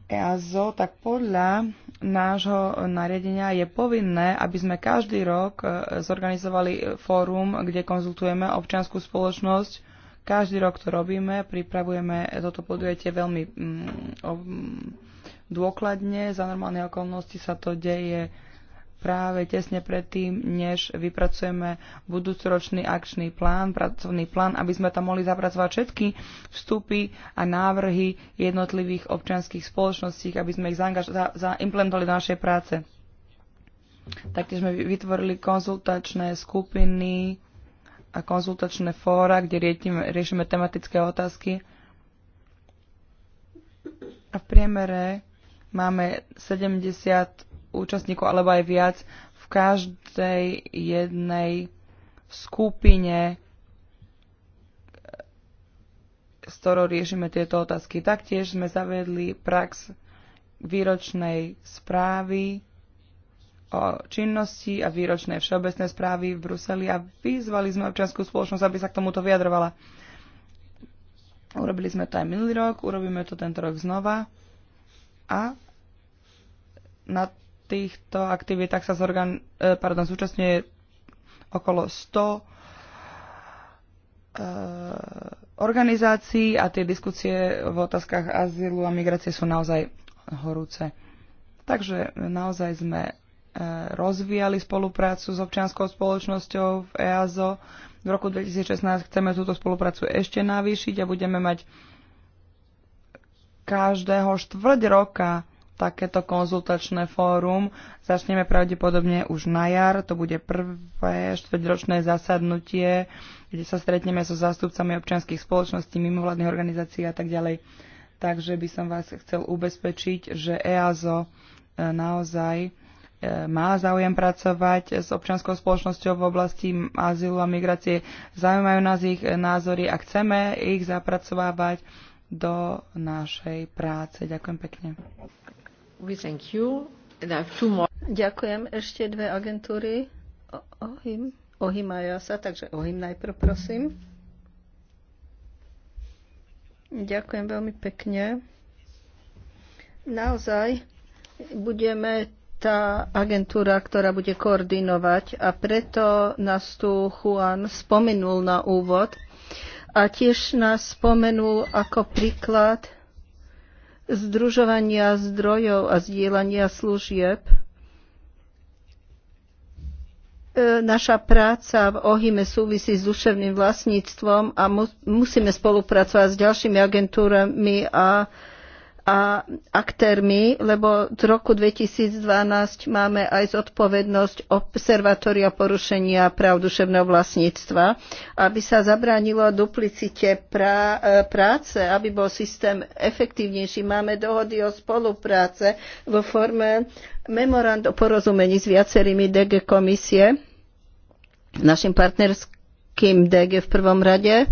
EASO, tak podľa nášho nariadenia je povinné, aby sme každý rok e, zorganizovali e, fórum, kde konzultujeme občianskú spoločnosť. Každý rok to robíme, pripravujeme toto podujete veľmi mm, dôkladne. Za normálne okolnosti sa to deje práve tesne predtým, než vypracujeme budúcoročný akčný plán, pracovný plán, aby sme tam mohli zapracovať všetky vstupy a návrhy jednotlivých občianských spoločností, aby sme ich zaangaž- za- zaimplementovali do našej práce. Taktiež sme vytvorili konzultačné skupiny a konzultačné fóra, kde riešime, riešime tematické otázky. A v priemere máme 70 účastníkov alebo aj viac v každej jednej skupine, s ktorou riešime tieto otázky. Taktiež sme zavedli prax výročnej správy o činnosti a výročné všeobecné správy v Bruseli a vyzvali sme občianskú spoločnosť, aby sa k tomuto vyjadrovala. Urobili sme to aj minulý rok, urobíme to tento rok znova a na týchto aktivitách sa zorgan, e, pardon, zúčastňuje okolo 100 e, organizácií a tie diskusie v otázkach azylu a migrácie sú naozaj horúce. Takže naozaj sme e, rozvíjali spoluprácu s občianskou spoločnosťou v EASO. V roku 2016 chceme túto spoluprácu ešte navýšiť a budeme mať každého štvrť roka takéto konzultačné fórum. Začneme pravdepodobne už na jar. To bude prvé štvrťročné zasadnutie, kde sa stretneme so zástupcami občianských spoločností, mimovládnych organizácií a tak ďalej. Takže by som vás chcel ubezpečiť, že EASO e, naozaj e, má záujem pracovať s občianskou spoločnosťou v oblasti azylu a migrácie. Zaujímajú nás ich názory a chceme ich zapracovávať do našej práce. Ďakujem pekne. Ďakujem. Ešte dve agentúry. ohim. Ohim a Jasa, takže Ohim najprv prosím. Ďakujem veľmi pekne. Naozaj budeme tá agentúra, ktorá bude koordinovať a preto nás tu Juan spomenul na úvod a tiež nás spomenul ako príklad združovania zdrojov a zdieľania služieb. E, naša práca v OHIME súvisí s duševným vlastníctvom a musíme spolupracovať s ďalšími agentúrami a a aktérmi, lebo z roku 2012 máme aj zodpovednosť Observatória porušenia práv duševného vlastníctva, aby sa zabránilo duplicite prá- e, práce, aby bol systém efektívnejší. Máme dohody o spolupráce vo forme memorand o porozumení s viacerými DG komisie, našim partnerským DG v prvom rade,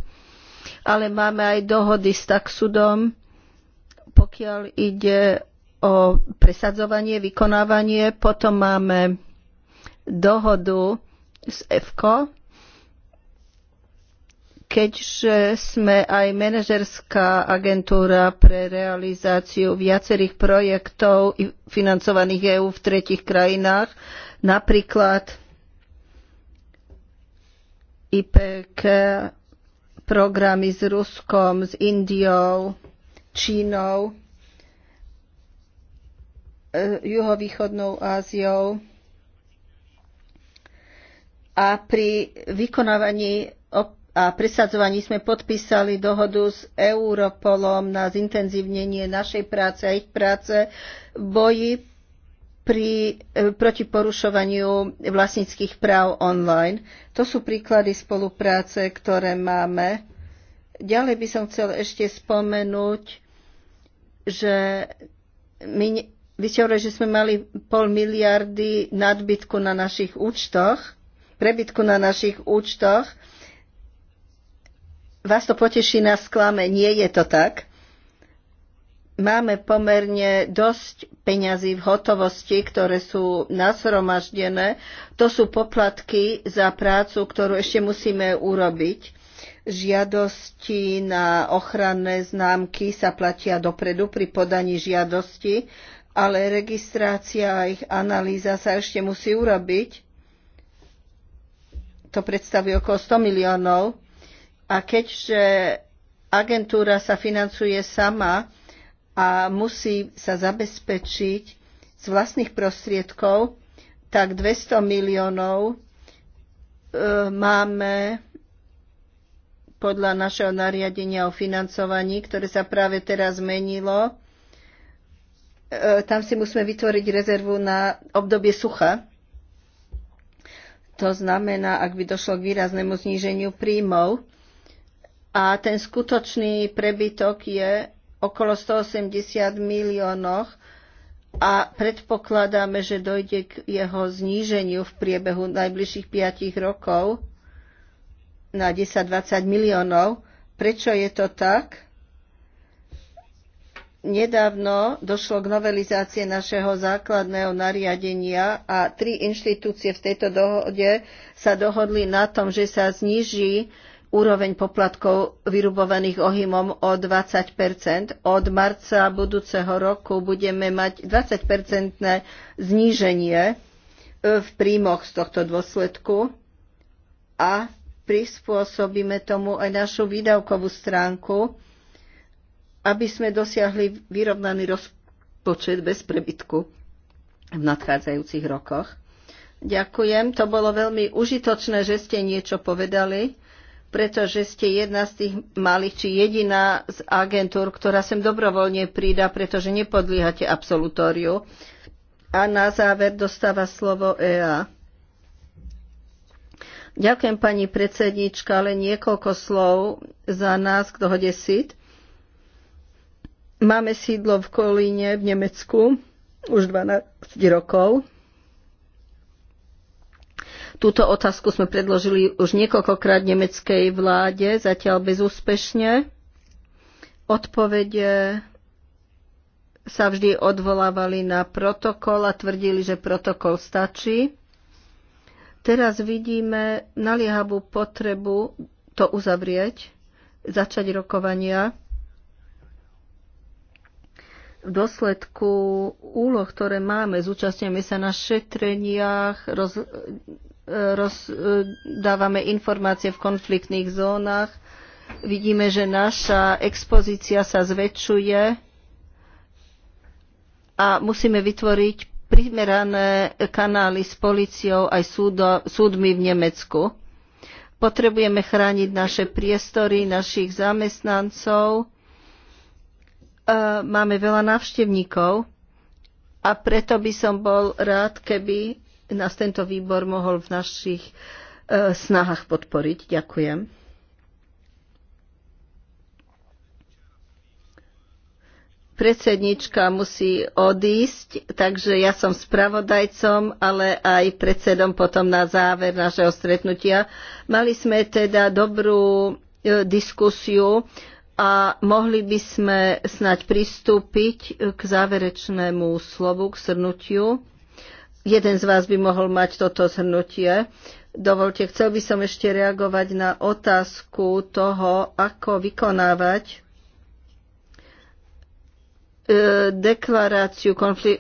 ale máme aj dohody s taxudom, pokiaľ ide o presadzovanie, vykonávanie, potom máme dohodu s EFKO, keďže sme aj manažerská agentúra pre realizáciu viacerých projektov financovaných EÚ v tretich krajinách, napríklad IPK, programy s Ruskom, s Indiou, Čínou, e, juhovýchodnou Áziou a pri vykonávaní a presadzovaní sme podpísali dohodu s Europolom na zintenzívnenie našej práce a ich práce v boji pri, e, proti porušovaniu vlastníckých práv online. To sú príklady spolupráce, ktoré máme. Ďalej by som chcel ešte spomenúť že my, vy ste hovorili, že sme mali pol miliardy nadbytku na našich účtoch, prebytku na našich účtoch. Vás to poteší na sklame, nie je to tak. Máme pomerne dosť peňazí v hotovosti, ktoré sú nasromaždené. To sú poplatky za prácu, ktorú ešte musíme urobiť. Žiadosti na ochranné známky sa platia dopredu pri podaní žiadosti, ale registrácia a ich analýza sa ešte musí urobiť. To predstavuje okolo 100 miliónov. A keďže agentúra sa financuje sama a musí sa zabezpečiť z vlastných prostriedkov, tak 200 miliónov e, máme podľa našeho nariadenia o financovaní, ktoré sa práve teraz zmenilo. E, tam si musíme vytvoriť rezervu na obdobie sucha. To znamená, ak by došlo k výraznému zníženiu príjmov. A ten skutočný prebytok je okolo 180 miliónoch a predpokladáme, že dojde k jeho zníženiu v priebehu najbližších 5 rokov na 10-20 miliónov. Prečo je to tak? Nedávno došlo k novelizácie našeho základného nariadenia a tri inštitúcie v tejto dohode sa dohodli na tom, že sa zniží úroveň poplatkov vyrubovaných ohymom o 20 Od marca budúceho roku budeme mať 20 zníženie v príjmoch z tohto dôsledku a prispôsobíme tomu aj našu výdavkovú stránku, aby sme dosiahli vyrovnaný rozpočet bez prebytku v nadchádzajúcich rokoch. Ďakujem, to bolo veľmi užitočné, že ste niečo povedali, pretože ste jedna z tých malých, či jediná z agentúr, ktorá sem dobrovoľne prída, pretože nepodliehate absolutóriu. A na záver dostáva slovo EA. Ďakujem pani predsedníčka, ale niekoľko slov za nás k dohode SID. Máme sídlo v Kolíne v Nemecku už 12 rokov. Túto otázku sme predložili už niekoľkokrát nemeckej vláde, zatiaľ bezúspešne. Odpovede sa vždy odvolávali na protokol a tvrdili, že protokol stačí. Teraz vidíme naliehavú potrebu to uzavrieť, začať rokovania. V dôsledku úloh, ktoré máme, zúčastňujeme sa na šetreniach, roz, roz, dávame informácie v konfliktných zónach, vidíme, že naša expozícia sa zväčšuje a musíme vytvoriť primerané kanály s policiou aj súdo, súdmi v Nemecku. Potrebujeme chrániť naše priestory, našich zamestnancov. E, máme veľa návštevníkov a preto by som bol rád, keby nás tento výbor mohol v našich e, snahách podporiť. Ďakujem. Predsednička musí odísť, takže ja som spravodajcom, ale aj predsedom potom na záver našeho stretnutia. Mali sme teda dobrú e, diskusiu a mohli by sme snať pristúpiť e, k záverečnému slovu, k shrnutiu. Jeden z vás by mohol mať toto zhrnutie. Dovolte, chcel by som ešte reagovať na otázku toho, ako vykonávať E, deklaráciu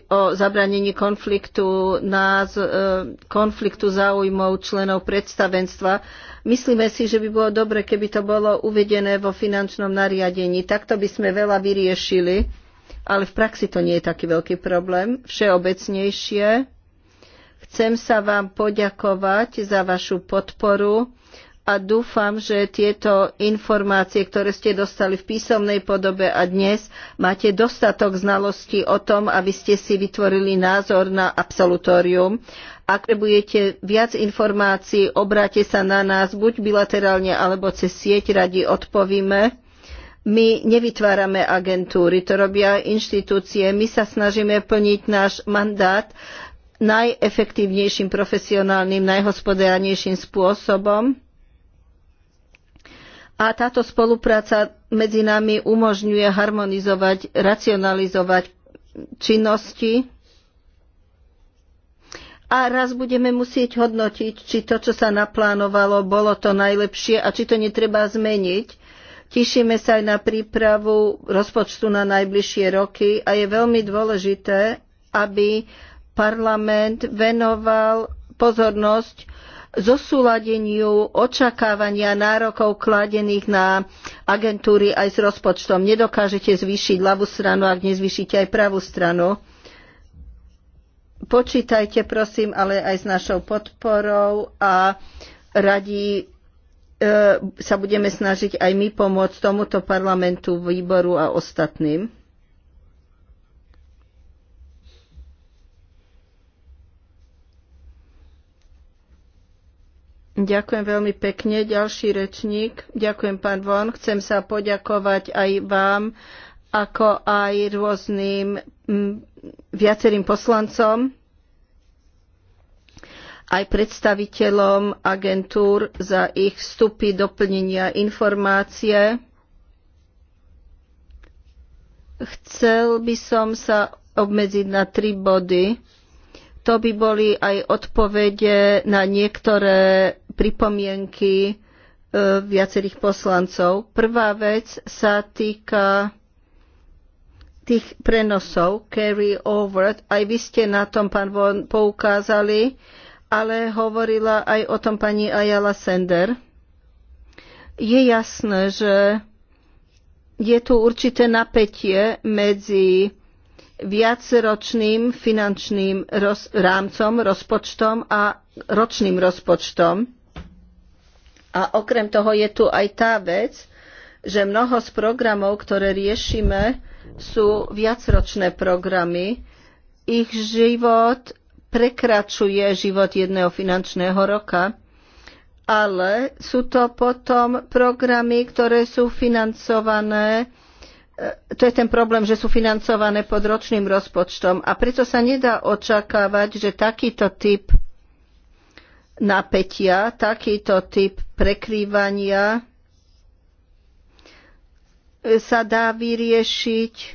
o zabranení konfliktu na e, konfliktu záujmov členov predstavenstva. Myslíme si, že by bolo dobre, keby to bolo uvedené vo finančnom nariadení. Takto by sme veľa vyriešili, ale v praxi to nie je taký veľký problém. Všeobecnejšie. Chcem sa vám poďakovať za vašu podporu a dúfam, že tieto informácie, ktoré ste dostali v písomnej podobe a dnes, máte dostatok znalostí o tom, aby ste si vytvorili názor na absolutórium. Ak trebujete viac informácií, obráte sa na nás buď bilaterálne alebo cez sieť, radi odpovíme. My nevytvárame agentúry, to robia inštitúcie. My sa snažíme plniť náš mandát najefektívnejším, profesionálnym, najhospodárnejším spôsobom a táto spolupráca medzi nami umožňuje harmonizovať, racionalizovať činnosti a raz budeme musieť hodnotiť, či to, čo sa naplánovalo, bolo to najlepšie a či to netreba zmeniť. Tešíme sa aj na prípravu rozpočtu na najbližšie roky a je veľmi dôležité, aby parlament venoval pozornosť zosúladeniu očakávania nárokov kladených na agentúry aj s rozpočtom. Nedokážete zvýšiť ľavú stranu, ak nezvýšite aj pravú stranu. Počítajte prosím, ale aj s našou podporou a radi e, sa budeme snažiť aj my pomôcť tomuto parlamentu, výboru a ostatným. Ďakujem veľmi pekne. Ďalší rečník. Ďakujem, pán Von. Chcem sa poďakovať aj vám, ako aj rôznym m, viacerým poslancom, aj predstaviteľom agentúr za ich vstupy, doplnenia informácie. Chcel by som sa obmedziť na tri body to by boli aj odpovede na niektoré pripomienky e, viacerých poslancov. Prvá vec sa týka tých prenosov, carry over. Aj vy ste na tom, pán Von, poukázali, ale hovorila aj o tom pani Ayala Sender. Je jasné, že je tu určité napätie medzi viacročným finančným roz, rámcom, rozpočtom a ročným rozpočtom. A okrem toho je tu aj tá vec, že mnoho z programov, ktoré riešime, sú viacročné programy. Ich život prekračuje život jedného finančného roka, ale sú to potom programy, ktoré sú financované to je ten problém, že sú financované pod ročným rozpočtom a preto sa nedá očakávať, že takýto typ napätia, takýto typ prekrývania sa dá vyriešiť e,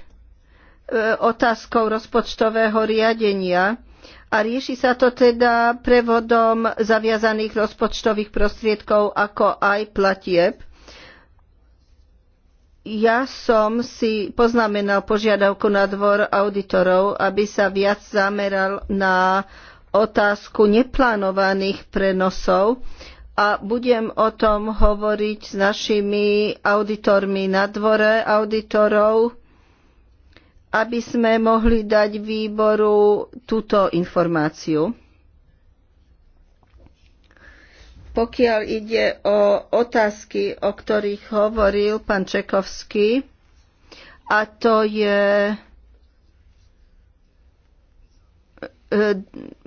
otázkou rozpočtového riadenia a rieši sa to teda prevodom zaviazaných rozpočtových prostriedkov ako aj platieb ja som si poznamenal požiadavku na dvor auditorov, aby sa viac zameral na otázku neplánovaných prenosov a budem o tom hovoriť s našimi auditormi na dvore auditorov, aby sme mohli dať výboru túto informáciu. Pokiaľ ide o otázky, o ktorých hovoril pán Čekovský, a to je e,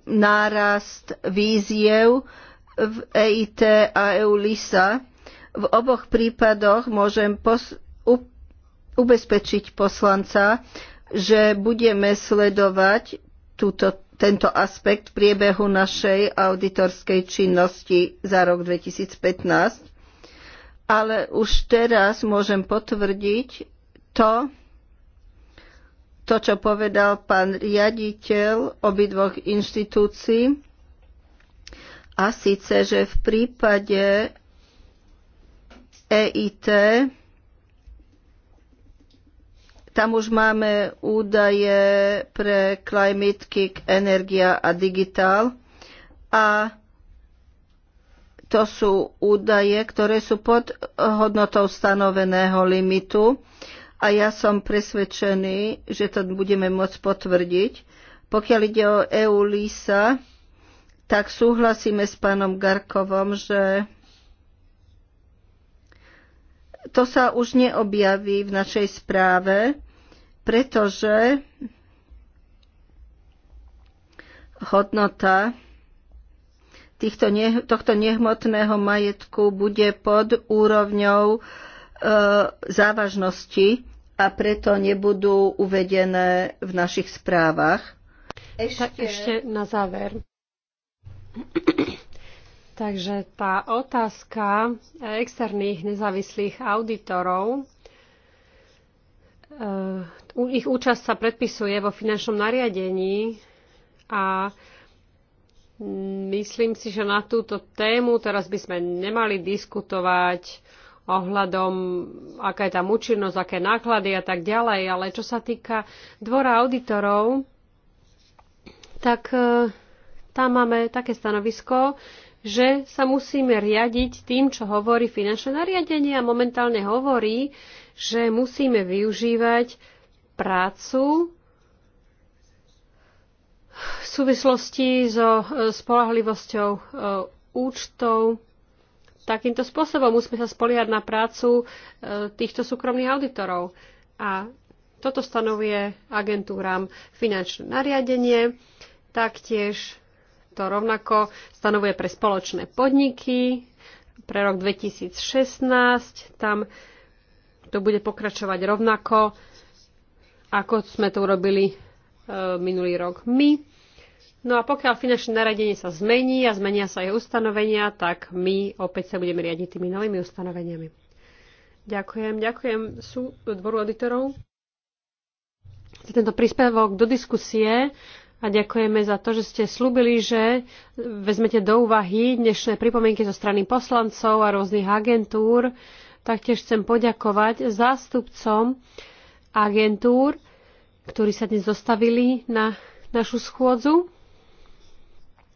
nárast víziev v EIT a EULISA. V oboch prípadoch môžem ubezpečiť poslanca, že budeme sledovať túto tento aspekt priebehu našej auditorskej činnosti za rok 2015, ale už teraz môžem potvrdiť to, to, čo povedal pán riaditeľ obidvoch inštitúcií, a síce, že v prípade EIT tam už máme údaje pre Climate Kick, Energia a Digital, A to sú údaje, ktoré sú pod hodnotou stanoveného limitu. A ja som presvedčený, že to budeme môcť potvrdiť. Pokiaľ ide o EU LISA, tak súhlasíme s pánom Garkovom, že to sa už neobjaví v našej správe, pretože hodnota týchto, tohto nehmotného majetku bude pod úrovňou e, závažnosti a preto nebudú uvedené v našich správach. Ešte, tak ešte na záver. Takže tá otázka externých nezávislých auditorov, e, ich účasť sa predpisuje vo finančnom nariadení a myslím si, že na túto tému teraz by sme nemali diskutovať ohľadom, aká je tam účinnosť, aké náklady a tak ďalej. Ale čo sa týka dvora auditorov, tak e, tam máme také stanovisko, že sa musíme riadiť tým, čo hovorí finančné nariadenie a momentálne hovorí, že musíme využívať prácu v súvislosti so e, spolahlivosťou e, účtov. Takýmto spôsobom musíme sa spoliehať na prácu e, týchto súkromných auditorov. A toto stanovuje agentúram finančné nariadenie, taktiež to rovnako stanovuje pre spoločné podniky pre rok 2016. Tam to bude pokračovať rovnako ako sme to urobili e, minulý rok my. No a pokiaľ finančné naradenie sa zmení a zmenia sa aj ustanovenia, tak my opäť sa budeme riadiť tými novými ustanoveniami. Ďakujem, ďakujem sú dvoru auditorov za tento príspevok do diskusie a ďakujeme za to, že ste slúbili, že vezmete do úvahy dnešné pripomienky zo strany poslancov a rôznych agentúr. Taktiež chcem poďakovať zástupcom agentúr, ktorí sa dnes zostavili na našu schôdzu.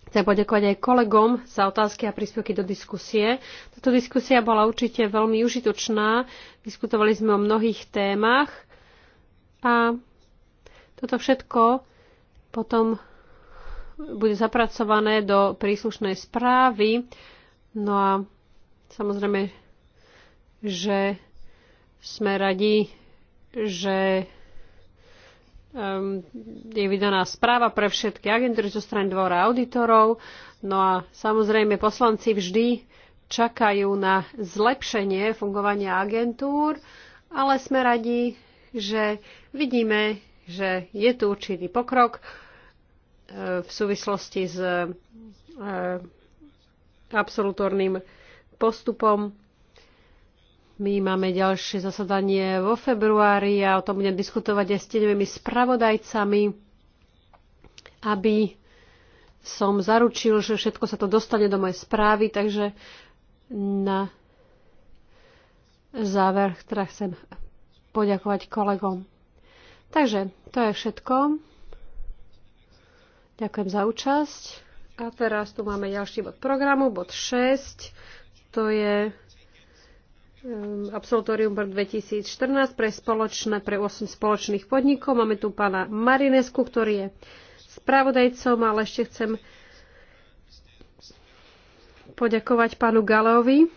Chcem poďakovať aj kolegom za otázky a príspevky do diskusie. Táto diskusia bola určite veľmi užitočná. Diskutovali sme o mnohých témach a toto všetko potom bude zapracované do príslušnej správy. No a samozrejme, že sme radi, že um, je vydaná správa pre všetky agentúry zo strany dvora auditorov. No a samozrejme poslanci vždy čakajú na zlepšenie fungovania agentúr, ale sme radi, že vidíme, že je tu určitý pokrok e, v súvislosti s e, absolutorným postupom my máme ďalšie zasadanie vo februári a o tom budem diskutovať aj s tenovými spravodajcami, aby som zaručil, že všetko sa to dostane do mojej správy, takže na záver ktorá chcem poďakovať kolegom. Takže to je všetko. Ďakujem za účasť. A teraz tu máme ďalší bod programu, bod 6. To je Ehm, absolutórium rok 2014 pre spoločné, pre 8 spoločných podnikov. Máme tu pána Marinesku, ktorý je spravodajcom, ale ešte chcem poďakovať pánu Galeovi,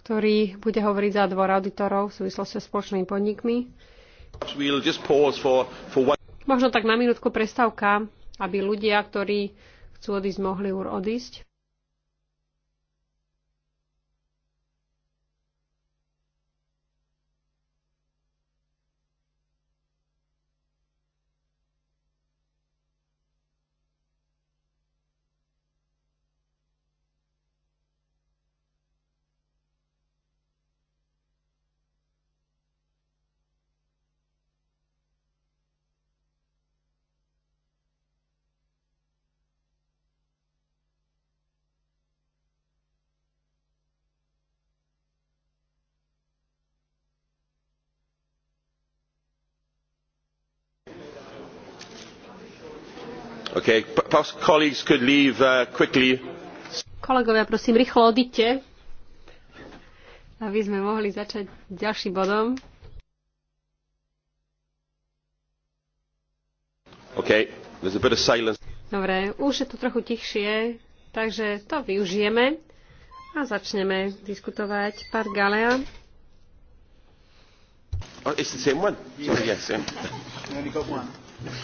ktorý bude hovoriť za dvor auditorov v súvislosti s spoločnými podnikmi. Možno tak na minútku prestávka, aby ľudia, ktorí chcú odísť, mohli odísť. Uh, Kolegovia, prosím, rýchlo odíďte, aby sme mohli začať ďalším bodom. Okay. Dobre, už je tu trochu tichšie, takže to využijeme a začneme diskutovať. Pán Galea. Oh, it's the same one. Sorry, yes, same.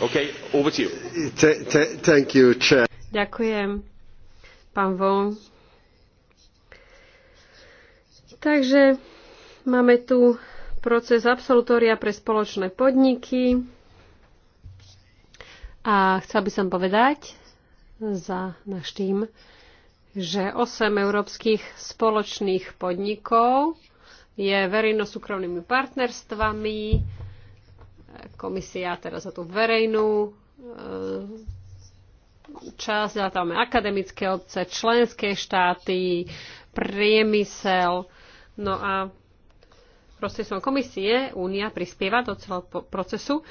Okay, over to you. thank you, chair. Ďakujem, pán Von. Takže máme tu proces absolutória pre spoločné podniky. A chcel by som povedať za náš tým, že 8 európskych spoločných podnikov je verejno-súkromnými partnerstvami, Komisia teraz o tú verejnú e, časť, za tam akademické obce, členské štáty, priemysel. No a prostredstvom komisie Únia prispieva do celého procesu.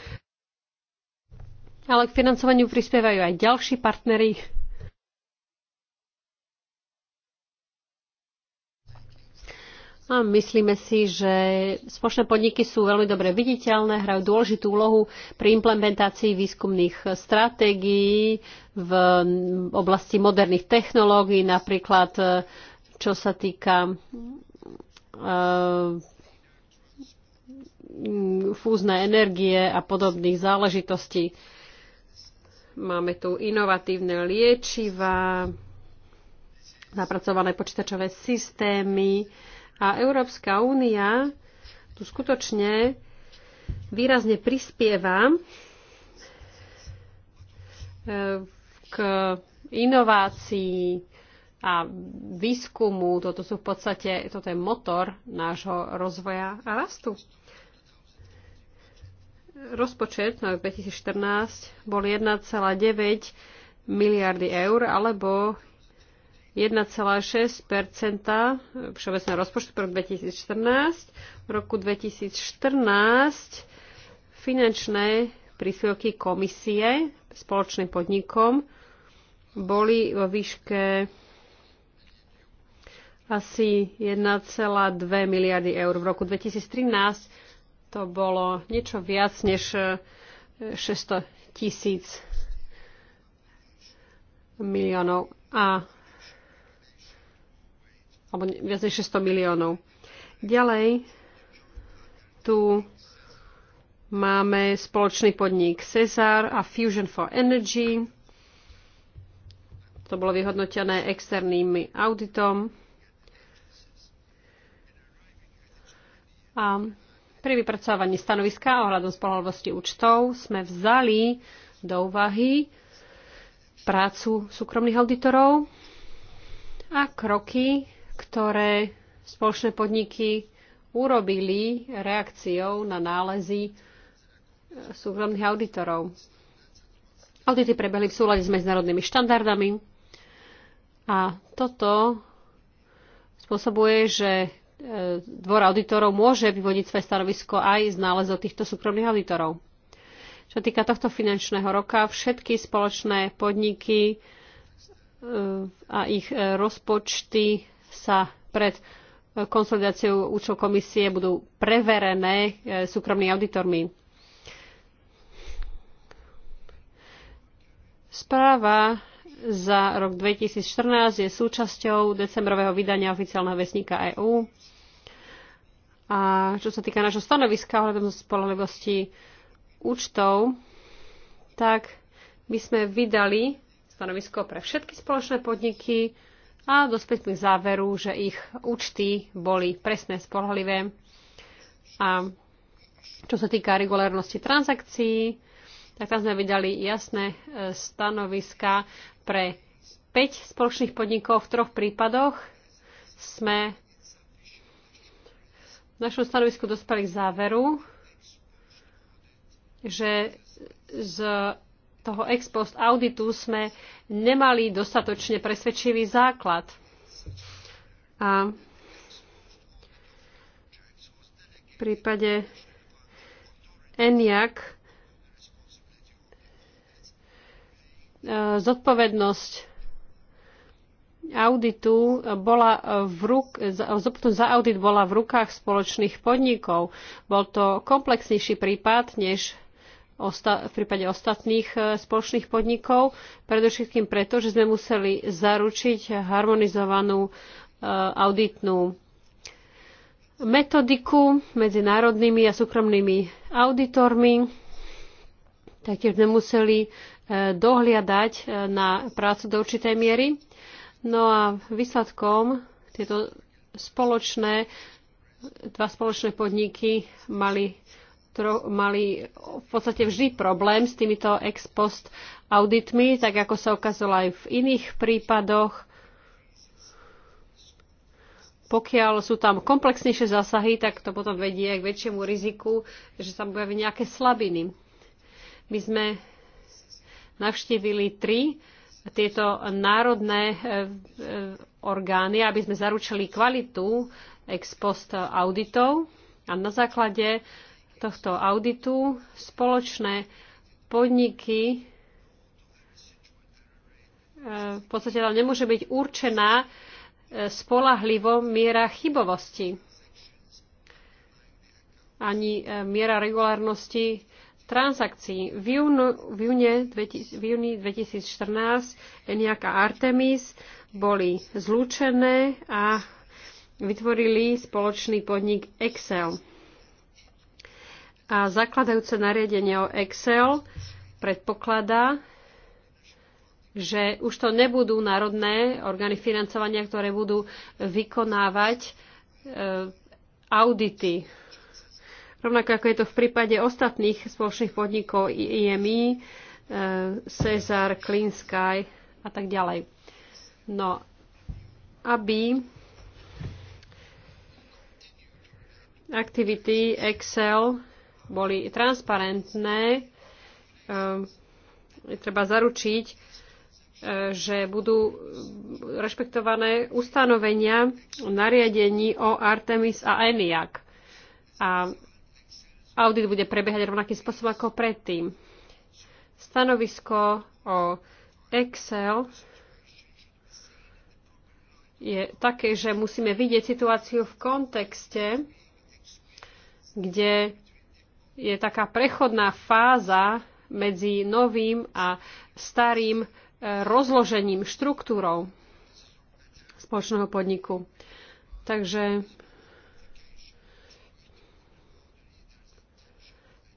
Ale k financovaniu prispievajú aj ďalší partnery, A myslíme si, že spoločné podniky sú veľmi dobre viditeľné, hrajú dôležitú úlohu pri implementácii výskumných stratégií v oblasti moderných technológií, napríklad e, čo sa týka e, fúzne energie a podobných záležitostí. Máme tu inovatívne liečiva, zapracované počítačové systémy, a Európska únia tu skutočne výrazne prispieva eh, k inovácii a výskumu. Toto sú v podstate, toto je motor nášho rozvoja a rastu. Rozpočet na 2014 bol 1,9 miliardy eur alebo 1,6 všeobecného rozpočtu pre 2014. V roku 2014 finančné príspevky komisie spoločným podnikom boli vo výške asi 1,2 miliardy eur. V roku 2013 to bolo niečo viac než 600 tisíc miliónov. A alebo viac než 600 miliónov. Ďalej tu máme spoločný podnik Cesar a Fusion for Energy. To bolo vyhodnotené externým auditom. A pri vypracovaní stanoviska ohľadom spolahlivosti účtov sme vzali do úvahy prácu súkromných auditorov a kroky, ktoré spoločné podniky urobili reakciou na nálezy e, súkromných auditorov. Audity prebehli v súlade s medzinárodnými štandardami a toto spôsobuje, že e, dvor auditorov môže vyvodiť svoje stanovisko aj z nálezov týchto súkromných auditorov. Čo týka tohto finančného roka, všetky spoločné podniky e, a ich rozpočty sa pred e, konsolidáciou účtov komisie budú preverené e, súkromnými auditormi. Správa za rok 2014 je súčasťou decembrového vydania oficiálneho vesníka EÚ. A čo sa týka nášho stanoviska ohľadom spolahlivosti účtov, tak my sme vydali stanovisko pre všetky spoločné podniky, a dospieť sme k záveru, že ich účty boli presné, spolahlivé. A čo sa týka regulárnosti transakcií, tak tam sme vydali jasné e, stanoviska pre 5 spoločných podnikov v troch prípadoch. Sme v našom stanovisku dospeli k záveru, že z toho ex post auditu sme nemali dostatočne presvedčivý základ. A v prípade ENIAC e, zodpovednosť auditu bola v ruk, zodpovednosť za audit bola v rukách spoločných podnikov. Bol to komplexnejší prípad než v prípade ostatných e, spoločných podnikov, predovšetkým preto, že sme museli zaručiť harmonizovanú e, auditnú metodiku medzi národnými a súkromnými auditormi. Taktiež sme museli e, dohliadať na prácu do určitej miery. No a výsledkom tieto spoločné, dva spoločné podniky mali tro, mali v podstate vždy problém s týmito ex post auditmi, tak ako sa ukázalo aj v iných prípadoch. Pokiaľ sú tam komplexnejšie zásahy, tak to potom vedie k väčšiemu riziku, že sa objaví nejaké slabiny. My sme navštívili tri tieto národné e, e, orgány, aby sme zaručili kvalitu ex post auditov a na základe tohto auditu spoločné podniky e, v podstate tam nemôže byť určená e, spolahlivo miera chybovosti ani e, miera regulárnosti transakcií. V, júnu, v, júne, v júni 2014 ENIAC a Artemis boli zlúčené a vytvorili spoločný podnik Excel a zakladajúce nariadenie o Excel predpokladá, že už to nebudú národné orgány financovania, ktoré budú vykonávať e, audity. Rovnako ako je to v prípade ostatných spoločných podnikov IMI, e, Cezar, Clean Sky a tak ďalej. No, aby aktivity Excel boli transparentné. Ehm, je treba zaručiť, e, že budú rešpektované ustanovenia nariadení o Artemis a ENIAC. A audit bude prebiehať rovnakým spôsobom ako predtým. Stanovisko o Excel je také, že musíme vidieť situáciu v kontexte, kde je taká prechodná fáza medzi novým a starým eh, rozložením, štruktúrou spoločného podniku. Takže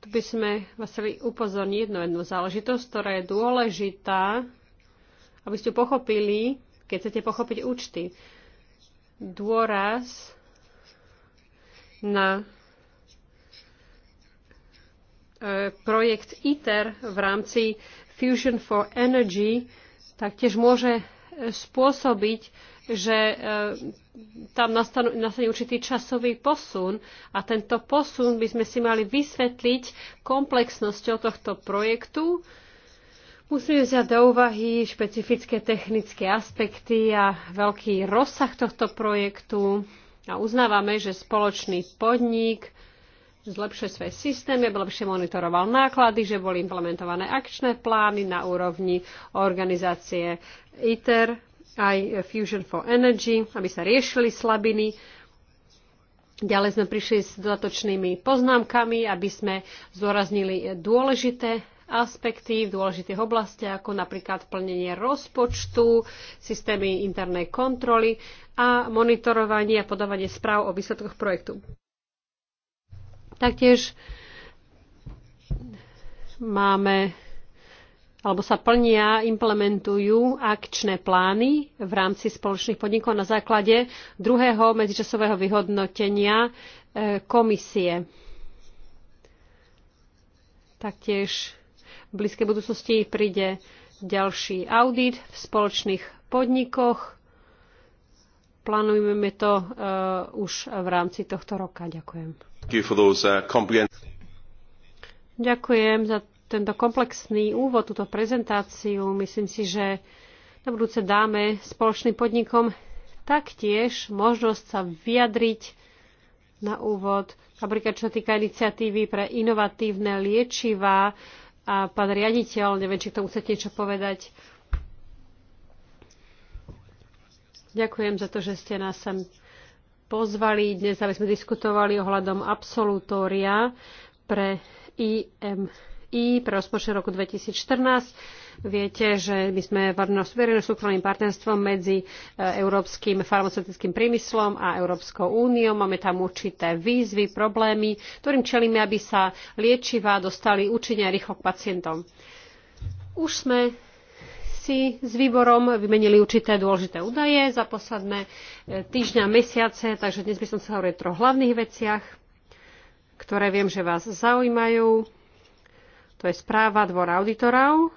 tu by sme vás chceli upozorniť jednu jednu záležitosť, ktorá je dôležitá, aby ste pochopili, keď chcete pochopiť účty. Dôraz na E, projekt ITER v rámci Fusion for Energy taktiež môže e, spôsobiť, že e, tam nastane určitý časový posun a tento posun by sme si mali vysvetliť komplexnosťou tohto projektu. Musíme vziať do úvahy špecifické technické aspekty a veľký rozsah tohto projektu a uznávame, že spoločný podnik zlepšuje svoje systémy, aby lepšie monitoroval náklady, že boli implementované akčné plány na úrovni organizácie ITER, aj Fusion for Energy, aby sa riešili slabiny. Ďalej sme prišli s dodatočnými poznámkami, aby sme zdôraznili dôležité aspekty v dôležitých oblastiach, ako napríklad plnenie rozpočtu, systémy internej kontroly a monitorovanie a podávanie správ o výsledkoch projektu. Taktiež máme alebo sa plnia, implementujú akčné plány v rámci spoločných podnikov na základe druhého medzičasového vyhodnotenia e, komisie. Taktiež v blízkej budúcnosti príde ďalší audit v spoločných podnikoch. Plánujeme to e, už v rámci tohto roka. Ďakujem. Uh, Ďakujem za tento komplexný úvod, túto prezentáciu. Myslím si, že na budúce dáme spoločným podnikom taktiež možnosť sa vyjadriť na úvod, napríklad čo týka iniciatívy pre inovatívne liečivá. A pán riaditeľ, neviem, či k tomu chcete niečo povedať. Ďakujem za to, že ste nás sem pozvali dnes, aby sme diskutovali ohľadom absolutória pre IMI, pre rozpočet roku 2014. Viete, že my sme verejno súkromným partnerstvom medzi e, európskym farmaceutickým priemyslom a Európskou úniou. Máme tam určité výzvy, problémy, ktorým čelíme, aby sa liečivá dostali účinne a rýchlo k pacientom. Už sme si s výborom vymenili určité dôležité údaje za posledné e, týždňa a mesiace, takže dnes by som sa hovoril o troch hlavných veciach, ktoré viem, že vás zaujímajú. To je správa Dvora auditorov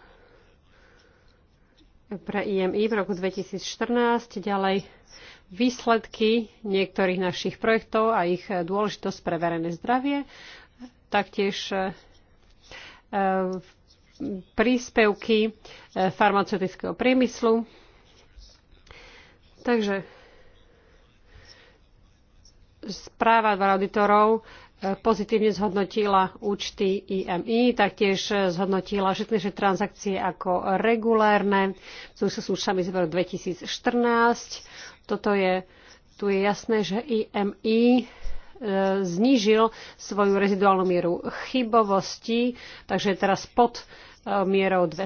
pre IMI v roku 2014, ďalej výsledky niektorých našich projektov a ich dôležitosť pre verejné zdravie, taktiež e, e, príspevky e, farmaceutického priemyslu. Takže správa dvora auditorov e, pozitívne zhodnotila účty IMI, taktiež e, zhodnotila všetky naše transakcie ako regulérne To sú súčasami z roku 2014. Toto je, tu je jasné, že IMI znížil svoju reziduálnu mieru chybovosti, takže je teraz pod E, mierou 2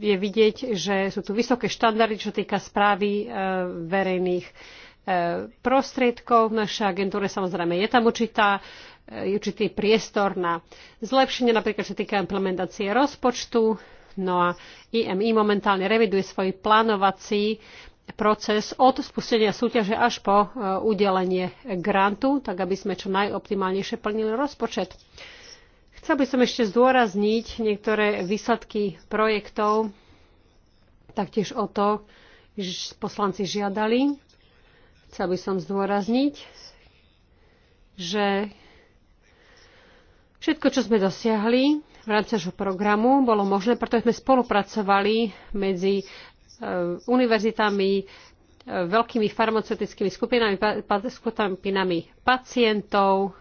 je vidieť, že sú tu vysoké štandardy, čo týka správy e, verejných e, prostriedkov. V našej agentúre samozrejme je tam určitá, určitý priestor na zlepšenie, napríklad čo týka implementácie rozpočtu. No a IMI momentálne reviduje svoj plánovací proces od spustenia súťaže až po e, udelenie grantu, tak aby sme čo najoptimálnejšie plnili rozpočet. Chcel by som ešte zdôrazniť niektoré výsledky projektov, taktiež o to že poslanci žiadali. Chcel by som zdôrazniť, že všetko, čo sme dosiahli v rámci programu, bolo možné, pretože sme spolupracovali medzi E, univerzitami, e, veľkými farmaceutickými skupinami, skupinami pacientov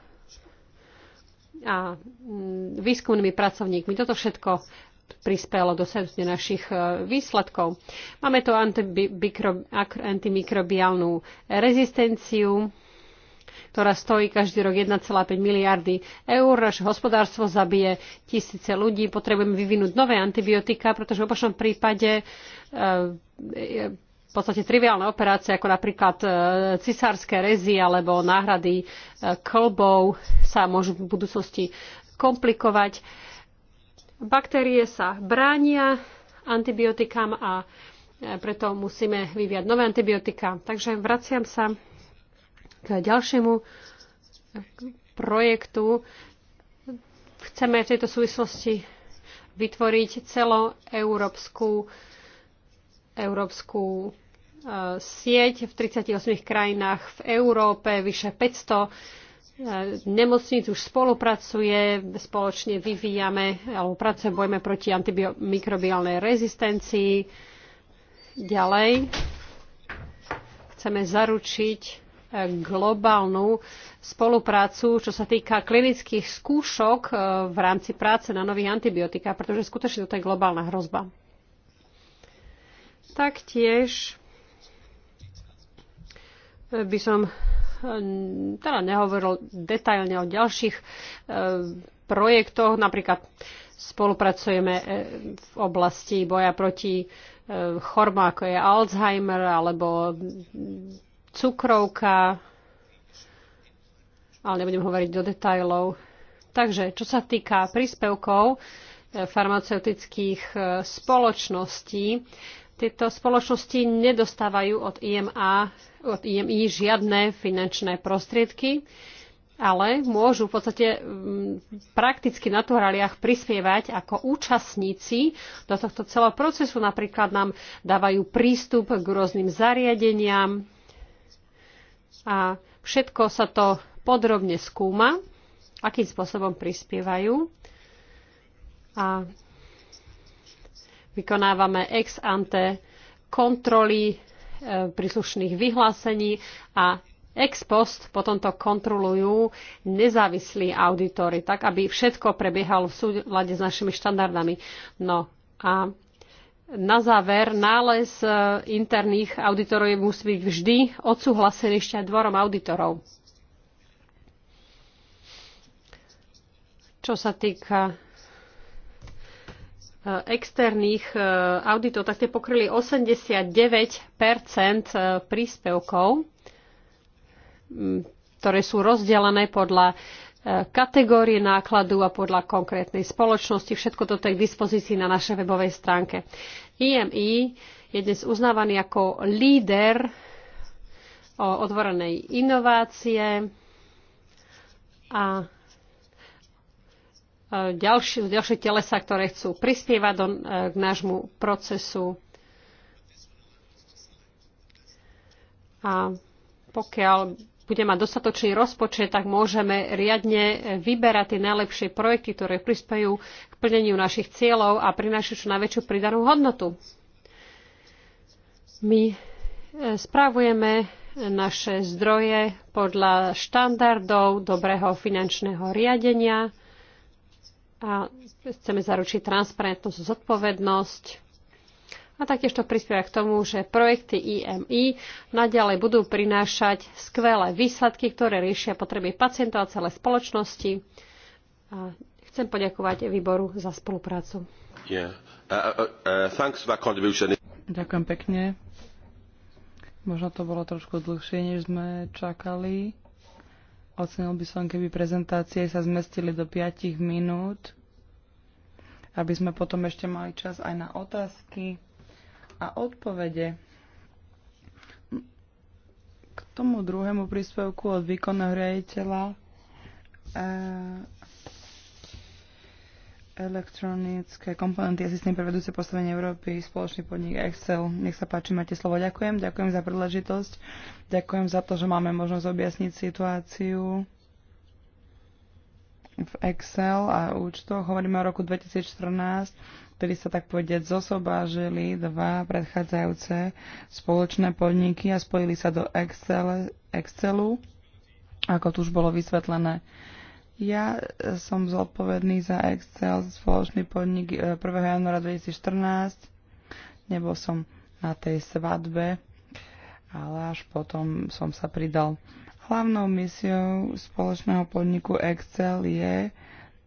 a mm, výskumnými pracovníkmi. Toto všetko prispelo do sedmne našich e, výsledkov. Máme tu antimikrobiálnu rezistenciu, ktorá stojí každý rok 1,5 miliardy eur. Naše hospodárstvo zabije tisíce ľudí. Potrebujeme vyvinúť nové antibiotika, pretože v opačnom prípade eh, v podstate triviálne operácie, ako napríklad eh, cisárske rezy alebo náhrady eh, klbov sa môžu v budúcnosti komplikovať. Baktérie sa bránia antibiotikám a preto musíme vyviať nové antibiotika. Takže vraciam sa k ďalšiemu projektu. Chceme v tejto súvislosti vytvoriť celoeurópsku európsku e, sieť v 38 krajinách v Európe, vyše 500 e, nemocníc už spolupracuje, spoločne vyvíjame alebo pracujeme proti antimikrobiálnej rezistencii. Ďalej chceme zaručiť globálnu spoluprácu, čo sa týka klinických skúšok e, v rámci práce na nových antibiotikách, pretože skutočne toto je globálna hrozba. Taktiež e, by som e, teda nehovoril detailne o ďalších projektoch. Napríklad spolupracujeme v oblasti boja proti chorma, ako je Alzheimer alebo cukrovka, ale nebudem hovoriť do detajlov. Takže, čo sa týka príspevkov e, farmaceutických e, spoločností, tieto spoločnosti nedostávajú od IMA, od IMI žiadne finančné prostriedky, ale môžu v podstate mm, prakticky na tohraliach prispievať ako účastníci do tohto celého procesu. Napríklad nám dávajú prístup k rôznym zariadeniam, a všetko sa to podrobne skúma, akým spôsobom prispievajú a vykonávame ex ante kontroly e, príslušných vyhlásení a ex post potom to kontrolujú nezávislí auditory, tak aby všetko prebiehalo v súlade s našimi štandardami. No a na záver nález e, interných auditorov musí byť vždy odsúhlasený ešte aj dvorom auditorov. Čo sa týka e, externých e, auditov, tak tie pokryli 89 príspevkov, ktoré sú rozdelené podľa kategórie nákladu a podľa konkrétnej spoločnosti. Všetko toto je k dispozícii na našej webovej stránke. IMI je dnes uznávaný ako líder o inovácie a ďalšie, ďalšie telesa, ktoré chcú prispievať do, e, k nášmu procesu. A pokiaľ bude mať dostatočný rozpočet, tak môžeme riadne vyberať tie najlepšie projekty, ktoré prispejú k plneniu našich cieľov a prinášajú čo najväčšiu pridanú hodnotu. My e, spravujeme naše zdroje podľa štandardov dobrého finančného riadenia a chceme zaručiť transparentnosť, a zodpovednosť a taktiež to prispieva k tomu, že projekty IMI naďalej budú prinášať skvelé výsledky, ktoré riešia potreby pacientov a celé spoločnosti. A chcem poďakovať výboru za spoluprácu. Yeah. Uh, uh, uh, Ďakujem pekne. Možno to bolo trošku dlhšie, než sme čakali. Ocenil by som, keby prezentácie sa zmestili do 5 minút, aby sme potom ešte mali čas aj na otázky a odpovede. K tomu druhému príspevku od výkonného riaditeľa e, elektronické komponenty a systém pre vedúce postavenie Európy, spoločný podnik Excel. Nech sa páči, máte slovo. Ďakujem, ďakujem za príležitosť, ďakujem za to, že máme možnosť objasniť situáciu v Excel a účtoch. Hovoríme o roku 2014 ktorí sa tak povedať zosobážili dva predchádzajúce spoločné podniky a spojili sa do Excel, Excelu, ako tu už bolo vysvetlené. Ja som zodpovedný za Excel, spoločný podnik 1. E, januára 2014. Nebol som na tej svadbe, ale až potom som sa pridal. Hlavnou misiou spoločného podniku Excel je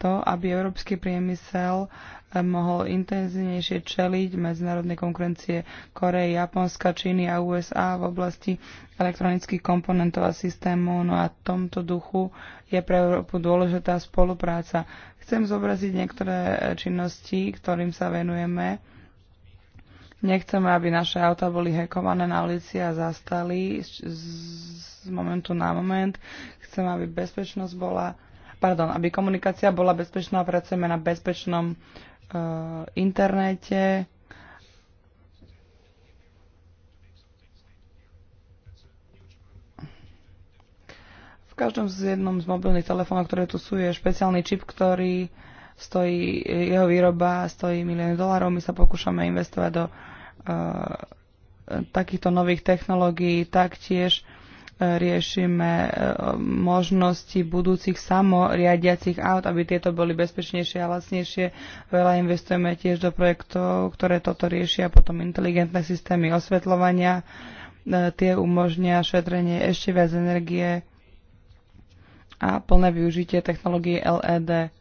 to, aby európsky priemysel eh, mohol intenzívnejšie čeliť medzinárodnej konkurencie Koreje, Japonska, Číny a USA v oblasti elektronických komponentov a systémov. No a v tomto duchu je pre Európu dôležitá spolupráca. Chcem zobraziť niektoré eh, činnosti, ktorým sa venujeme. Nechceme, aby naše auta boli hekované na ulici a zastali z, momentu na moment. Chcem, aby bezpečnosť bola pardon, aby komunikácia bola bezpečná, pracujeme na bezpečnom uh, internete. V každom z jednom z mobilných telefónov, ktoré tu sú, je špeciálny čip, ktorý stojí, jeho výroba stojí milióny dolárov. My sa pokúšame investovať do uh, takýchto nových technológií taktiež riešime e, možnosti budúcich samoriadiacich aut, aby tieto boli bezpečnejšie a lacnejšie. Veľa investujeme tiež do projektov, ktoré toto riešia, potom inteligentné systémy osvetľovania, e, tie umožnia šetrenie ešte viac energie a plné využitie technológie LED.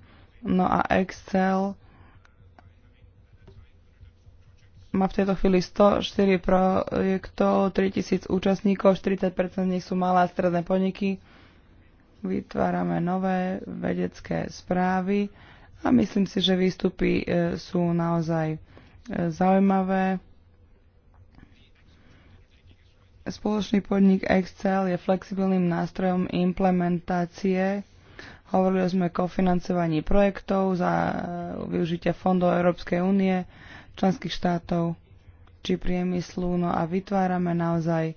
No a Excel má v tejto chvíli 104 projektov, 3000 účastníkov, 40% nich sú malé a stredné podniky. Vytvárame nové vedecké správy a myslím si, že výstupy e, sú naozaj e, zaujímavé. Spoločný podnik Excel je flexibilným nástrojom implementácie. Hovorili sme o kofinancovaní projektov za e, využitia fondov Európskej únie členských štátov či priemyslu. No a vytvárame naozaj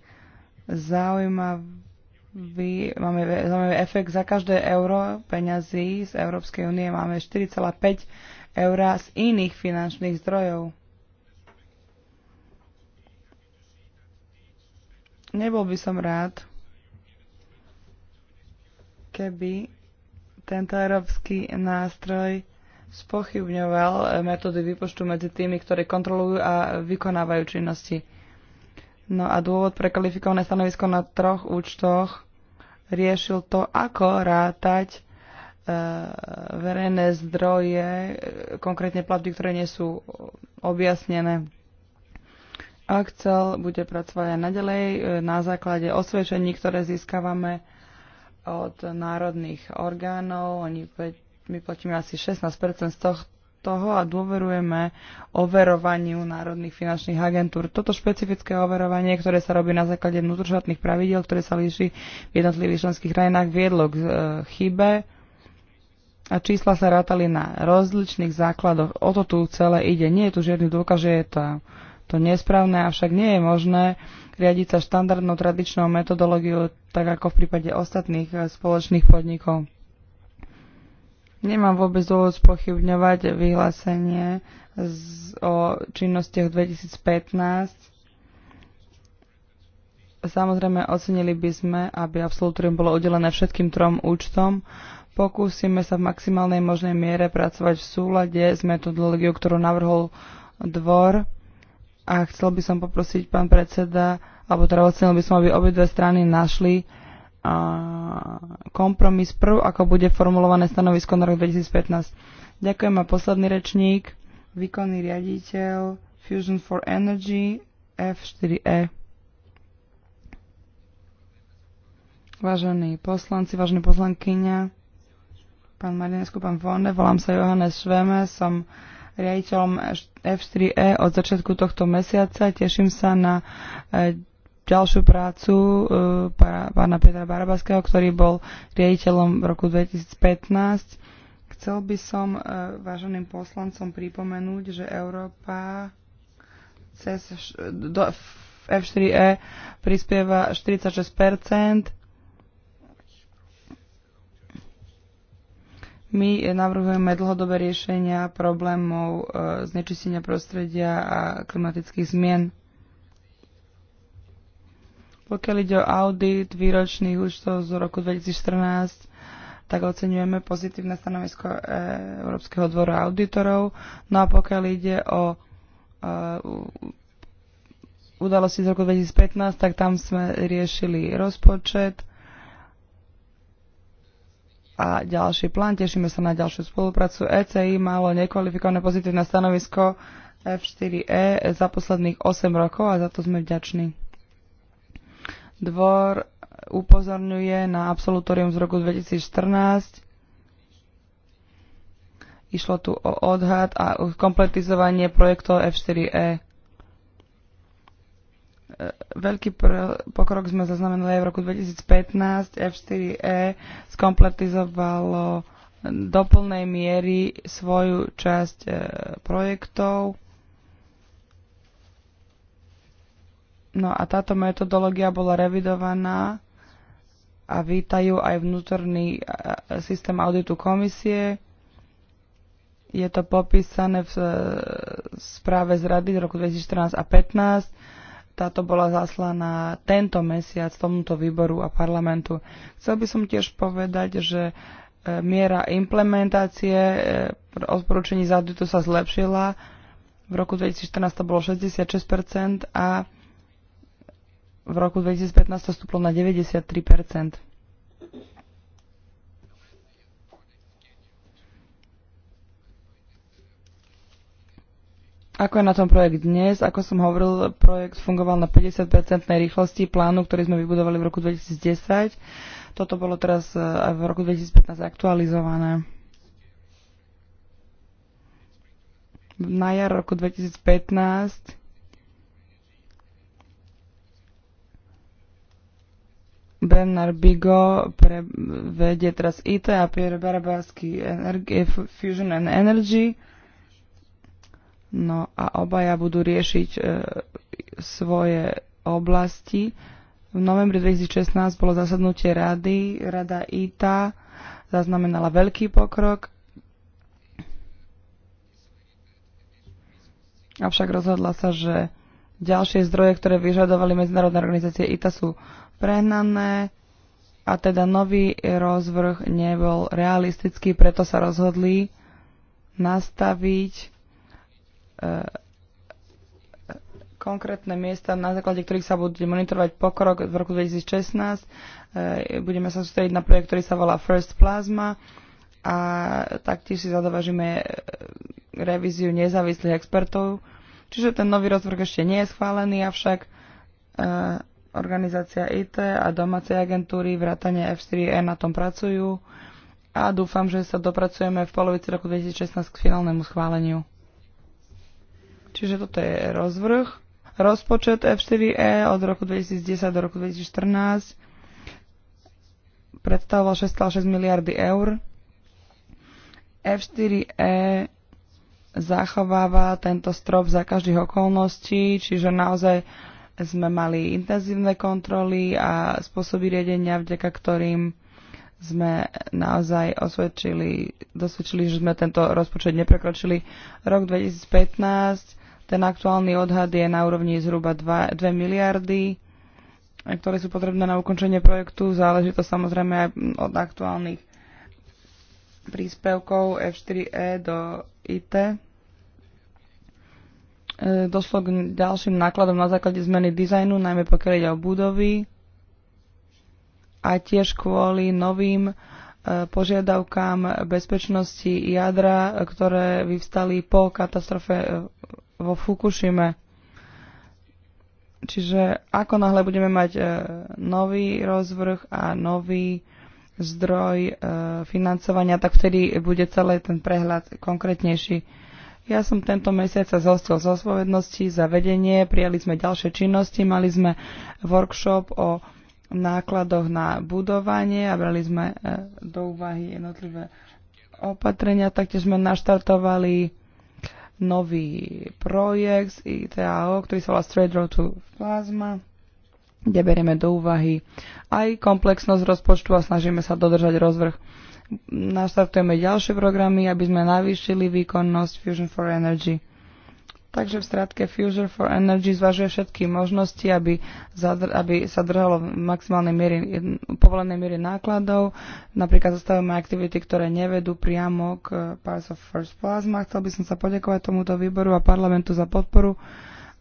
zaujímavý, máme zaujímavý efekt. Za každé euro peňazí z Európskej únie máme 4,5 eur z iných finančných zdrojov. Nebol by som rád, keby tento európsky nástroj spochybňoval metódy výpočtu medzi tými, ktorí kontrolujú a vykonávajú činnosti. No a dôvod pre kvalifikované stanovisko na troch účtoch riešil to, ako rátať e, verejné zdroje, konkrétne platby, ktoré nie sú objasnené. Ak chcel, bude pracovať aj naďalej e, na základe osvedčení, ktoré získavame od národných orgánov. Oni my platíme asi 16% z toho a dôverujeme overovaniu národných finančných agentúr. Toto špecifické overovanie, ktoré sa robí na základe vnútroštátnych pravidel, ktoré sa líši v jednotlivých členských krajinách, viedlo k e, chybe a čísla sa rátali na rozličných základoch. O to tu celé ide. Nie je tu žiadny dôkaz, že je to, to nesprávne, avšak nie je možné riadiť sa štandardnou tradičnou metodológiou, tak ako v prípade ostatných e, spoločných podnikov. Nemám vôbec dôvod spochybňovať vyhlásenie z, o činnostiach 2015. Samozrejme, ocenili by sme, aby absolutorium bolo udelené všetkým trom účtom. Pokúsime sa v maximálnej možnej miere pracovať v súlade s metodológiou, ktorú navrhol dvor. A chcel by som poprosiť pán predseda, alebo teda ocenil by som, aby obidve strany našli a kompromis prv, ako bude formulované stanovisko na rok 2015. Ďakujem a posledný rečník, výkonný riaditeľ Fusion for Energy F4E. Vážení poslanci, vážení poslankyňa, pán Marinesku, pán Fonde, volám sa Johannes Šveme, som riaditeľom F4E od začiatku tohto mesiaca. Teším sa na e, ďalšiu prácu e, pána Petra Barabaského, ktorý bol riaditeľom v roku 2015. Chcel by som e, váženým poslancom pripomenúť, že Európa cez F4E prispieva 46 My navrhujeme dlhodobé riešenia problémov e, znečistenia prostredia a klimatických zmien. Pokiaľ ide o audit výročných účtov z roku 2014, tak oceňujeme pozitívne stanovisko e, Európskeho dvora auditorov. No a pokiaľ ide o e, udalosti z roku 2015, tak tam sme riešili rozpočet a ďalší plán. Tešíme sa na ďalšiu spoluprácu. ECI malo nekvalifikované pozitívne stanovisko F4E za posledných 8 rokov a za to sme vďační. Dvor upozorňuje na absolutorium z roku 2014. Išlo tu o odhad a kompletizovanie projektov F4E. E, veľký pokrok sme zaznamenali aj v roku 2015. F4E skompletizovalo do plnej miery svoju časť e, projektov No a táto metodológia bola revidovaná a vítajú aj vnútorný e, e, systém auditu komisie. Je to popísané v e, správe z rady z roku 2014 a 2015. Táto bola zaslaná tento mesiac tomuto výboru a parlamentu. Chcel by som tiež povedať, že miera implementácie odporúčení z auditu sa zlepšila. V roku 2014 to bolo 66% a v roku 2015 to stúplo na 93%. Ako je na tom projekt dnes? Ako som hovoril, projekt fungoval na 50 rýchlosti plánu, ktorý sme vybudovali v roku 2010. Toto bolo teraz e, v roku 2015 aktualizované. Na jar roku 2015 Bernard Bigo pre, vedie teraz IT a Pierre Barabásky eh, Fusion and Energy. No a obaja budú riešiť e, svoje oblasti. V novembri 2016 bolo zasadnutie rady. Rada ITA zaznamenala veľký pokrok. Avšak rozhodla sa, že ďalšie zdroje, ktoré vyžadovali medzinárodné organizácie ITA sú prehnané a teda nový rozvrh nebol realistický, preto sa rozhodli nastaviť e, konkrétne miesta, na základe ktorých sa bude monitorovať pokrok v roku 2016. E, budeme sa sústrediť na projekt, ktorý sa volá First Plasma a taktiež si zadovažíme e, revíziu nezávislých expertov. Čiže ten nový rozvrh ešte nie je schválený, avšak e, organizácia IT a domácej agentúry vrátane F4E na tom pracujú a dúfam, že sa dopracujeme v polovici roku 2016 k finálnemu schváleniu. Čiže toto je rozvrh. Rozpočet F4E od roku 2010 do roku 2014 predstavoval 6,6 miliardy eur. F4E zachováva tento strop za každých okolností, čiže naozaj sme mali intenzívne kontroly a spôsoby riadenia, vďaka ktorým sme naozaj osvedčili, dosvedčili, že sme tento rozpočet neprekročili. Rok 2015, ten aktuálny odhad je na úrovni zhruba 2, 2 miliardy, ktoré sú potrebné na ukončenie projektu. Záleží to samozrejme aj od aktuálnych príspevkov F4E do IT. E, došlo k ďalším nákladom na základe zmeny dizajnu, najmä pokiaľ ide o budovy a tiež kvôli novým e, požiadavkám bezpečnosti jadra, ktoré vyvstali po katastrofe e, vo Fukushime. Čiže ako náhle budeme mať nový rozvrh a nový zdroj financovania, tak vtedy bude celý ten prehľad konkrétnejší. Ja som tento mesiac sa zhostil z zodpovednosti za vedenie, prijali sme ďalšie činnosti, mali sme workshop o nákladoch na budovanie a brali sme e, do úvahy jednotlivé opatrenia. Taktiež sme naštartovali nový projekt z ITAO, ktorý sa volá Straight Road to Plasma, kde berieme do úvahy aj komplexnosť rozpočtu a snažíme sa dodržať rozvrh naštartujeme ďalšie programy, aby sme navýšili výkonnosť Fusion for Energy. Takže v stratke Fusion for Energy zvažuje všetky možnosti, aby, zadr- aby sa drhalo v maximálnej miere, povolenej miere nákladov. Napríklad zastavujeme aktivity, ktoré nevedú priamo k eh, Parts of First Plasma. Chcel by som sa poďakovať tomuto výboru a parlamentu za podporu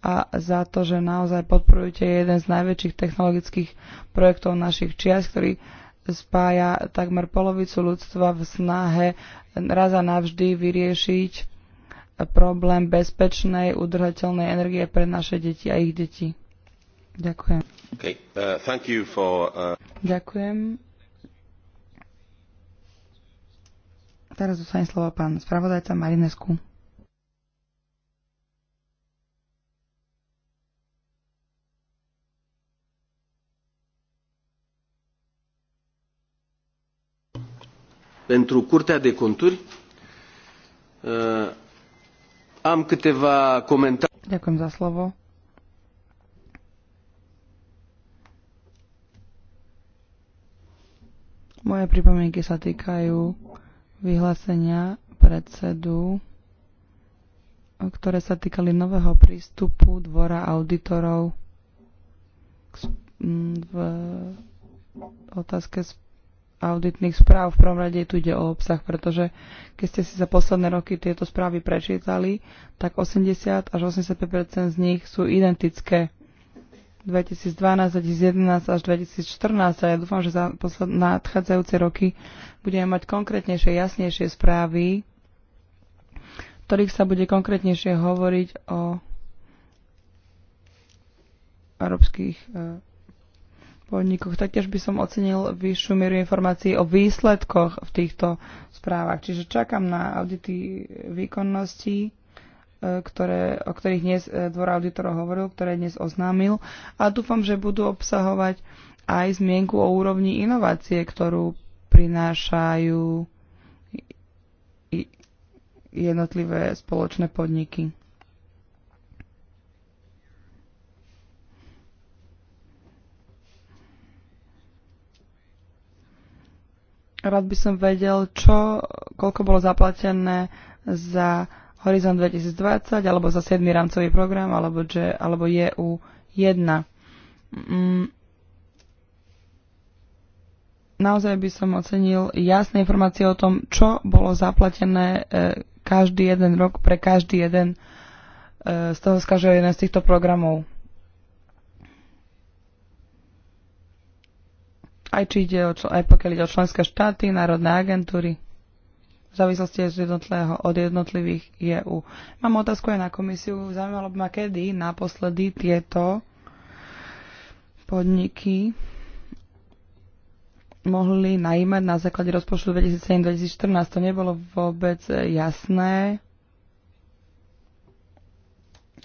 a za to, že naozaj podporujete jeden z najväčších technologických projektov našich čias, ktorý spája takmer polovicu ľudstva v snahe raz a navždy vyriešiť problém bezpečnej, udržateľnej energie pre naše deti a ich deti. Ďakujem. Okay. Uh, thank you for, uh... Ďakujem. Teraz dostane slovo pán spravodajca Marinesku. pentru Curtea de Conturi. Uh, Am câteva comentarii. Ďakujem za slovo. Moje pripomienky sa týkajú vyhlásenia predsedu, ktoré sa týkali nového prístupu dvora auditorov v otázke auditných správ. V prvom rade tu ide o obsah, pretože keď ste si za posledné roky tieto správy prečítali, tak 80 až 85 z nich sú identické. 2012, 2011 až 2014 a ja dúfam, že za nadchádzajúce roky budeme mať konkrétnejšie, jasnejšie správy, v ktorých sa bude konkrétnejšie hovoriť o európskych e, podnikoch. Taktiež by som ocenil vyššiu mieru informácií o výsledkoch v týchto správach. Čiže čakám na audity výkonnosti, e, ktoré, o ktorých dnes e, dvor auditorov hovoril, ktoré dnes oznámil a dúfam, že budú obsahovať aj zmienku o úrovni inovácie, ktorú prinášajú jednotlivé spoločné podniky. Rád by som vedel, čo, koľko bolo zaplatené za Horizon 2020, alebo za 7. rámcový program, alebo, že, alebo EU1. Mm. Naozaj by som ocenil jasné informácie o tom, čo bolo zaplatené e, každý jeden rok pre každý jeden e, z toho z každého jeden z týchto programov. aj, či ide o, aj pokiaľ ide o členské štáty, národné agentúry, v závislosti od, jednotlivého, od jednotlivých EU. Mám otázku aj na komisiu. Zaujímalo by ma, kedy naposledy tieto podniky mohli najímať na základe rozpočtu 2007-2014. To nebolo vôbec jasné.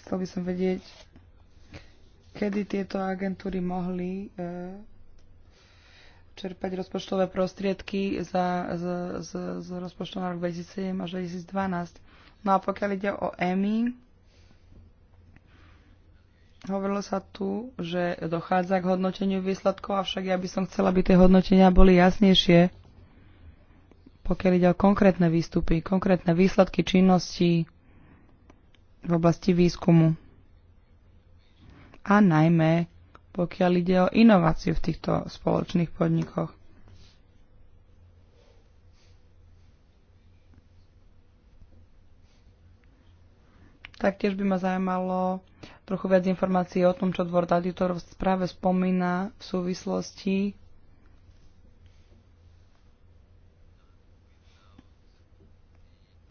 Chcel by som vedieť, kedy tieto agentúry mohli e, čerpať rozpočtové prostriedky za, z, za, za rozpočtov na rok 2007 až 2012. No a pokiaľ ide o EMI, hovorilo sa tu, že dochádza k hodnoteniu výsledkov, avšak ja by som chcela, aby tie hodnotenia boli jasnejšie, pokiaľ ide o konkrétne výstupy, konkrétne výsledky činnosti v oblasti výskumu. A najmä pokiaľ ide o inováciu v týchto spoločných podnikoch. Taktiež by ma zaujímalo trochu viac informácií o tom, čo dvor Daditorov práve spomína v súvislosti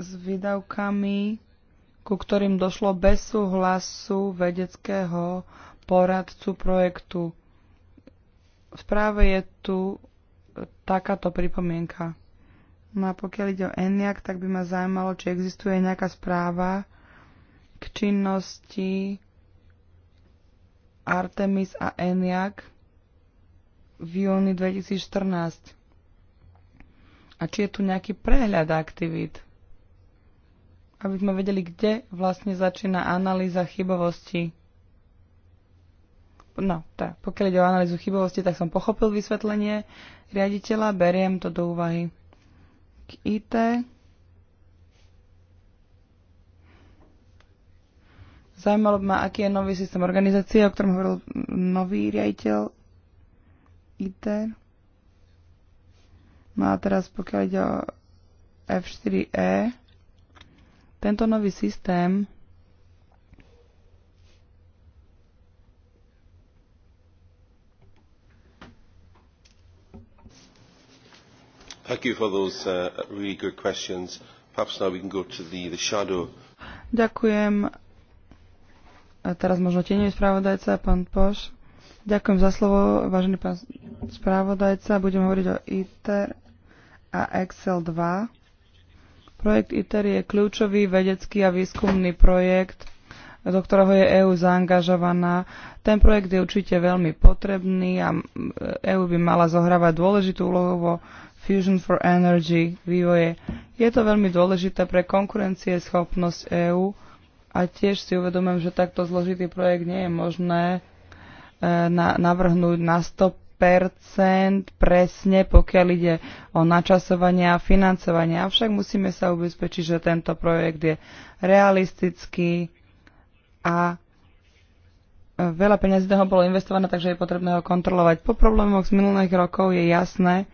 s výdavkami, ku ktorým došlo bez súhlasu vedeckého poradcu projektu. V správe je tu takáto pripomienka. No a pokiaľ ide o ENIAC, tak by ma zaujímalo, či existuje nejaká správa k činnosti Artemis a ENIAC v júni 2014. A či je tu nejaký prehľad aktivít aby sme vedeli, kde vlastne začína analýza chybovosti. No, tak, pokiaľ ide o analýzu chybovosti, tak som pochopil vysvetlenie riaditeľa, beriem to do úvahy. K IT. Zaujímalo by ma, aký je nový systém organizácie, o ktorom hovoril nový riaditeľ IT. No a teraz pokiaľ ide o F4E, tento nový systém Uh, Ďakujem. A teraz možno tieňový spravodajca, pán Poš. Ďakujem za slovo, vážený pán spravodajca. Budem hovoriť o ITER a Excel 2. Projekt ITER je kľúčový vedecký a výskumný projekt, do ktorého je EÚ zaangažovaná. Ten projekt je určite veľmi potrebný a EÚ by mala zohrávať dôležitú úlohu vo Fusion for Energy vývoje. Je to veľmi dôležité pre konkurencie schopnosť EÚ a tiež si uvedomujem, že takto zložitý projekt nie je možné e, na, navrhnúť na 100% presne, pokiaľ ide o načasovanie a financovanie. Avšak musíme sa ubezpečiť, že tento projekt je realistický a veľa peňazí toho bolo investované, takže je potrebné ho kontrolovať. Po problémoch z minulých rokov je jasné,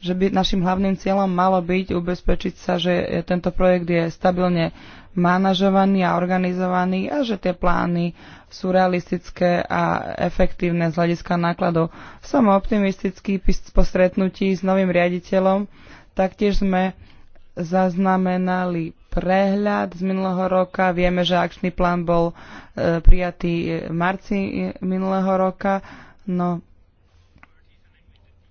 že by našim hlavným cieľom malo byť ubezpečiť sa, že tento projekt je stabilne manažovaný a organizovaný a že tie plány sú realistické a efektívne z hľadiska nákladov. Som optimistický po stretnutí s novým riaditeľom. Taktiež sme zaznamenali prehľad z minulého roka. Vieme, že akčný plán bol e, prijatý e, v marci e, minulého roka. No,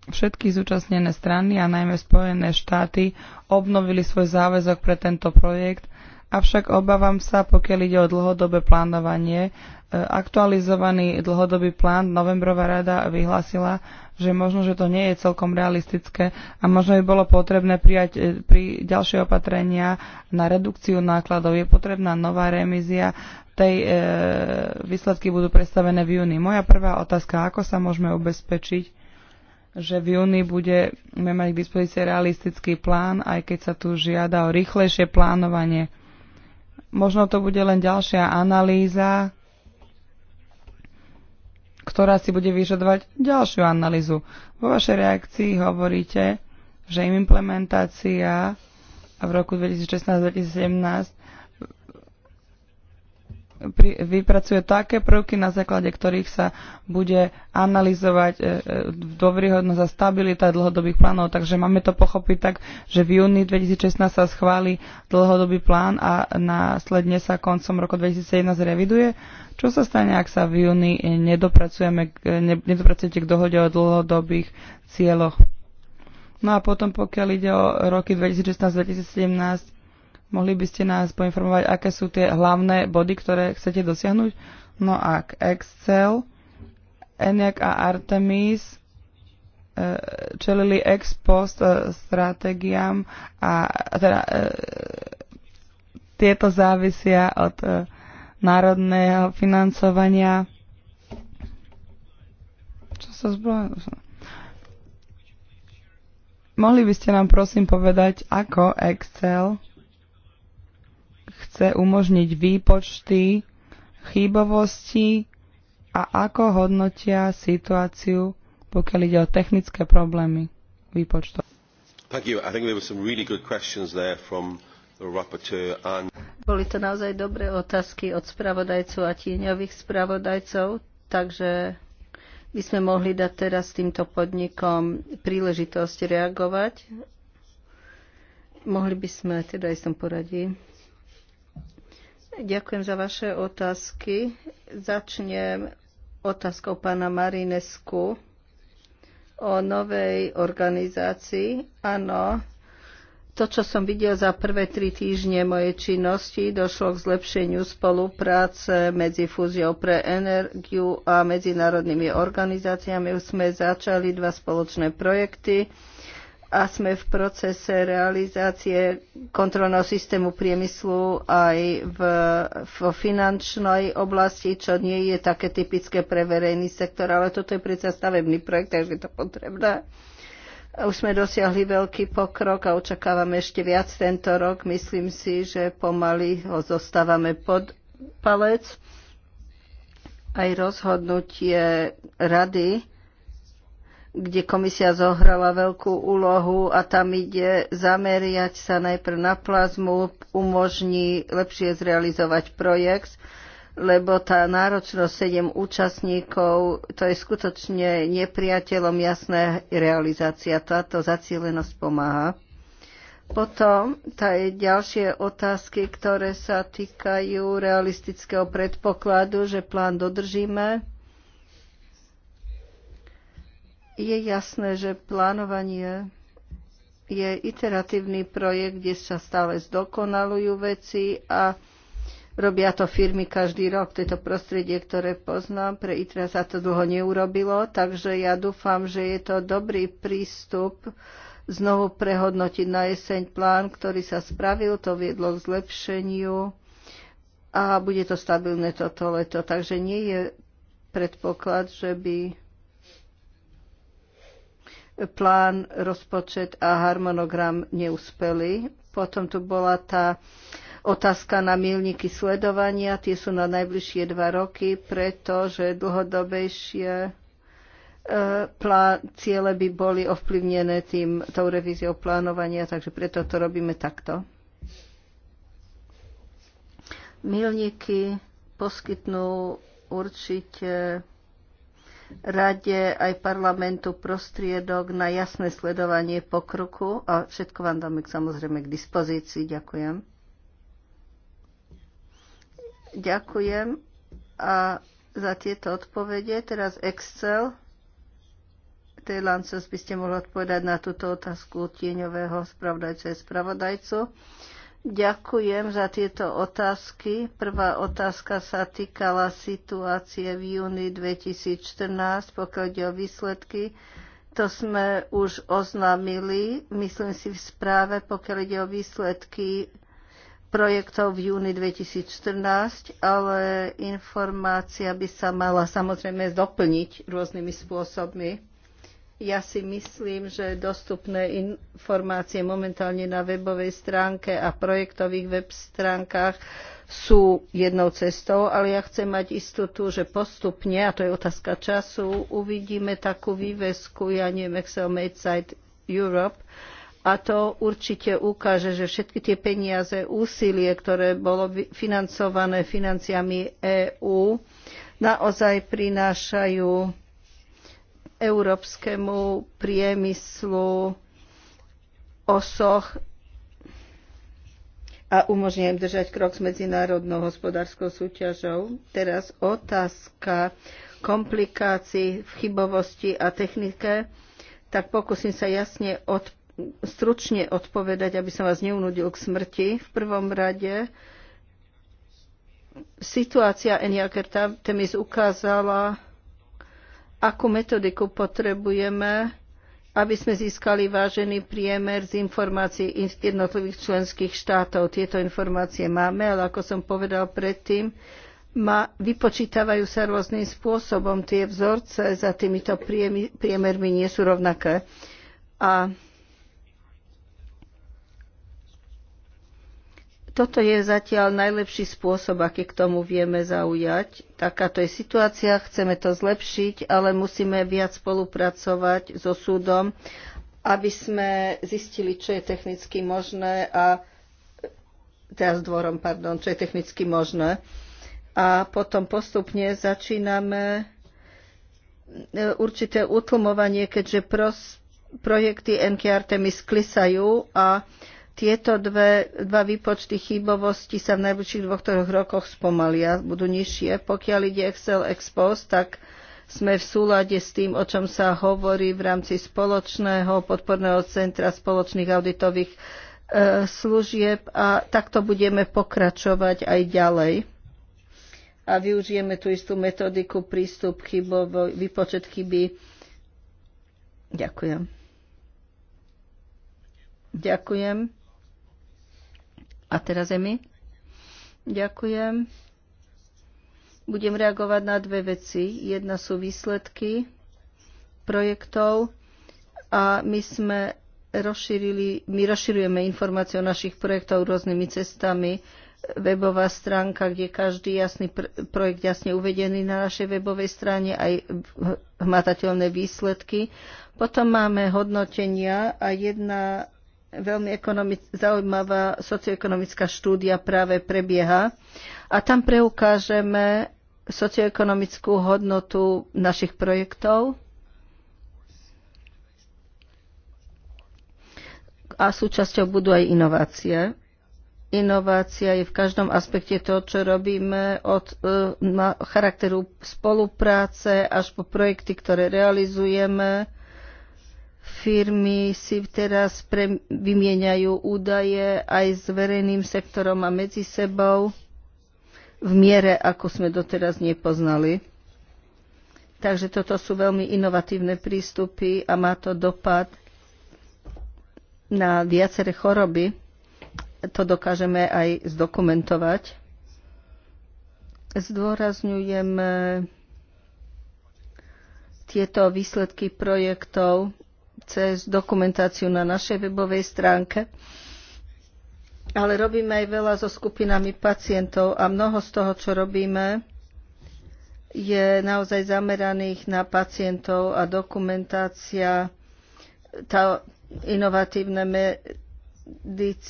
Všetky zúčastnené strany a najmä Spojené štáty obnovili svoj záväzok pre tento projekt, avšak obávam sa, pokiaľ ide o dlhodobé plánovanie, e, aktualizovaný dlhodobý plán novembrová rada vyhlásila, že možno, že to nie je celkom realistické a možno by bolo potrebné prijať e, pri ďalšie opatrenia na redukciu nákladov. Je potrebná nová remízia, tej e, výsledky budú predstavené v júni. Moja prvá otázka, ako sa môžeme ubezpečiť, že v júni budeme mať k dispozícii realistický plán, aj keď sa tu žiada o rýchlejšie plánovanie. Možno to bude len ďalšia analýza, ktorá si bude vyžadovať ďalšiu analýzu. Vo vašej reakcii hovoríte, že im implementácia v roku 2016-2017 vypracuje také prvky, na základe ktorých sa bude analyzovať e, e, dôveryhodnosť a stabilita dlhodobých plánov. Takže máme to pochopiť tak, že v júni 2016 sa schváli dlhodobý plán a následne sa koncom roku 2017 reviduje. Čo sa stane, ak sa v júni nedopracujeme, nedopracujete k dohode o dlhodobých cieľoch? No a potom, pokiaľ ide o roky 2016-2017, Mohli by ste nás poinformovať, aké sú tie hlavné body, ktoré chcete dosiahnuť? No a Excel, ENIAC a Artemis e, čelili ex post e, stratégiám a teda, e, tieto závisia od e, národného financovania. Čo sa zbolo? Mohli by ste nám prosím povedať, ako Excel chce umožniť výpočty chýbovosti a ako hodnotia situáciu, pokiaľ ide o technické problémy výpočtov. Boli to naozaj dobré otázky od spravodajcov a tieňových spravodajcov, takže by sme mohli dať teraz týmto podnikom príležitosť reagovať. Mohli by sme teda aj som poradí Ďakujem za vaše otázky. Začnem otázkou pána Marinesku o novej organizácii. Áno, to, čo som videl za prvé tri týždne mojej činnosti, došlo k zlepšeniu spolupráce medzi Fúziou pre energiu a medzinárodnými organizáciami. Už sme začali dva spoločné projekty a sme v procese realizácie kontrolného systému priemyslu aj v, v finančnej oblasti, čo nie je také typické pre verejný sektor, ale toto je predsa stavebný projekt, takže je to potrebné. Už sme dosiahli veľký pokrok a očakávame ešte viac tento rok. Myslím si, že pomaly ho zostávame pod palec. Aj rozhodnutie rady kde komisia zohrala veľkú úlohu a tam ide zameriať sa najprv na plazmu, umožní lepšie zrealizovať projekt, lebo tá náročnosť 7 účastníkov, to je skutočne nepriateľom jasná realizácia. Táto zacílenosť pomáha. Potom je ďalšie otázky, ktoré sa týkajú realistického predpokladu, že plán dodržíme je jasné, že plánovanie je iteratívny projekt, kde sa stále zdokonalujú veci a Robia to firmy každý rok, to je to prostredie, ktoré poznám. Pre ITRA sa to dlho neurobilo, takže ja dúfam, že je to dobrý prístup znovu prehodnotiť na jeseň plán, ktorý sa spravil, to viedlo k zlepšeniu a bude to stabilné toto leto. Takže nie je predpoklad, že by plán, rozpočet a harmonogram neúspeli. Potom tu bola tá otázka na milníky sledovania, tie sú na najbližšie dva roky, pretože dlhodobejšie e, ciele by boli ovplyvnené tým, tou revíziou plánovania, takže preto to robíme takto. Milníky poskytnú určite rade aj parlamentu prostriedok na jasné sledovanie pokroku a všetko vám dáme samozrejme k dispozícii. Ďakujem. Ďakujem a za tieto odpovede. Teraz Excel. Tej Lancos by ste mohli odpovedať na túto otázku tieňového spravodajca a spravodajcu. spravodajcu. Ďakujem za tieto otázky. Prvá otázka sa týkala situácie v júni 2014, pokiaľ ide o výsledky. To sme už oznámili, myslím si, v správe, pokiaľ ide o výsledky projektov v júni 2014, ale informácia by sa mala samozrejme doplniť rôznymi spôsobmi. Ja si myslím, že dostupné informácie momentálne na webovej stránke a projektových web stránkach sú jednou cestou, ale ja chcem mať istotu, že postupne, a to je otázka času, uvidíme takú vývesku, ja neviem, Excel Made Site Europe, a to určite ukáže, že všetky tie peniaze, úsilie, ktoré bolo financované financiami EÚ, naozaj prinášajú európskemu priemyslu osoch a umožňuje im držať krok s medzinárodnou hospodárskou súťažou. Teraz otázka komplikácií v chybovosti a technike, tak pokúsim sa jasne od, stručne odpovedať, aby som vás neunudil k smrti. V prvom rade situácia Eniakerta Temis ukázala, akú metodiku potrebujeme, aby sme získali vážený priemer z informácií jednotlivých členských štátov. Tieto informácie máme, ale ako som povedal predtým, ma, vypočítavajú sa rôznym spôsobom. Tie vzorce za týmito priemermi nie sú rovnaké. A toto je zatiaľ najlepší spôsob, aký k tomu vieme zaujať. Takáto je situácia, chceme to zlepšiť, ale musíme viac spolupracovať so súdom, aby sme zistili, čo je technicky možné a teda s dvorom, pardon, čo je technicky možné. A potom postupne začíname e, určité utlmovanie, keďže pros, projekty NK Artemis klisajú a tieto dve, dva výpočty chybovosti sa v najbližších dvoch, troch rokoch spomalia, budú nižšie. Pokiaľ ide Excel Expos, tak sme v súlade s tým, o čom sa hovorí v rámci spoločného podporného centra spoločných auditových e, služieb a takto budeme pokračovať aj ďalej. A využijeme tú istú metodiku, prístup, chybovo, výpočet chyby. Ďakujem. Ďakujem. A teraz je Ďakujem. Budem reagovať na dve veci. Jedna sú výsledky projektov a my sme rozšírili, my rozširujeme informácie o našich projektov rôznymi cestami. Webová stránka, kde každý jasný pr- projekt jasne uvedený na našej webovej strane, aj hmatateľné výsledky. Potom máme hodnotenia a jedna veľmi zaujímavá socioekonomická štúdia práve prebieha a tam preukážeme socioekonomickú hodnotu našich projektov a súčasťou budú aj inovácie. Inovácia je v každom aspekte to, čo robíme od e, charakteru spolupráce až po projekty, ktoré realizujeme Firmy si teraz pre, vymieňajú údaje aj s verejným sektorom a medzi sebou v miere, ako sme doteraz nepoznali. Takže toto sú veľmi inovatívne prístupy a má to dopad na viaceré choroby. To dokážeme aj zdokumentovať. Zdôrazňujem tieto výsledky projektov cez dokumentáciu na našej webovej stránke. Ale robíme aj veľa so skupinami pacientov a mnoho z toho, čo robíme, je naozaj zameraných na pacientov a dokumentácia, tá inovatívne medic,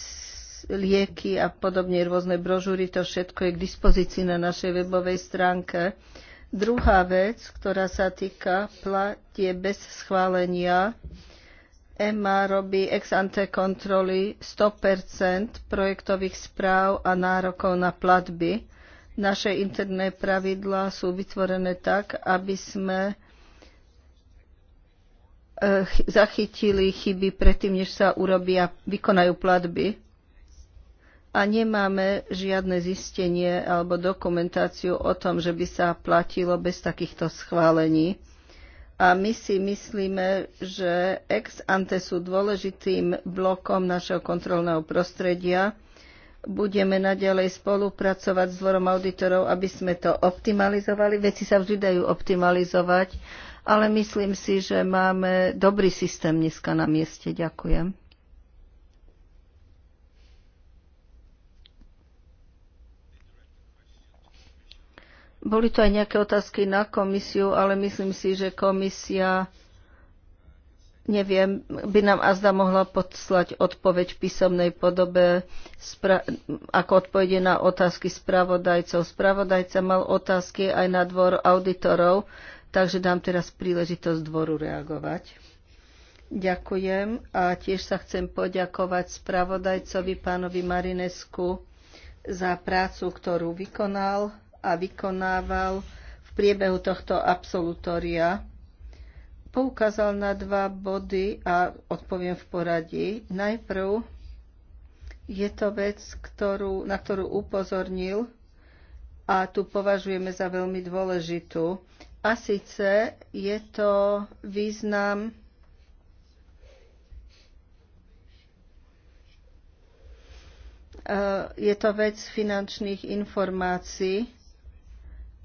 lieky a podobne rôzne brožúry, to všetko je k dispozícii na našej webovej stránke. Druhá vec, ktorá sa týka platie bez schválenia, EMA robí ex ante kontroly 100% projektových správ a nárokov na platby. Naše interné pravidlá sú vytvorené tak, aby sme eh, zachytili chyby predtým, než sa urobia, vykonajú platby a nemáme žiadne zistenie alebo dokumentáciu o tom, že by sa platilo bez takýchto schválení. A my si myslíme, že ex ante sú dôležitým blokom našeho kontrolného prostredia. Budeme naďalej spolupracovať s dvorom auditorov, aby sme to optimalizovali. Veci sa vždy dajú optimalizovať, ale myslím si, že máme dobrý systém dneska na mieste. Ďakujem. Boli to aj nejaké otázky na komisiu, ale myslím si, že komisia, neviem, by nám azda mohla poslať odpoveď v písomnej podobe ako odpovede na otázky spravodajcov. Spravodajca mal otázky aj na dvor auditorov, takže dám teraz príležitosť dvoru reagovať. Ďakujem a tiež sa chcem poďakovať spravodajcovi pánovi Marinesku za prácu, ktorú vykonal a vykonával v priebehu tohto absolutória. Poukázal na dva body a odpoviem v poradí. Najprv je to vec, ktorú, na ktorú upozornil a tu považujeme za veľmi dôležitú. A síce je to význam eh, je to vec finančných informácií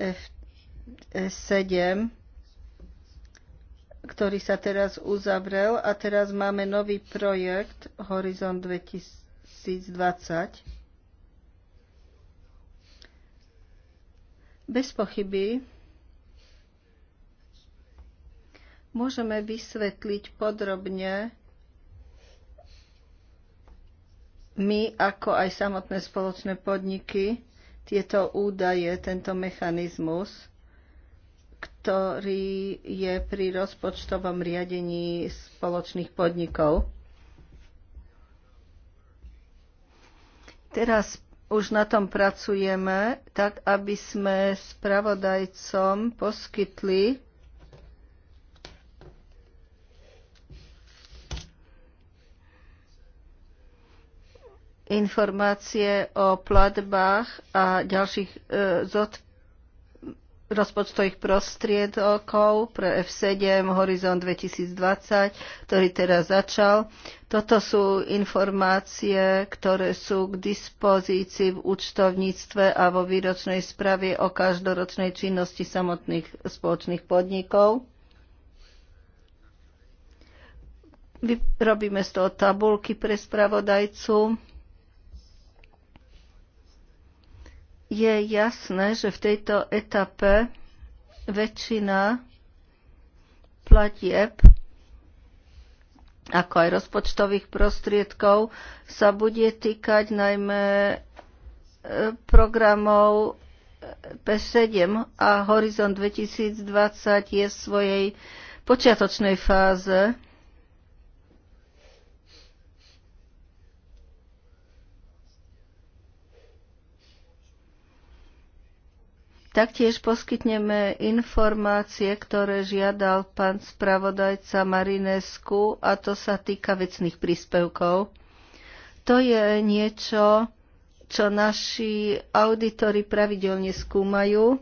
F7, ktorý sa teraz uzavrel a teraz máme nový projekt Horizon 2020. Bez pochyby môžeme vysvetliť podrobne my, ako aj samotné spoločné podniky, tieto údaje, tento mechanizmus, ktorý je pri rozpočtovom riadení spoločných podnikov. Teraz už na tom pracujeme, tak aby sme spravodajcom poskytli informácie o platbách a ďalších e, zod, rozpočtových prostriedokov pre F7 Horizon 2020, ktorý teraz začal. Toto sú informácie, ktoré sú k dispozícii v účtovníctve a vo výročnej správe o každoročnej činnosti samotných spoločných podnikov. Robíme z toho tabulky pre spravodajcu je jasné, že v tejto etape väčšina platieb ako aj rozpočtových prostriedkov sa bude týkať najmä e, programov P7 a Horizon 2020 je v svojej počiatočnej fáze Taktiež poskytneme informácie, ktoré žiadal pán spravodajca Marinesku a to sa týka vecných príspevkov. To je niečo, čo naši auditori pravidelne skúmajú.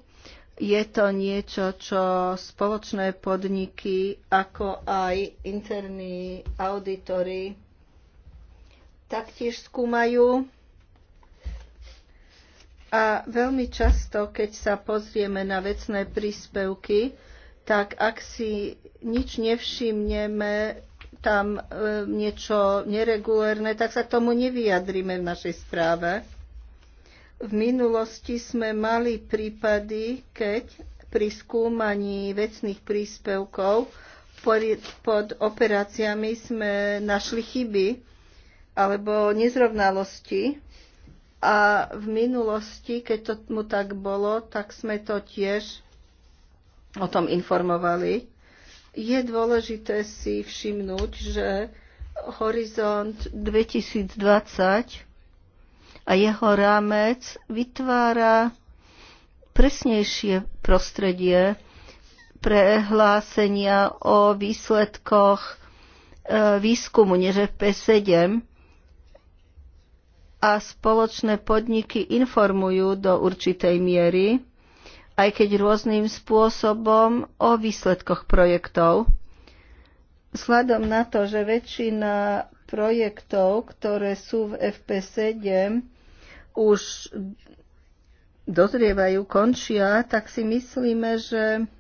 Je to niečo, čo spoločné podniky, ako aj interní auditory taktiež skúmajú a veľmi často, keď sa pozrieme na vecné príspevky, tak ak si nič nevšimneme, tam e, niečo neregulérne, tak sa tomu nevyjadríme v našej správe. V minulosti sme mali prípady, keď pri skúmaní vecných príspevkov pod operáciami sme našli chyby alebo nezrovnalosti a v minulosti, keď to mu tak bolo, tak sme to tiež o tom informovali. Je dôležité si všimnúť, že Horizont 2020 a jeho rámec vytvára presnejšie prostredie pre hlásenia o výsledkoch e, výskumu, než v P7 a spoločné podniky informujú do určitej miery, aj keď rôznym spôsobom, o výsledkoch projektov. Sladom na to, že väčšina projektov, ktoré sú v FP7, už dozrievajú, končia, tak si myslíme, že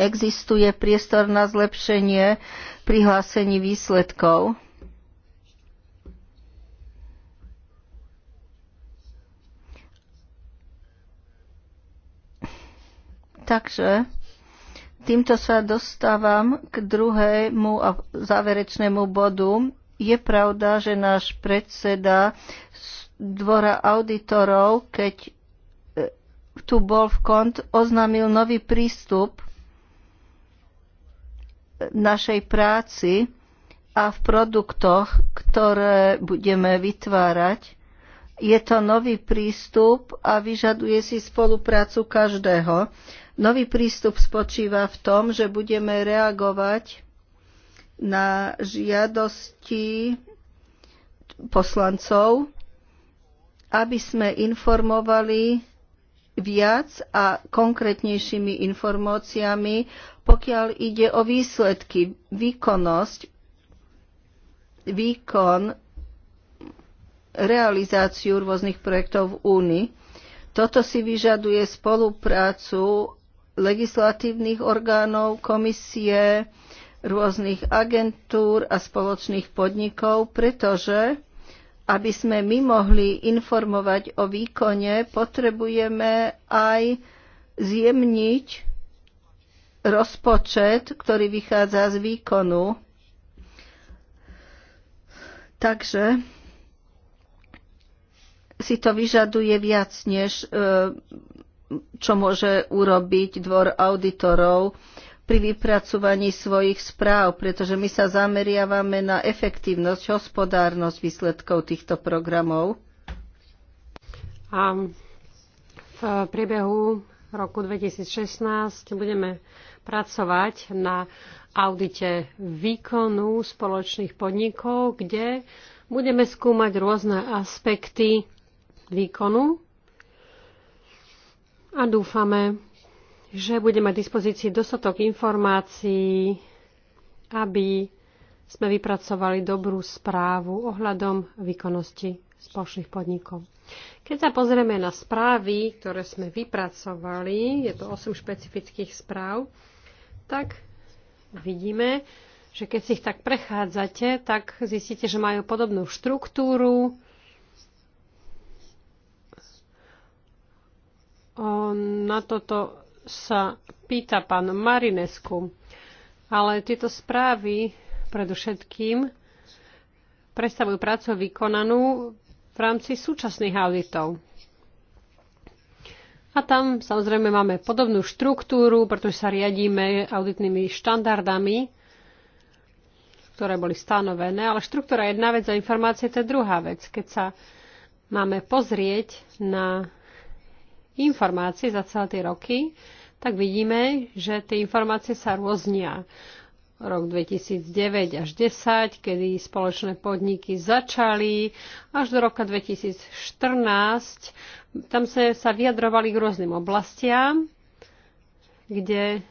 existuje priestor na zlepšenie prihlásení výsledkov. Takže týmto sa dostávam k druhému a záverečnému bodu. Je pravda, že náš predseda z dvora auditorov, keď e, tu bol v kont, oznámil nový prístup našej práci a v produktoch, ktoré budeme vytvárať. Je to nový prístup a vyžaduje si spoluprácu každého. Nový prístup spočíva v tom, že budeme reagovať na žiadosti poslancov, aby sme informovali viac a konkrétnejšími informáciami, pokiaľ ide o výsledky, výkonnosť, výkon, realizáciu rôznych projektov v Únii. Toto si vyžaduje spoluprácu legislatívnych orgánov, komisie, rôznych agentúr a spoločných podnikov, pretože aby sme my mohli informovať o výkone, potrebujeme aj zjemniť rozpočet, ktorý vychádza z výkonu. Takže si to vyžaduje viac než e, čo môže urobiť dvor auditorov pri vypracovaní svojich správ, pretože my sa zameriavame na efektívnosť, hospodárnosť výsledkov týchto programov. A v priebehu roku 2016 budeme pracovať na audite výkonu spoločných podnikov, kde budeme skúmať rôzne aspekty výkonu a dúfame, že budeme mať dispozícii dostatok informácií, aby sme vypracovali dobrú správu ohľadom výkonnosti spoločných podnikov. Keď sa pozrieme na správy, ktoré sme vypracovali, je to 8 špecifických správ, tak vidíme, že keď si ich tak prechádzate, tak zistíte, že majú podobnú štruktúru, na toto sa pýta pán Marinesku. Ale tieto správy predovšetkým predstavujú prácu vykonanú v rámci súčasných auditov. A tam samozrejme máme podobnú štruktúru, pretože sa riadíme auditnými štandardami, ktoré boli stanovené, ale štruktúra je jedna vec a informácie to je druhá vec. Keď sa máme pozrieť na informácie za celé tie roky, tak vidíme, že tie informácie sa rôznia. Rok 2009 až 2010, kedy spoločné podniky začali, až do roka 2014, tam sa, sa vyjadrovali k rôznym oblastiam, kde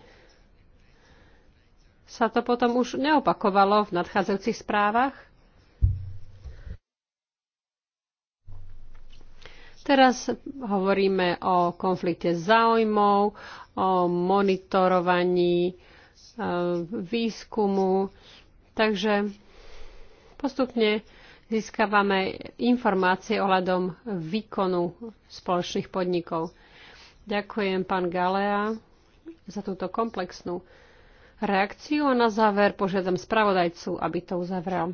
sa to potom už neopakovalo v nadchádzajúcich správach. Teraz hovoríme o konflikte záujmov, o monitorovaní e, výskumu. Takže postupne získavame informácie ohľadom výkonu spoločných podnikov. Ďakujem pán Galea za túto komplexnú reakciu a na záver požiadam spravodajcu, aby to uzavrel.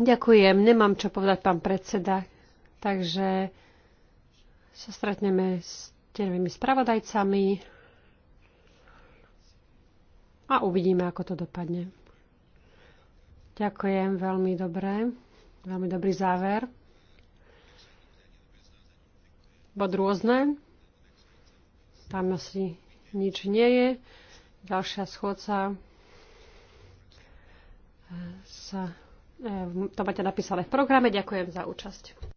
Ďakujem, nemám čo povedať, pán predseda. Takže sa stretneme s tenovými spravodajcami a uvidíme, ako to dopadne. Ďakujem, veľmi dobré. Veľmi dobrý záver. Bod rôzne. Tam asi nič nie je. Ďalšia schôdca eh, sa eh, to máte napísané v programe. Ďakujem za účasť.